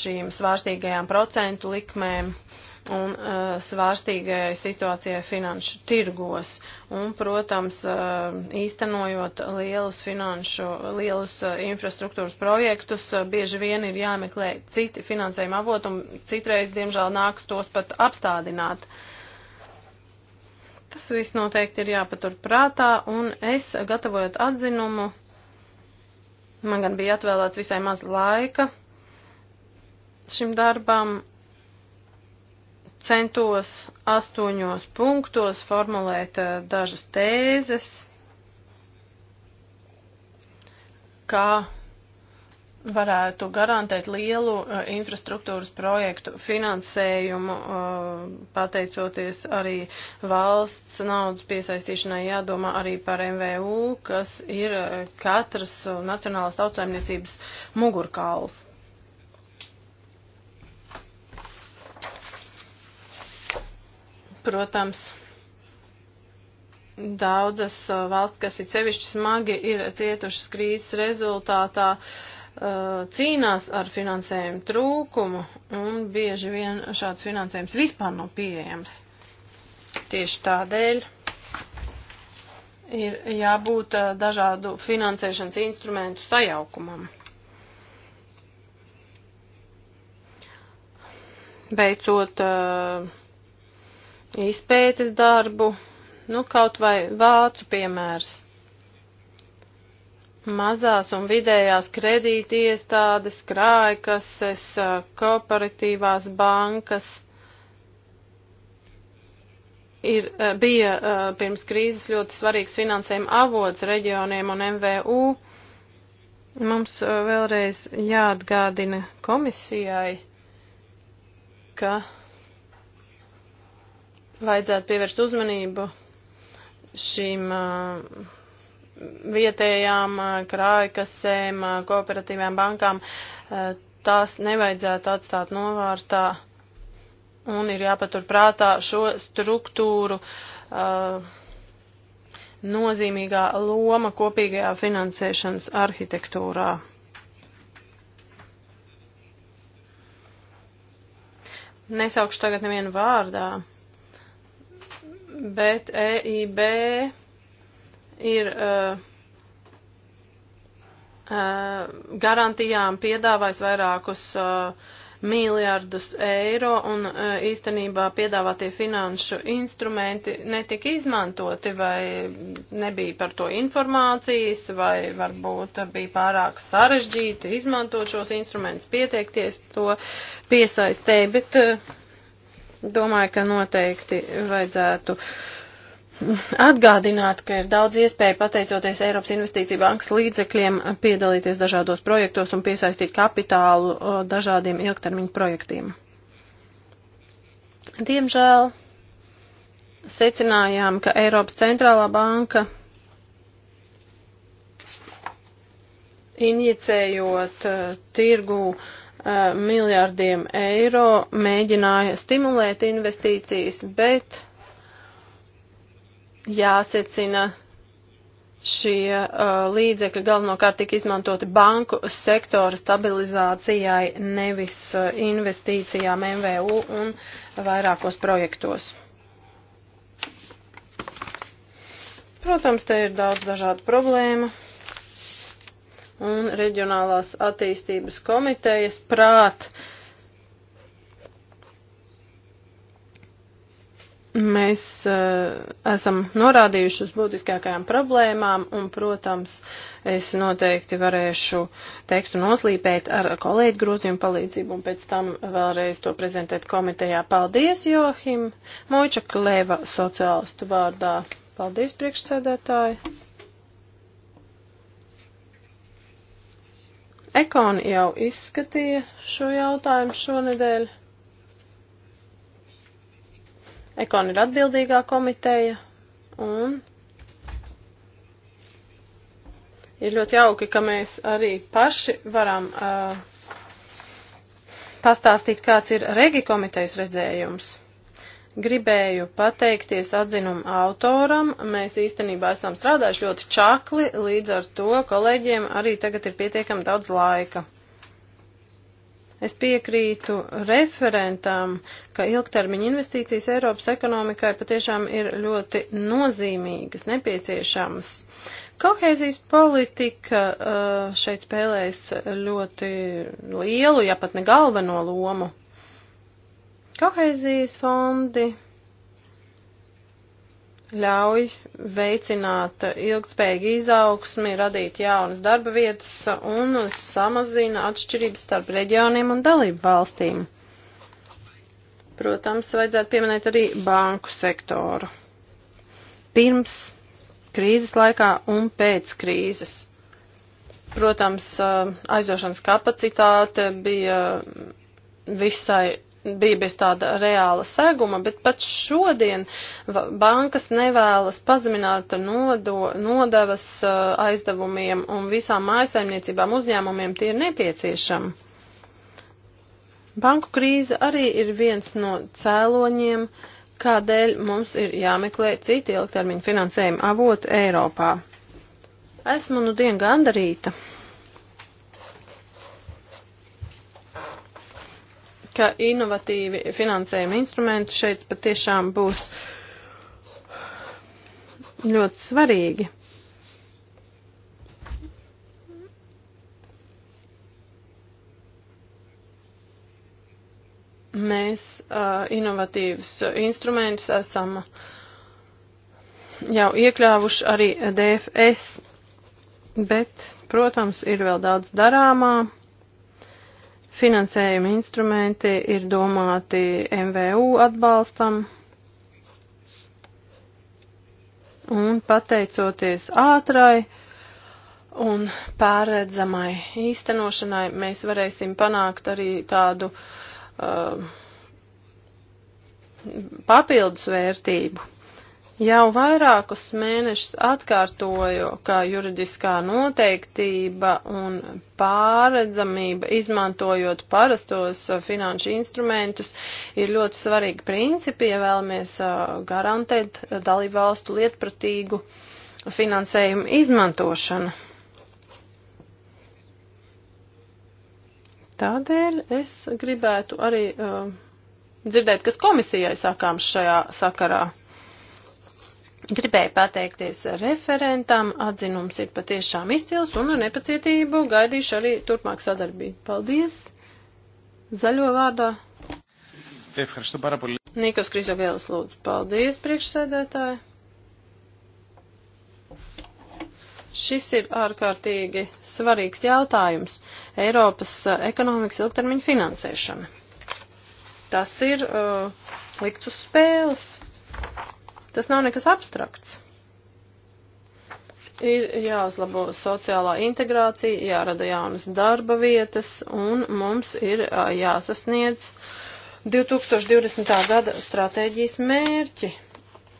šīm svārstīgajām procentu likmēm un uh, svārstīgai situācijai finanšu tirgos. Un, protams, uh, īstenojot lielus finanšu, lielus uh, infrastruktūras projektus, uh, bieži vien ir jāmeklē citi finansējuma avot, un citreiz, diemžēl, nāks tos pat apstādināt. Tas viss noteikti ir jāpatur prātā, un es, gatavojot atzinumu, man gan bija atvēlēts visai maz laika šim darbam, centos astoņos punktos formulēt eh, dažas tēzes, kā varētu garantēt lielu uh, infrastruktūras projektu finansējumu, uh, pateicoties arī valsts naudas piesaistīšanai jādomā arī par MVU, kas ir katras nacionālas tautsaimniecības mugurkauls. Protams, daudzas uh, valsts, kas ir sevišķi smagi, ir cietušas krīzes rezultātā, uh, cīnās ar finansējumu trūkumu un bieži vien šāds finansējums vispār nav pieejams. Tieši tādēļ ir jābūt uh, dažādu finansēšanas instrumentu sajaukumam. Beidzot, uh, izpētes darbu, nu kaut vai vācu piemērs. Mazās un vidējās kredīti iestādes, krājkases, kooperatīvās bankas ir, eh, bija eh, pirms krīzes ļoti svarīgs finansējuma avots reģioniem un MVU. Mums eh, vēlreiz jāatgādina komisijai, ka vajadzētu pievērst uzmanību šīm vietējām krājkasēm, kooperatīvām bankām. Tās nevajadzētu atstāt novārtā un ir jāpatur prātā šo struktūru nozīmīgā loma kopīgajā finansēšanas arhitektūrā. Nesaukšu tagad nevienu vārdā bet EIB ir uh, uh, garantijām piedāvājis vairākus uh, miljardus eiro un uh, īstenībā piedāvātie finanšu instrumenti netika izmantoti vai nebija par to informācijas vai varbūt bija pārāk sarežģīti izmantot šos instrumentus, pieteikties to piesaistēji, bet uh, Domāju, ka noteikti vajadzētu atgādināt, ka ir daudz iespēju pateicoties Eiropas investīcija bankas līdzekļiem piedalīties dažādos projektos un piesaistīt kapitālu dažādiem ilgtermiņu projektiem. Diemžēl secinājām, ka Eiropas centrālā banka injicējot uh, e, tirgū uh, Eh, miljārdiem eiro mēģināja stimulēt investīcijas, bet jāsecina šie uh, līdzekļi galvenokārt tika izmantoti banku sektora stabilizācijai, nevis uh, investīcijām MVU un vairākos projektos. Protams, te ir daudz dažādu problēmu un reģionālās attīstības komitejas prāt. Mēs uh, esam norādījuši uz būtiskākajām problēmām, un, protams, es noteikti varēšu tekstu noslīpēt ar kolēģi grozījumu palīdzību un pēc tam vēlreiz to prezentēt komitejā. Paldies, Johim! Mojča Kleva sociālistu vārdā. Paldies, priekšsēdētāji! Ekoni jau izskatīja šo jautājumu šonedēļ. Ekoni ir atbildīgā komiteja un ir ļoti jauki, ka mēs arī paši varam uh, pastāstīt, kāds ir regi komitejas redzējums. Gribēju pateikties atzinumu autoram. Mēs īstenībā esam strādājuši ļoti čakli, līdz ar to kolēģiem arī tagad ir pietiekami daudz laika. Es piekrītu referentam, ka ilgtermiņa investīcijas Eiropas ekonomikai patiešām ir ļoti nozīmīgas, nepieciešamas. Kohēzijas politika uh, šeit spēlēs ļoti lielu, ja pat ne galveno lomu. Kohēzijas fondi ļauj veicināt ilgspējīgu izaugsmi, radīt jaunas darba vietas un samazina atšķirības starp reģioniem un dalību valstīm. Protams, vajadzētu pieminēt arī banku sektoru. Pirms krīzes laikā un pēc krīzes. Protams, aizdošanas kapacitāte bija visai bija bez tāda reāla seguma, bet pat šodien bankas nevēlas pazemināt nodo, nodevas uh, aizdevumiem un visām mājasaimniecībām uzņēmumiem tie ir nepieciešami. Banku krīze arī ir viens no cēloņiem, kādēļ mums ir jāmeklē citi ilgtermiņa finansējuma avoti Eiropā. Esmu nu dien gandarīta. ka inovatīvi finansējuma instrumenti šeit patiešām būs ļoti svarīgi. Mēs uh, inovatīvus instrumentus esam jau iekļāvuši arī DFS, bet, protams, ir vēl daudz darāmā. Finansējuma instrumenti ir domāti MVU atbalstam. Un pateicoties ātrai un pārredzamai īstenošanai, mēs varēsim panākt arī tādu uh, papildus vērtību. Jau vairākus mēnešus atkārtoju, ka juridiskā noteiktība un pāredzamība, izmantojot parastos finanšu instrumentus, ir ļoti svarīgi principi, ja vēlamies garantēt dalībvalstu lietpratīgu finansējumu izmantošanu. Tādēļ es gribētu arī uh, dzirdēt, kas komisijai sakāms šajā sakarā. Gribēju pateikties referentam, atzinums ir patiešām izcils un ar nepacietību gaidīšu arī turpmāk sadarbību. Paldies! Zaļo vārdā. Nikos Krizogēlis lūdzu. Paldies, priekšsēdētāji. Šis ir ārkārtīgi svarīgs jautājums - Eiropas uh, ekonomikas ilgtermiņa finansēšana. Tas ir uh, likts uz spēles. Tas nav nekas abstrakts. Ir jāuzlabo sociālā integrācija, jārada jaunas darba vietas un mums ir jāsasniedz 2020. gada stratēģijas mērķi.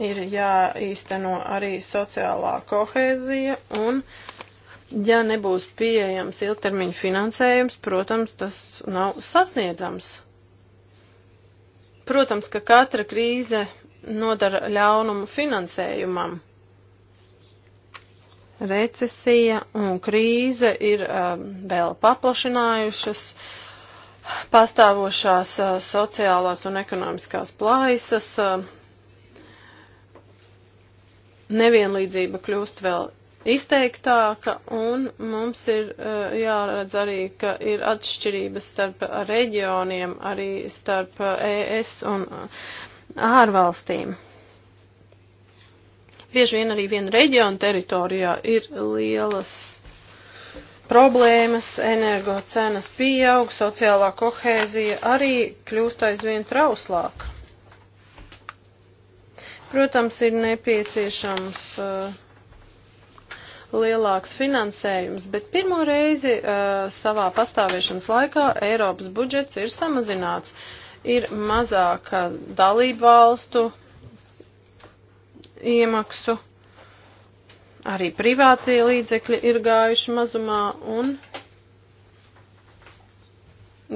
Ir jāīsteno arī sociālā kohēzija un ja nebūs pieejams ilgtermiņa finansējums, protams, tas nav sasniedzams. Protams, ka katra krīze nodara ļaunumu finansējumam. Recesija un krīze ir um, vēl paplašinājušas pastāvošās uh, sociālās un ekonomiskās plaisas. Uh, nevienlīdzība kļūst vēl izteiktāka, un mums ir uh, jāredz arī, ka ir atšķirības starp reģioniem, arī starp uh, ES un ārvalstīm. Bieži vien arī viena reģiona teritorijā ir lielas problēmas, energo cenas pieaug, sociālā kohēzija arī kļūst aizvien trauslāka. Protams, ir nepieciešams uh, lielāks finansējums, bet pirmo reizi uh, savā pastāvēšanas laikā Eiropas budžets ir samazināts. Uh, ir mazāk dalību valstu iemaksu, arī privātie līdzekļi ir gājuši mazumā un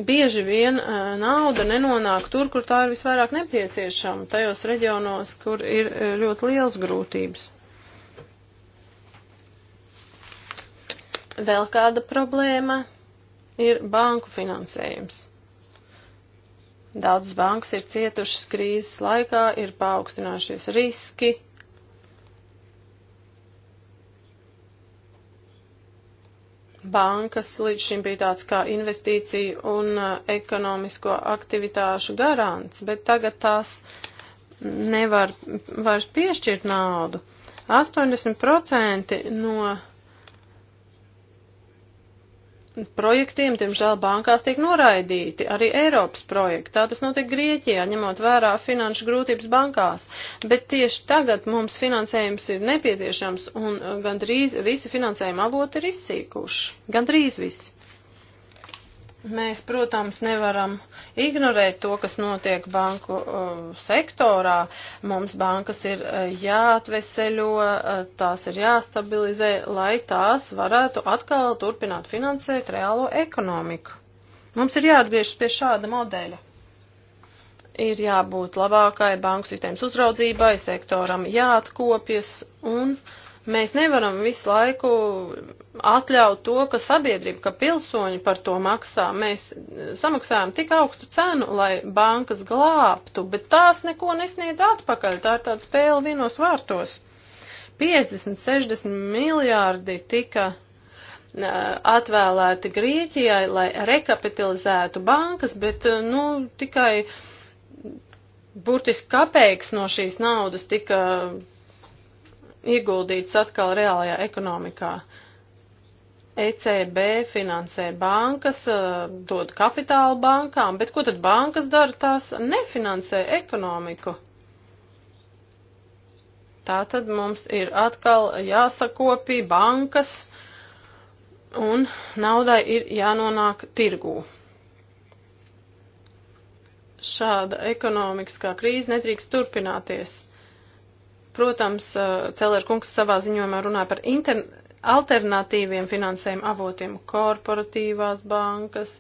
bieži vien e, nauda nenonāk tur, kur tā ir visvairāk nepieciešama, tajos reģionos, kur ir e, ļoti liels grūtības. Vēl kāda problēma ir banku finansējums. Daudzas bankas ir cietušas krīzes laikā, ir paaugstinājušies riski. Bankas līdz šim bija tāds kā investīciju un uh, ekonomisko aktivitāšu garants, bet tagad tās nevar vairs piešķirt naudu. 80% no projektiem, diemžēl, bankās tiek noraidīti arī Eiropas projekti. Tā tas notiek Grieķijā, ņemot vērā finanšu grūtības bankās. Bet tieši tagad mums finansējums ir nepieciešams un gandrīz visi finansējuma avoti ir izsīkuši. Gandrīz visi. Mēs, protams, nevaram ignorēt to, kas notiek banku uh, sektorā. Mums bankas ir uh, jāatveseļo, uh, tās ir jāstabilizē, lai tās varētu atkal turpināt finansēt reālo ekonomiku. Mums ir jāatgriežas pie šāda modeļa. Ir jābūt labākai banku sistēmas uzraudzībai, sektoram jāatkopjas, un mēs nevaram visu laiku atļaut to, ka sabiedrība, ka pilsoņi par to maksā. Mēs eh, samaksājam tik augstu cenu, lai bankas glābtu, bet tās neko nesniedz atpakaļ. Tā ir tāda spēle vienos vārtos. 50, 60 miljārdi tika eh, atvēlēti Grieķijai, lai rekapitalizētu bankas, bet, eh, nu, tikai burtiski kapeiks no šīs naudas tika ieguldīts atkal reālajā ekonomikā. Uh, ECB finansē bankas, eh, dod kapitālu bankām, bet ko tad bankas dara? Tās nefinansē ekonomiku. Tā tad mums ir atkal jāsakopī bankas un naudai ir jānonāk tirgū. Šāda ekonomiskā krīze nedrīkst turpināties. Protams, eh, Celēr kungs savā ziņojumā runāja par inter alternatīviem finansējuma avotiem - korporatīvās bankas.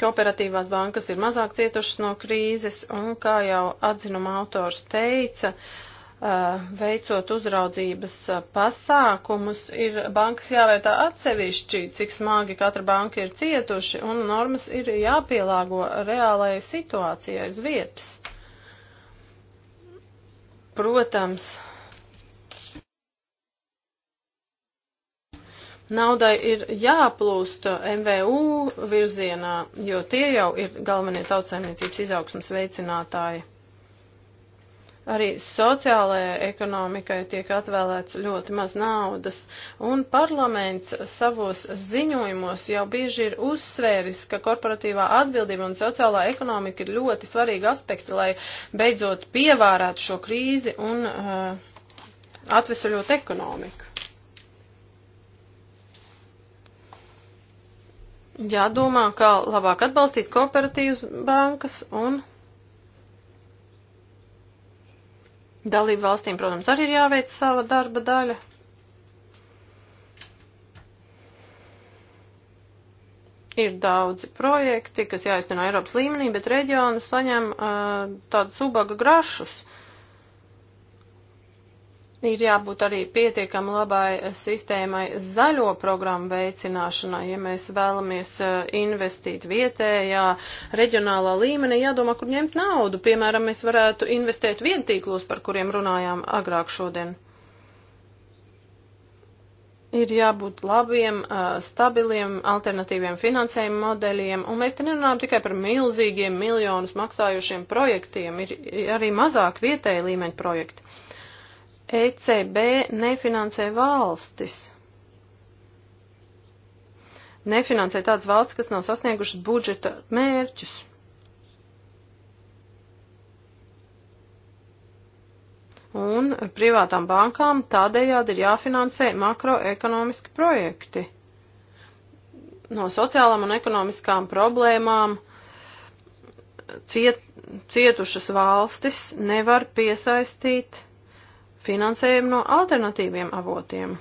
Kooperatīvās bankas ir mazāk cietušas no krīzes, un, kā jau atzinuma autors teica, veicot uzraudzības pasākumus, ir bankas jāvērtā atsevišķi, cik smagi katra banka ir cietuši, un normas ir jāpielāgo reālajai situācijai uz vietas. Protams, Naudai ir jāplūst MVU virzienā, jo tie jau ir galvenie tautsēmniecības izaugsmas veicinātāji. Arī sociālajai ekonomikai tiek atvēlēts ļoti maz naudas, un parlaments savos ziņojumos jau bieži ir uzsvēris, ka korporatīvā atbildība un sociālā ekonomika ir ļoti svarīgi aspekti, lai beidzot pievērētu šo krīzi un uh, atvesaļot ekonomiku. jādomā, kā labāk atbalstīt kooperatīvas bankas un dalību valstīm, protams, arī ir jāveic sava darba daļa. ir daudzi projekti, kas jāizteno Eiropas līmenī, bet reģioni saņem uh, tādus ubaga grašus. Ir jābūt arī pietiekam labai sistēmai zaļo programmu veicināšanai, ja mēs vēlamies eh, investīt vietējā, reģionālā līmenī, jādomā, kur ņemt naudu. Piemēram, mēs varētu investēt vientīklos, par kuriem runājām agrāk šodien. Ir jābūt labiem, eh, stabiliem, alternatīviem finansējuma modeļiem, un mēs te nerunājam tikai par milzīgiem miljonus maksājušiem projektiem, ir arī mazāk vietēja līmeņa projekti. ECB nefinansē valstis. Nefinansē tādas valsts, kas nav sasniegušas budžeta mērķus. Un privātām bankām tādējādi ir jāfinansē makroekonomiski projekti. No sociālām un ekonomiskām problēmām ciet, cietušas valstis nevar piesaistīt finansējumu no alternatīviem avotiem.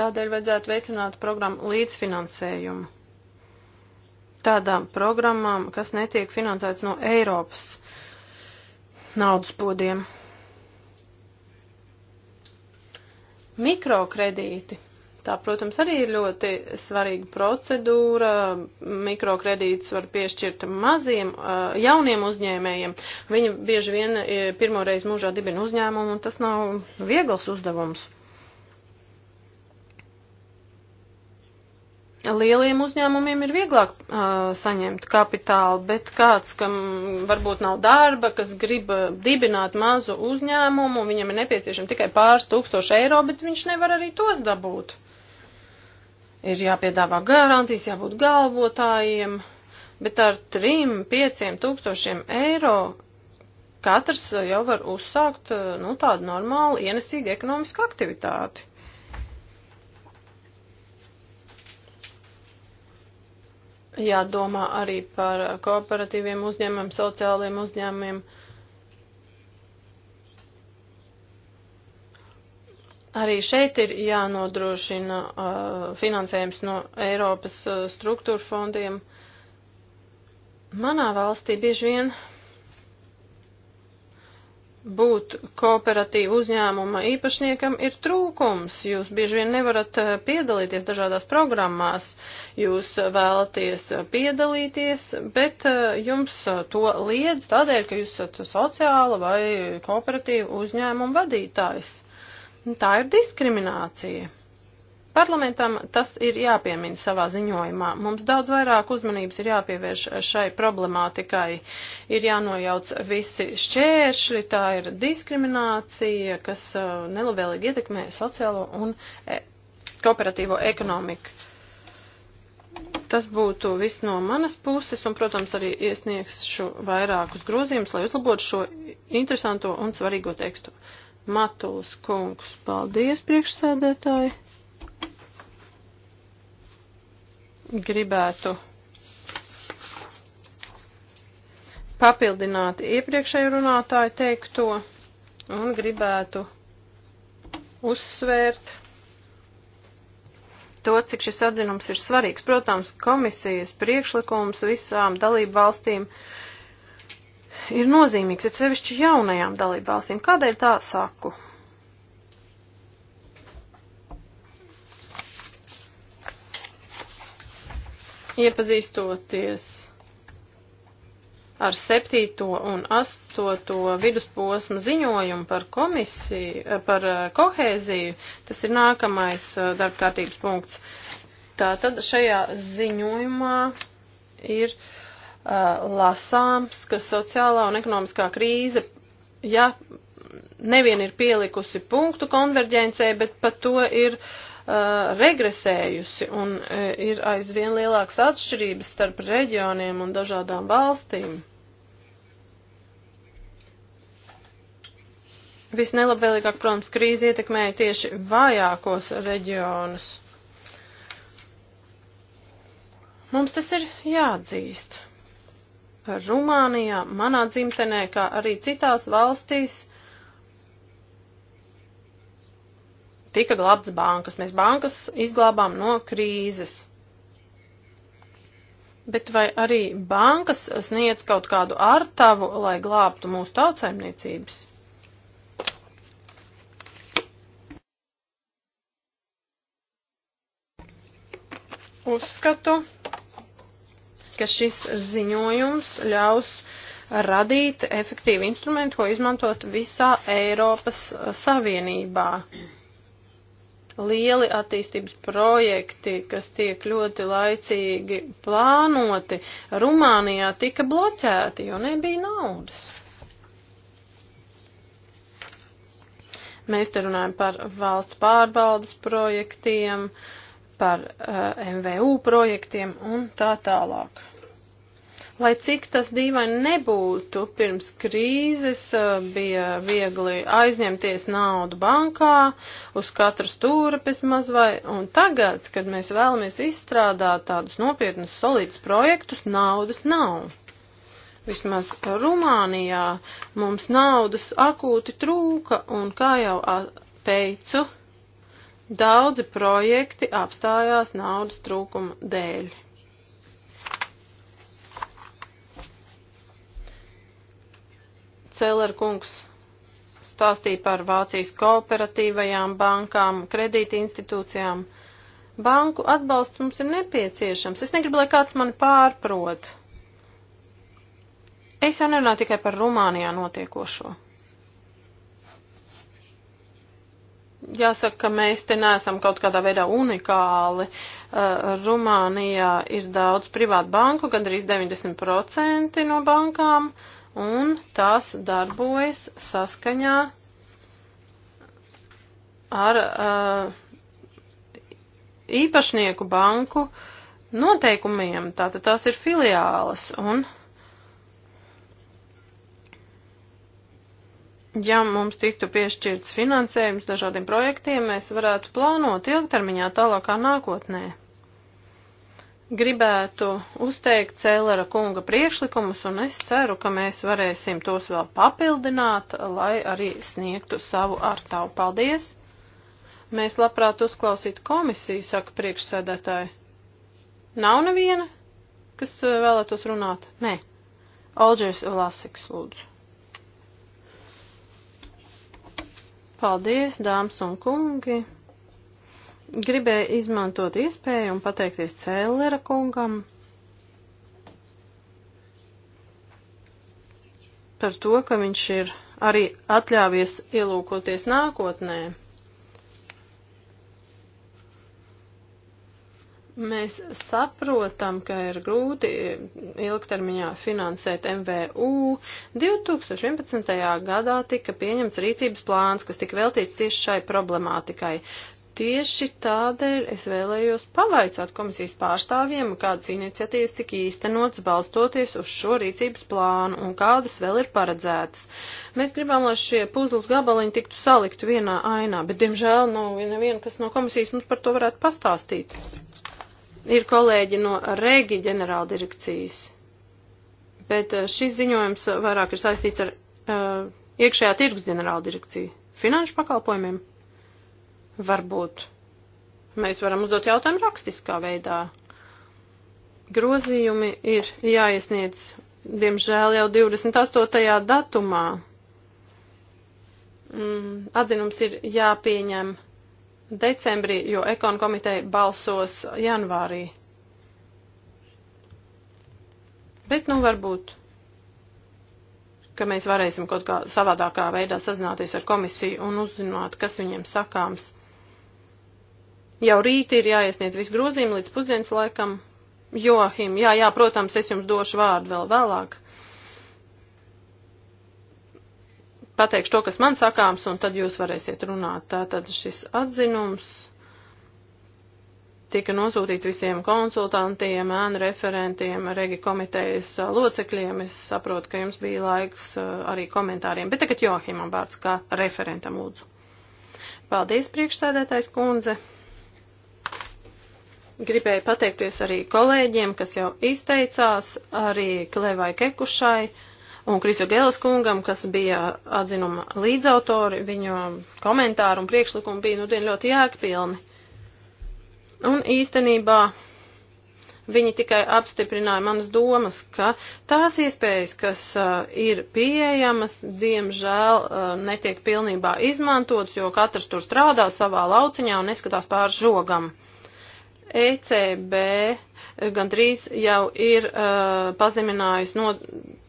Tādēļ vajadzētu veicināt programmu līdzfinansējumu. Tādām programmām, kas netiek finansēts no Eiropas naudas podiem. Mikrokredīti Tā, protams, arī ir ļoti svarīga procedūra. Mikrokredītus var piešķirt maziem, jauniem uzņēmējiem. Viņi bieži vien pirmoreiz mūžā dibina uzņēmumu, un tas nav viegls uzdevums. Lieliem uzņēmumiem ir vieglāk uh, saņemt kapitālu, bet kāds, kam varbūt nav darba, kas grib dibināt mazu uzņēmumu, viņam ir nepieciešama tikai pāris tūkstoši eiro, bet viņš nevar arī tos dabūt. Uh, ir jāpiedāvā garantijas, jābūt galvotājiem, bet ar 3-5 tūkstošiem eiro katrs jau var uzsākt eh, nu, tādu normālu ienesīgu ekonomisku aktivitāti. Jādomā arī par kooperatīviem uzņēmumiem, sociāliem uzņēmumiem. Uh, Arī šeit ir jānodrošina uh, finansējums no Eiropas uh, struktūra fondiem. Manā valstī bieži vien būt kooperatīvu uzņēmuma īpašniekam ir trūkums. Jūs bieži vien nevarat uh, piedalīties dažādās programmās, jūs uh, vēlaties uh, piedalīties, bet jums to liedz tādēļ, ka jūs esat sociāla vai kooperatīva uzņēmuma vadītājs. Nu, tā ir diskriminācija. Parlamentam tas ir jāpiemina savā ziņojumā. Mums daudz vairāk uzmanības ir jāpievērš šai problemātikai. Ir jānojauc visi šķēršļi, tā ir diskriminācija, kas uh, nelabvēlīgi ietekmē sociālo un e kooperatīvo ekonomiku. Tas būtu viss no manas puses, un, protams, arī iesniegšu vairākus grozījumus, lai uzlabotu šo interesanto un svarīgo tekstu. Matuls kungs. Paldies, priekšsēdētāji. Gribētu papildināt iepriekšēju runātāju teikto un gribētu uzsvērt to, cik šis atzinums ir svarīgs. Protams, komisijas priekšlikums visām dalību valstīm uh, ir nozīmīgs, ir sevišķi jaunajām dalību valstīm. Kādēļ tā saku? Iepazīstoties ar septīto un astoto vidusposmu ziņojumu par komisiju, par eh, kohēziju, tas ir nākamais eh, darbkārtības punkts. Tātad šajā ziņojumā ir uh, Uh, lasāms, ka sociālā un ekonomiskā krīze, ja nevien ir pielikusi punktu konverģencei, bet pat to ir uh, regresējusi un uh, ir aizvien lielākas atšķirības starp reģioniem un dažādām valstīm. Visnelabvēlīgāk, protams, krīze ietekmēja tieši vājākos reģionus. Mums tas ir jāatzīst. Rumānijā, manā dzimtenē, kā arī citās valstīs, tika glābts bankas. Mēs bankas izglābām no krīzes. Bet vai arī bankas sniedz kaut kādu ārtavu, lai glābtu mūsu tautsaimniecības? Uzskatu, ka šis ziņojums ļaus radīt efektīvu instrumentu, ko izmantot visā Eiropas uh, Savienībā. Lieli attīstības projekti, kas tiek ļoti laicīgi plānoti, Rumānijā tika bloķēti, jo nebija naudas. Mēs te runājam par valsts pārbaldes projektiem, par uh, MVU projektiem un tā tālāk. Lai cik tas dīvaini nebūtu, pirms krīzes eh, bija viegli aizņemties naudu bankā, uz katras stūrpes mazvai, un tagad, kad mēs vēlamies izstrādāt tādus nopietnus, solītus projektus, naudas nav. Vismaz Rumānijā mums naudas akūti trūka, un kā jau teicu, daudzi projekti apstājās naudas trūkuma dēļ. Celer kungs stāstīja par Vācijas kooperatīvajām bankām, kredīti institūcijām. Banku atbalsts mums ir nepieciešams. Es negribu, lai kāds mani pārprot. Es jau nerunāju tikai par Rumānijā notiekošo. Jāsaka, ka mēs te neesam kaut kādā veidā unikāli. Uh, Rumānijā ir daudz privātu banku, gandrīz 90% no bankām. Uh, un tās darbojas saskaņā ar uh, īpašnieku banku noteikumiem. Tātad tās ir filiālas un. Ja mums tiktu piešķirts finansējums dažādiem projektiem, mēs varētu plānot ilgtermiņā tālākā nākotnē gribētu uzteikt Cēlera kunga priekšlikumus, un es ceru, ka mēs varēsim tos vēl papildināt, lai arī sniegtu savu ar tavu. Paldies! Mēs labprāt uzklausītu komisiju, saka priekšsēdētāji. Nav neviena, kas eh, vēlētos runāt? Nē. Alģers Lasiks, lūdzu. Paldies, dāmas un kungi! Gribēju izmantot iespēju un pateikties Cēlera kungam par to, ka viņš ir arī atļāvies ielūkoties nākotnē. Mēs saprotam, ka ir grūti ilgtermiņā finansēt MVU. 2011. gadā tika pieņemts rīcības plāns, kas tika veltīts tieši šai problemātikai. Tieši tādēļ es vēlējos pavaicāt komisijas pārstāvjiem, kādas iniciatīvas tika īstenotas balstoties uz šo rīcības plānu un kādas vēl ir paredzētas. Mēs gribam, lai šie puzles gabaliņi tiktu salikt vienā ainā, bet, diemžēl, nav nu, neviena, kas no komisijas mums par to varētu pastāstīt. Ir kolēģi no Rēgi ģenerāldirekcijas, bet eh, šis ziņojums vairāk ir saistīts ar uh, iekšējā tirgus ģenerāldirekciju, finanšu pakalpojumiem. Varbūt mēs varam uzdot jautājumu rakstiskā veidā. Grozījumi ir jāiesniedz, diemžēl, jau 28. datumā. Mm, atzinums ir jāpieņem decembrī, jo ekonu komiteja balsos janvārī. Bet, nu, varbūt, ka mēs varēsim kaut kā savādākā veidā sazināties ar komisiju un uzzināt, kas viņiem sakāms. Jau rīt ir jāiesniedz viss grozījumi līdz pusdienas laikam. Johim, jā, jā, protams, es jums došu vārdu vēl vēlāk. Pateikšu to, kas man sakāms, un tad jūs varēsiet runāt. Tātad šis atzinums tika nosūtīts visiem konsultantiem, ēnu referentiem, regi komitejas locekļiem. Es saprotu, ka jums bija laiks eh, arī komentāriem, bet tagad Johimam vārds kā referentam lūdzu. Paldies, priekšsēdētājs kundze. Gribēju pateikties arī kolēģiem, kas jau izteicās, arī Klevai Kekušai un Kriso Gēlas kungam, kas bija atzinuma līdzautori, viņu komentāru un priekšlikumu bija nudien ļoti jēgpilni. Un īstenībā viņi tikai apstiprināja manas domas, ka tās iespējas, kas uh, ir pieejamas, diemžēl uh, netiek pilnībā izmantotas, jo katrs tur strādā savā lauciņā un neskatās pār žogam. Uh, ECB gandrīz jau ir uh, pazeminājusi no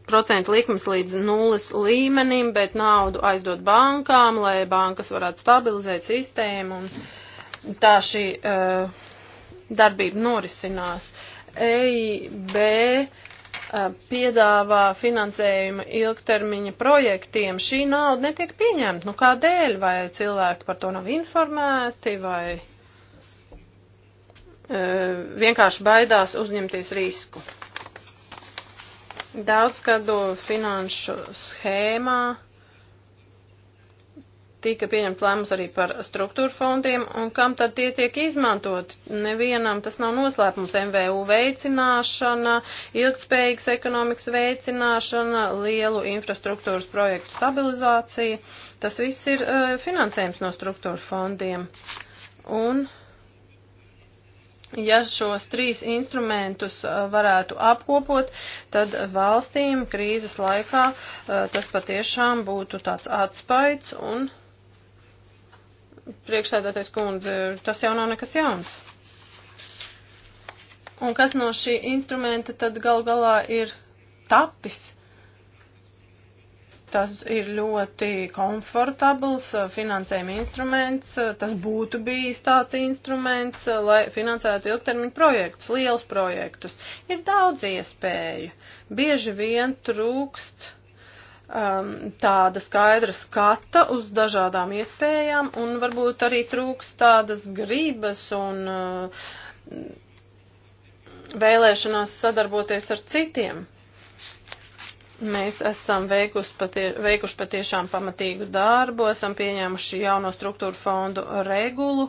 procentu likmes līdz nulles līmenim, bet naudu aizdot bankām, lai bankas varētu stabilizēt sistēmu un tā šī uh, darbība norisinās. EIB uh, piedāvā finansējumu ilgtermiņa projektiem. Šī nauda netiek pieņemta. Nu kādēļ? Vai cilvēki par to nav informēti? Vai vienkārši baidās uzņemties risku. Daudzgadu finanšu schēmā tika pieņemts lēmums arī par struktūra fondiem, un kam tad tie tiek izmantot? Nevienam tas nav noslēpums. MVU veicināšana, ilgspējīgas ekonomikas veicināšana, lielu infrastruktūras projektu stabilizācija. Tas viss ir uh, finansējums no struktūra fondiem. Un Ja šos trīs instrumentus uh, varētu apkopot, tad valstīm krīzes laikā uh, tas patiešām būtu tāds atspaids un priekšsēdētais kundze, tas jau nav nekas jauns. Un kas no šī instrumenta tad gal galā ir tapis? Tas ir ļoti komfortabls uh, finansējuma instruments. Uh, tas būtu bijis tāds instruments, uh, lai finansētu ilgtermiņu projektus, liels projektus. Ir daudz iespēju. Bieži vien trūkst um, tāda skaidra skata uz dažādām iespējām un varbūt arī trūkst tādas gribas un uh, vēlēšanās sadarboties ar citiem. Mēs esam patie, veikuši patiešām pamatīgu darbu, esam pieņēmuši jauno struktūru fondu regulu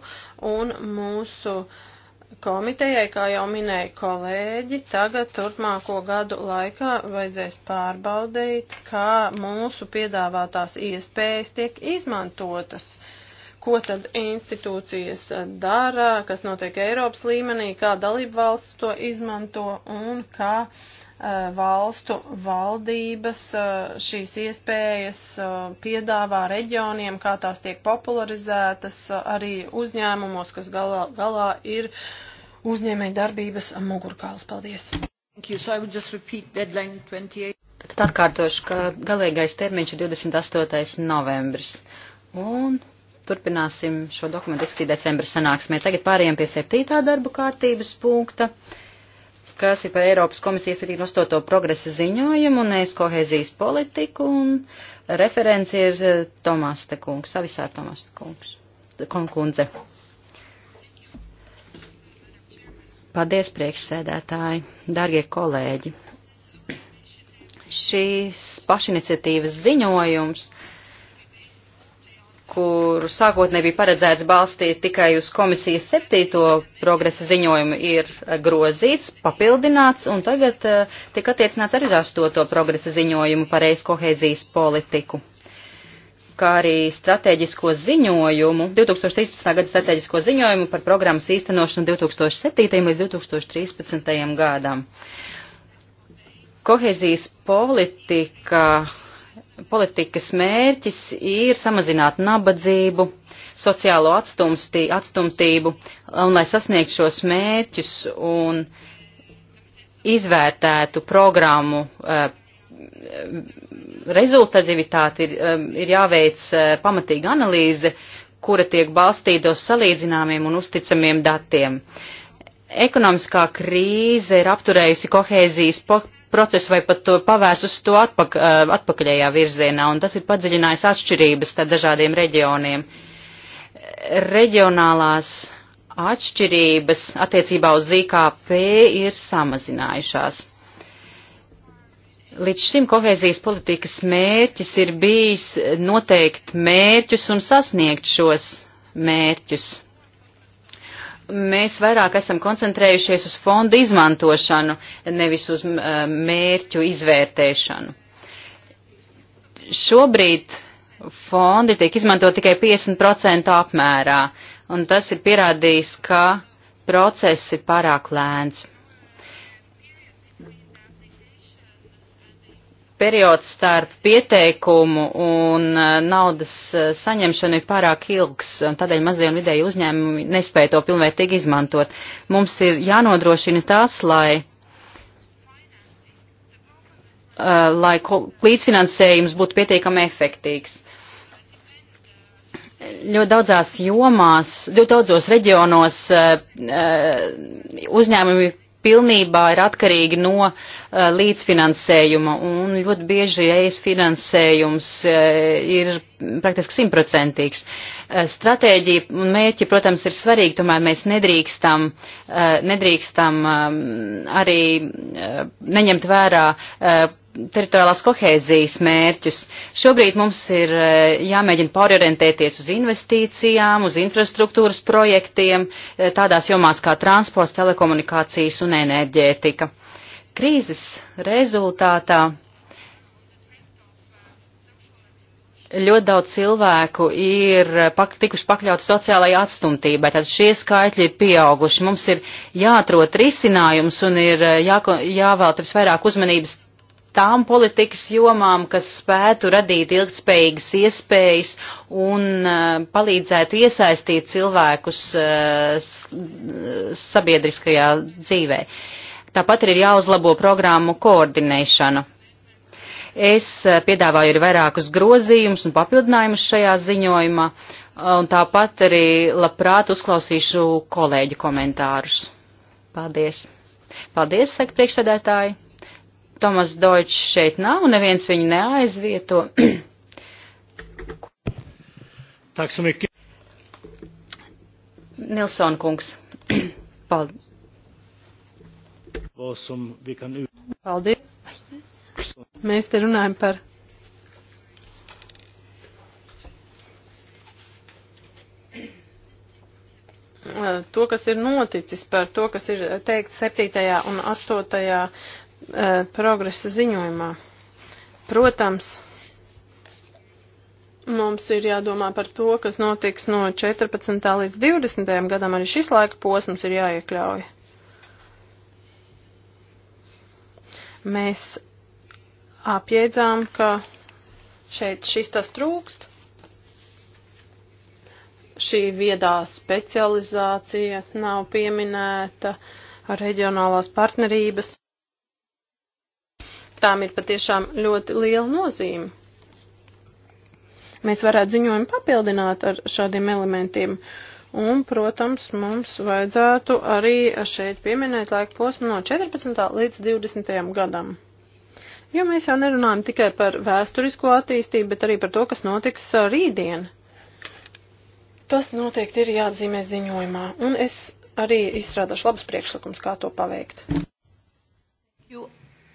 un mūsu komitejai, kā jau minēja kolēģi, tagad turpmāko gadu laikā vajadzēs pārbaudīt, kā mūsu piedāvātās iespējas tiek izmantotas ko tad institūcijas dara, kas notiek Eiropas līmenī, kā dalību valsts to izmanto un kā uh, Uh, valstu valdības uh, šīs iespējas uh, piedāvā reģioniem, kā tās tiek popularizētas arī uzņēmumos, kas galā, galā ir uzņēmēja darbības mugurkāls. Paldies! Tad atkārtošu, ka galīgais termiņš ir 28. novembris. Un turpināsim šo dokumentu izskatīt decembra sanāksmē. Tagad pārējiem pie septītā darbu kārtības punkta. Uh, kas ir par Eiropas komisijas pietīm 8. progresa ziņojumu un es kohēzijas politiku un referents ir eh, Tomasta kungs, savisā Tomasta kungs, konkundze. Paldies, priekšsēdētāji, darbie kolēģi. Šīs pašiniciatīvas ziņojums uh, kur sākotnēji bija paredzēts balstīt tikai uz komisijas septīto progresa ziņojumu, ir eh, grozīts, papildināts un tagad uh, tika attiecināts arī uz astoto progresa ziņojumu par reiz kohēzijas politiku kā arī strateģisko ziņojumu, 2013. gada strateģisko ziņojumu par programmas īstenošanu 2007. līdz 2013. gadam. Kohēzijas politika politikas mērķis ir samazināt nabadzību, sociālo atstumstī, atstumtību, un lai sasniegtu šos mērķus un izvērtētu programmu uh, rezultativitāti, ir, eh, um, ir jāveic uh, pamatīga analīze, kura tiek balstīta uz salīdzināmiem un uzticamiem datiem. Ekonomiskā krīze ir apturējusi kohēzijas procesu vai pat to pavērs uz to atpak atpakaļējā virzienā, un tas ir padziļinājis atšķirības starp dažādiem reģioniem. Reģionālās atšķirības attiecībā uz ZKP ir samazinājušās. Līdz šim kohēzijas politikas mērķis ir bijis noteikt mērķus un sasniegt šos mērķus mēs vairāk esam koncentrējušies uz fondu izmantošanu, nevis uz eh, mērķu izvērtēšanu. Šobrīd fondi tiek izmantot tikai 50% apmērā, un tas ir pierādījis, ka process ir pārāk lēns. periods starp pieteikumu un uh, naudas uh, saņemšanu ir pārāk ilgs, un tādēļ mazie un vidēji uzņēmumi nespēja to pilnvērtīgi izmantot. Mums ir jānodrošina tas, lai, uh, lai līdzfinansējums būtu pietiekami efektīgs ļoti daudzās jomās, ļoti daudzos reģionos uzņēmumi pilnībā ir atkarīgi no Eh, līdzfinansējuma, un ļoti bieži EIS finansējums eh, ir praktiski simtprocentīgs. Eh, stratēģija un mērķi, protams, ir svarīgi, tomēr mēs nedrīkstam, nedrīkstam ehm, arī neņemt vērā teritoriālās kohēzijas mērķus. Šobrīd mums ir jāmēģina pārorientēties uz investīcijām, uz infrastruktūras projektiem, tādās jomās kā transports, telekomunikācijas un enerģētika. Krīzes rezultātā ļoti daudz cilvēku ir pak, tikuši pakļauti sociālajai atstumtībai, tad šie skaitļi ir pieauguši. Mums ir jāatrot risinājums un ir eh, jā, jāvēlta visvairāk uzmanības tām politikas jomām, kas spētu radīt ilgtspējīgas iespējas un uh, palīdzētu iesaistīt cilvēkus uh, sabiedriskajā dzīvē. Uh, Tāpat ir jāuzlabo programmu koordinēšana. Es eh, piedāvāju arī vairākus grozījumus un papildinājumus šajā ziņojumā, eh, un tāpat arī labprāt uzklausīšu kolēģu komentārus. Paldies! Paldies, saka priekšsēdētāji! Tomas Deutsch šeit nav, un neviens viņu neaizvieto. Nilsson kungs. Paldies. Paldies. Mēs te runājam par. To, kas ir noticis, par to, kas ir teikts 7. un 8. E, progresa ziņojumā. Protams, mums ir jādomā par to, kas notiks no 14. līdz 20. gadam, arī šis laika posms ir jāiekļauj. Mēs apjēdzām, ka šeit šis tas trūkst. Šī viedā specializācija nav pieminēta, reģionālās partnerības. Tām ir patiešām ļoti liela nozīme. Mēs varētu ziņojumu papildināt ar šādiem elementiem. Uh, Un, protams, mums vajadzētu arī šeit pieminēt laika posmu no 14. līdz 20. gadam. Jo mēs jau nerunājam tikai par vēsturisko attīstību, bet arī par to, kas notiks uh, rītdien. Tas noteikti ir jāatzīmē ziņojumā, un es arī izstrādāšu labus priekšlikumus, kā to paveikt. Jo,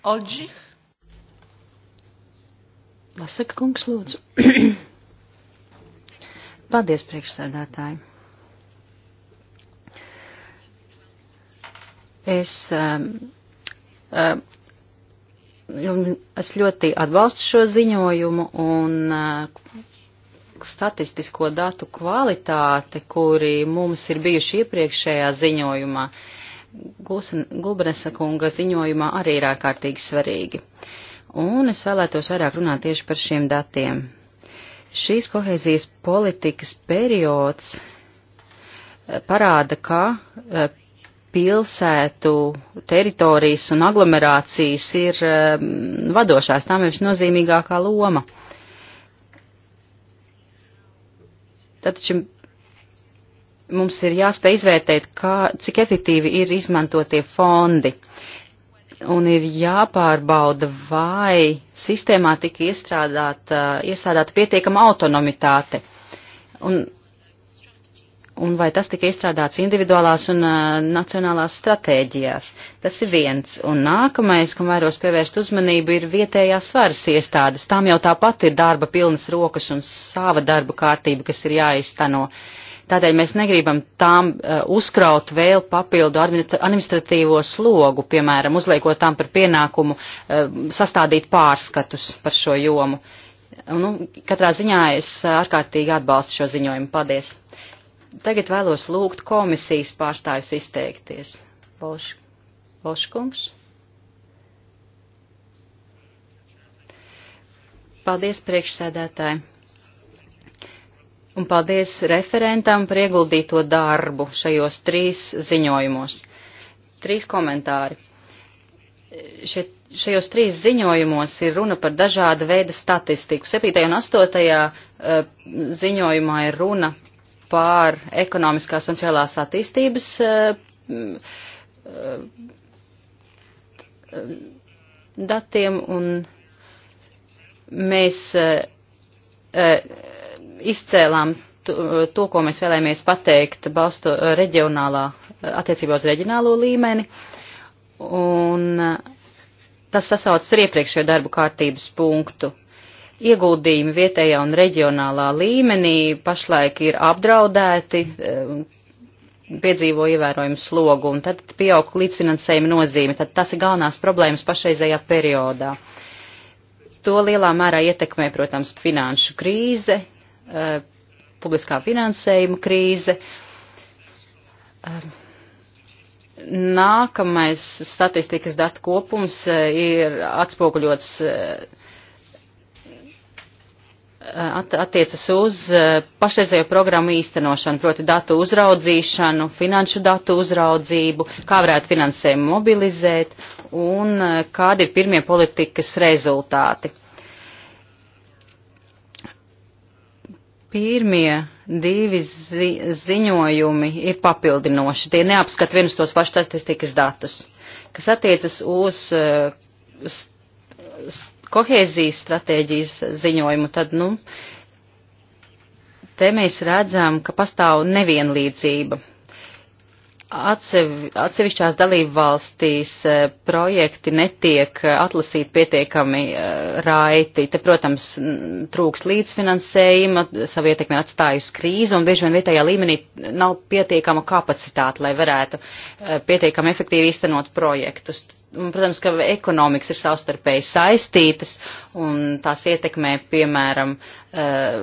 Alģi? Lasaka kungs, lūdzu. Paldies, priekšsēdētāji. Es, um, um, es ļoti atbalstu šo ziņojumu un uh, statistisko datu kvalitāte, kuri mums ir bijuši iepriekšējā ziņojumā. Gulbrenesa kunga ziņojumā arī ir ārkārtīgi svarīgi. Un es vēlētos vairāk runāt tieši par šiem datiem. Šīs kohēzijas politikas periods uh, parāda, ka uh, pilsētu teritorijas un aglomerācijas ir um, vadošās, tām ir visnozīmīgākā loma. Tātad šim mums ir jāspēj izvērtēt, kā, cik efektīvi ir izmantotie fondi. Un ir jāpārbauda, vai sistēmā tika iestrādāta, uh, iestrādāta pietiekama autonomitāte. Un un vai tas tika izstrādāts individuālās un uh, nacionālās stratēģijās. Tas ir viens. Un nākamais, kam vairos pievērst uzmanību, ir vietējās svaras iestādes. Tām jau tāpat ir darba pilnas rokas un sava darba kārtība, kas ir jāiztano. Tādēļ mēs negribam tām uh, uzkraut vēl papildu administratīvo slogu, piemēram, uzliekot tām par pienākumu uh, sastādīt pārskatus par šo jomu. Nu, katrā ziņā es ārkārtīgi atbalstu šo ziņojumu. Paldies! Tagad vēlos lūgt komisijas pārstāvis izteikties. Boš, Boškungs. Paldies priekšsēdētāji. Un paldies referentam par ieguldīto darbu šajos trīs ziņojumos. Trīs komentāri. Šie, šajos trīs ziņojumos ir runa par dažāda veida statistiku. 7. un 8. Eh, ziņojumā ir runa pār ekonomiskās un sociālās attīstības eh, eh, datiem, un mēs eh, izcēlām to, ko mēs vēlējāmies pateikt balstu reģionālā, attiecībā uz reģionālo līmeni, un tas sasaucas ar iepriekšējo darbu kārtības punktu ieguldījumi vietējā un reģionālā līmenī pašlaik ir apdraudēti, eh, piedzīvo ievērojumu slogu, un tad pieaug līdzfinansējuma nozīme. Tad tas ir galvenās problēmas pašreizējā periodā. To lielā mērā ietekmē, protams, finanšu krīze, eh, publiskā finansējuma krīze. Eh, nākamais statistikas datu kopums ir atspoguļots at, attiecas uz eh, pašreizējo programmu īstenošanu, proti datu uzraudzīšanu, finanšu datu uzraudzību, kā varētu finansējumu mobilizēt un eh, kādi ir pirmie politikas rezultāti. Pirmie divi zi ziņojumi ir papildinoši, tie neapskat vienus tos pašus statistikas datus, kas attiecas uz uh, eh, st kohēzijas stratēģijas ziņojumu, tad, nu, te mēs redzam, ka pastāv nevienlīdzība. Atsevi, atsevišķās dalību valstīs e, projekti netiek e, atlasīti pietiekami e, raiti. Te, protams, trūks līdzfinansējuma, savu ietekmi atstājusi krīze un bieži vien vietējā līmenī nav pietiekama kapacitāte, lai varētu pietiekami efektīvi īstenot projektus. Un, protams, ka ekonomikas ir savstarpēji saistītas un tās ietekmē, piemēram, eh,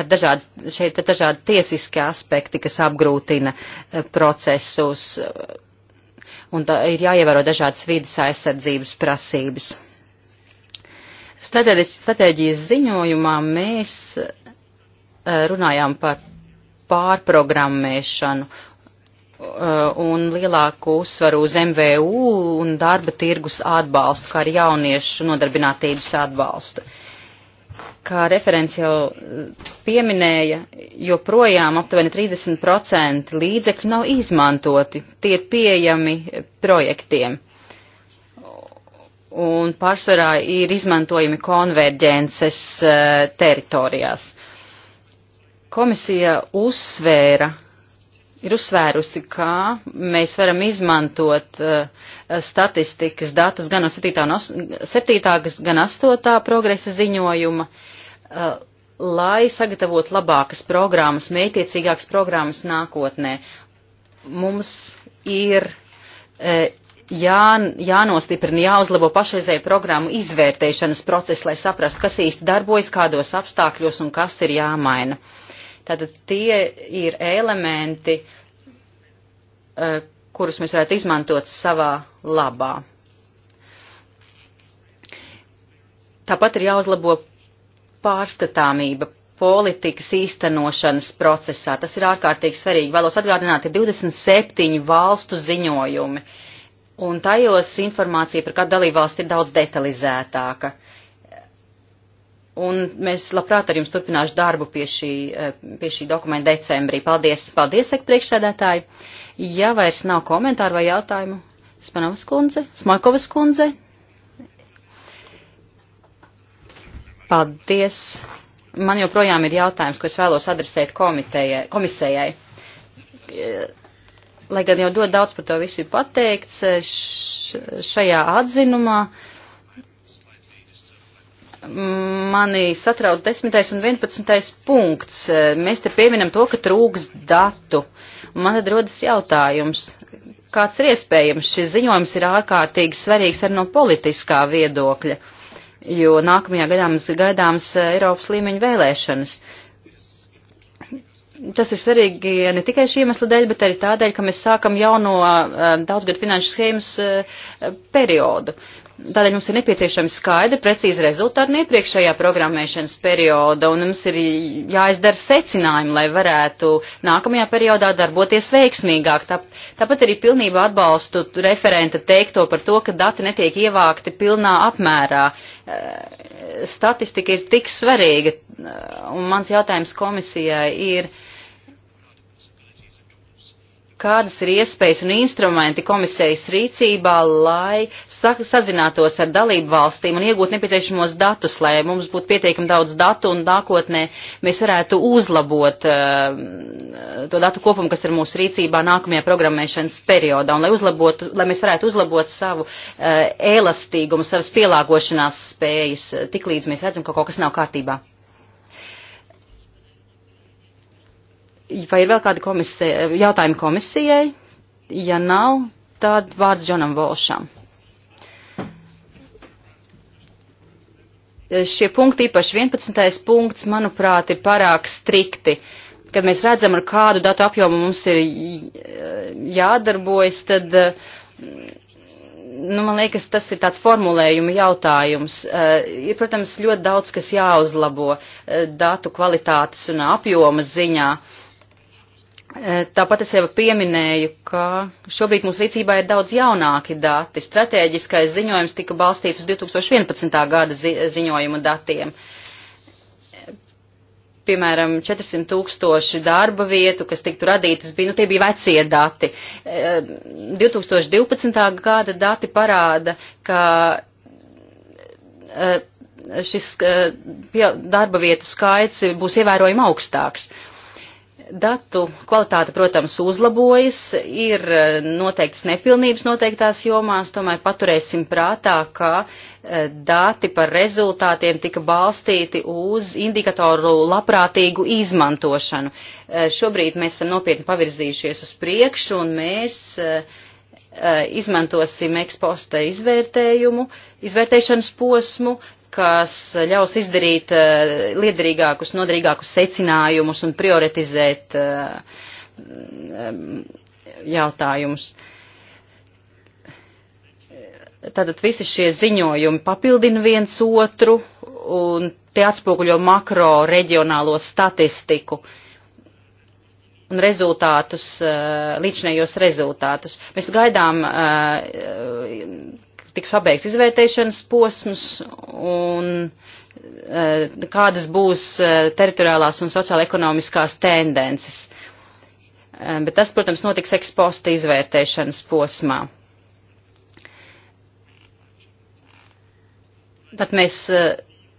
ar dažādi, šeit ir dažādi tiesiski aspekti, kas apgrūtina eh, procesus. Un tā ir jāievēro dažādas vidas aizsardzības prasības. Stratēģijas ziņojumā mēs eh, runājām par pārprogrammēšanu Uh, un lielāku uzsvaru uz MVU un darba tirgus atbalstu, kā arī jauniešu nodarbinātības atbalstu. Kā referents jau uh, pieminēja, joprojām aptuveni 30% līdzekļu nav izmantoti, tie ir pieejami projektiem. Un pārsvarā ir izmantojami konverģences uh, teritorijās. Komisija uzsvēra ir uzsvērusi, kā mēs varam izmantot uh, statistikas datus gan no 7. No, 7. gan 8. progresa ziņojuma, uh, lai sagatavot labākas programmas, mētiecīgākas programmas nākotnē. Mums ir uh, eh, jā, jānostiprina, jāuzlabo pašreizēju programmu izvērtēšanas procesu, lai saprastu, kas īsti darbojas, kādos apstākļos un kas ir jāmaina. Uh, Tātad tie ir elementi, eh, kurus mēs varētu izmantot savā labā. Tāpat ir jāuzlabo pārskatāmība politikas īstenošanas procesā. Tas ir ārkārtīgi svarīgi. Vēlos atgādināt, ir 27 valstu ziņojumi, un tajos informācija par katru dalībvalsti ir daudz detalizētāka. Uh, Un mēs labprāt ar jums turpināšu darbu pie šī, eh, pie šī dokumenta decembrī. Paldies, paldies, saka priekšsēdētāji. Ja vairs nav komentāru vai jautājumu, Spanovas kundze, Smakovas kundze. Paldies. Man joprojām ir jautājums, ko es vēlos adresēt komisējai. Eh, lai gan jau dod daudz par to visu ir pateikts, eh, šajā atzinumā mani satrauc 10. un 11. punkts. Mēs te pieminam to, ka trūks datu. Man tad rodas jautājums, kāds ir iespējams. Šis ziņojums ir ārkārtīgi svarīgs arī no politiskā viedokļa, jo nākamajā gadā mums ir gaidāmas eh, Eiropas līmeņa vēlēšanas. Tas ir svarīgi ne tikai šī iemesla dēļ, bet arī tādēļ, ka mēs sākam jauno eh, daudzgad finanšu schēmas eh, periodu. Tādēļ mums ir nepieciešami skaidri, precīzi rezultāti no iepriekšējā programmēšanas perioda, un mums ir jāizdara secinājumi, lai varētu nākamajā periodā darboties veiksmīgāk. Tā, tāpat arī pilnībā atbalstu referenta teikto par to, ka dati netiek ievākti pilnā apmērā. Eh, statistika ir tik svarīga, eh, un mans jautājums komisijai ir kādas ir iespējas un instrumenti komisijas rīcībā, lai sa sazinātos ar dalību valstīm un iegūtu nepieciešamos datus, lai mums būtu pietiekami daudz datu un nākotnē mēs varētu uzlabot uh, to datu kopumu, kas ir mūsu rīcībā nākamajā programmēšanas periodā, un lai, uzlabotu, lai mēs varētu uzlabot savu uh, elastīgumu, savas pielāgošanās spējas, eh, tik līdz mēs redzam, ka kaut kas nav kārtībā. Vai ir vēl kādi komisija, jautājumi komisijai? Ja nav, tad vārds Džonam Volšam. Šie punkti, īpaši 11. punkts, manuprāt, ir pārāk strikti. Kad mēs redzam, ar kādu datu apjomu mums ir jādarbojas, tad, nu, man liekas, tas ir tāds formulējuma jautājums. Ir, protams, ļoti daudz, kas jāuzlabo datu kvalitātes un apjoma ziņā E, tāpat es jau pieminēju, ka šobrīd mūsu rīcībā ir daudz jaunāki dati. Stratēģiskais ziņojums tika balstīts uz 2011. gada zi ziņojumu datiem. Piemēram, 400 tūkstoši darba vietu, kas tiktu radītas, bija, nu tie bija vecie dati. 2012. E, gada dati parāda, ka e, šis darba vietu skaits būs ievērojami augstāks. Datu kvalitāte, protams, uzlabojas, ir e, noteikts nepilnības noteiktās jomās, tomēr paturēsim prātā, ka e, dati par rezultātiem tika balstīti uz indikatoru labprātīgu izmantošanu. E, šobrīd mēs esam nopietni pavirzījušies uz priekšu un mēs izmantosim eksposta izvērtējumu, izvērtēšanas posmu, kas ļaus izdarīt eh, liederīgākus, noderīgākus secinājumus un prioritizēt eh, jautājumus. Tātad visi šie ziņojumi papildina viens otru un tie atspoguļo makro reģionālo statistiku un rezultātus, eh, līdzinējos rezultātus. Mēs gaidām tiks pabeigts izvērtēšanas posms un eh, kādas būs eh, teritoriālās un sociāla-ekonomiskās tendences. Eh, bet tas, protams, notiks eksposta izvērtēšanas posmā. Tad mēs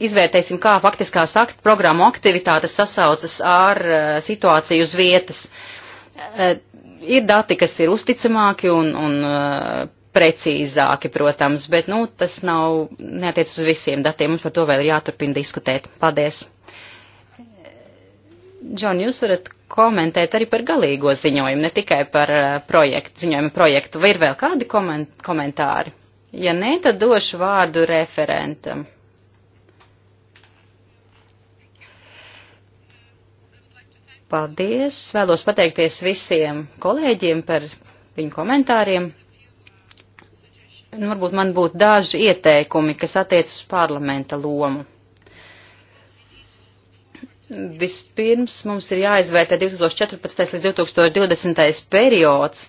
izvērtēsim, kā faktiskās akt, programmu aktivitātes sasaucas ar situāciju uz vietas. Ir dati, kas ir uzticamāki un, un precīzāki, protams, bet, nu, tas nav neatiec uz visiem datiem, mums par to vēl ir jāturpina diskutēt. Paldies! Džon, jūs varat komentēt arī par galīgo ziņojumu, ne tikai par eh, projektu, ziņojumu projektu. Vai ir vēl kādi komentāri? Ja nē, tad došu vārdu referentam. Paldies! Vēlos pateikties visiem kolēģiem par viņu komentāriem. Nu, varbūt man būtu daži ieteikumi, kas attiec uz parlamenta lomu. Vispirms mums ir jāizvērtē 2014. līdz 2020. periods.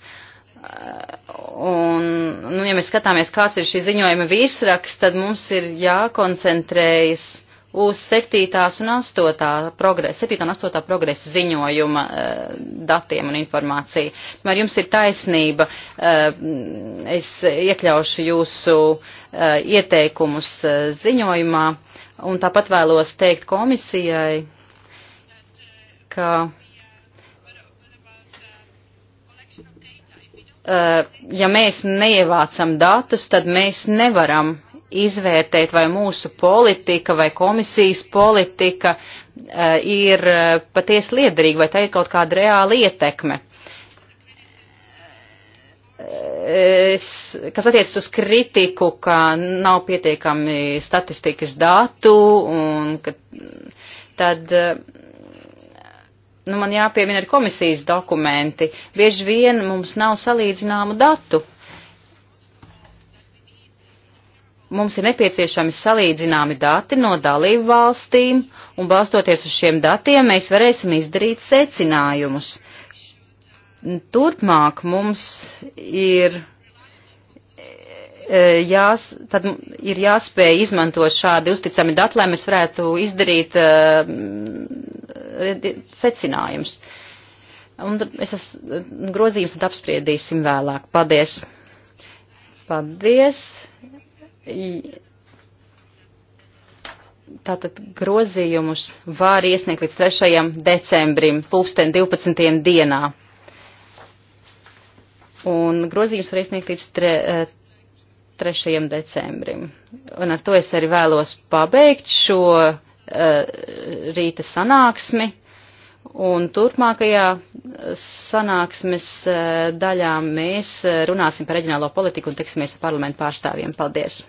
Un, nu, ja mēs skatāmies, kāds ir šī ziņojuma virsraksts, tad mums ir jākoncentrējas uz 7. un 8. Progresa, 7. un 8. progresa ziņojuma uh, datiem un informāciju. Tomēr jums ir taisnība, uh, es iekļaušu jūsu uh, ieteikumus uh, ziņojumā un tāpat vēlos teikt komisijai, ka. Uh, ja mēs neievācam datus, tad mēs nevaram izvērtēt, vai mūsu politika vai komisijas politika eh, ir eh, patiesi liederīga, vai tā ir kaut kāda reāla ietekme. Es, kas attiecas uz kritiku, ka nav pietiekami statistikas datu, un ka, tad eh, nu, man jāpiemina ir komisijas dokumenti. Bieži vien mums nav salīdzināmu datu mums ir nepieciešami salīdzināmi dati no dalību valstīm, un balstoties uz šiem datiem mēs varēsim izdarīt secinājumus. Turpmāk mums ir, e, jās, tad ir jāspēj izmantot šādi uzticami dati, lai mēs varētu izdarīt uh, secinājumus. Un es esmu e, grozījums, tad apspriedīsim vēlāk. Paldies! Paldies! tātad grozījumus var iesniegt līdz 3. decembrim, pulksten 12. dienā. Un grozījums var iesniegt līdz 3. 3. Eh, decembrim. Un ar to es arī vēlos pabeigt šo uh, rīta sanāksmi. Un turpmākajā eh, sanāksmes uh, daļā mēs runāsim par reģionālo politiku un tiksimies ar parlamentu pārstāvjiem. Paldies!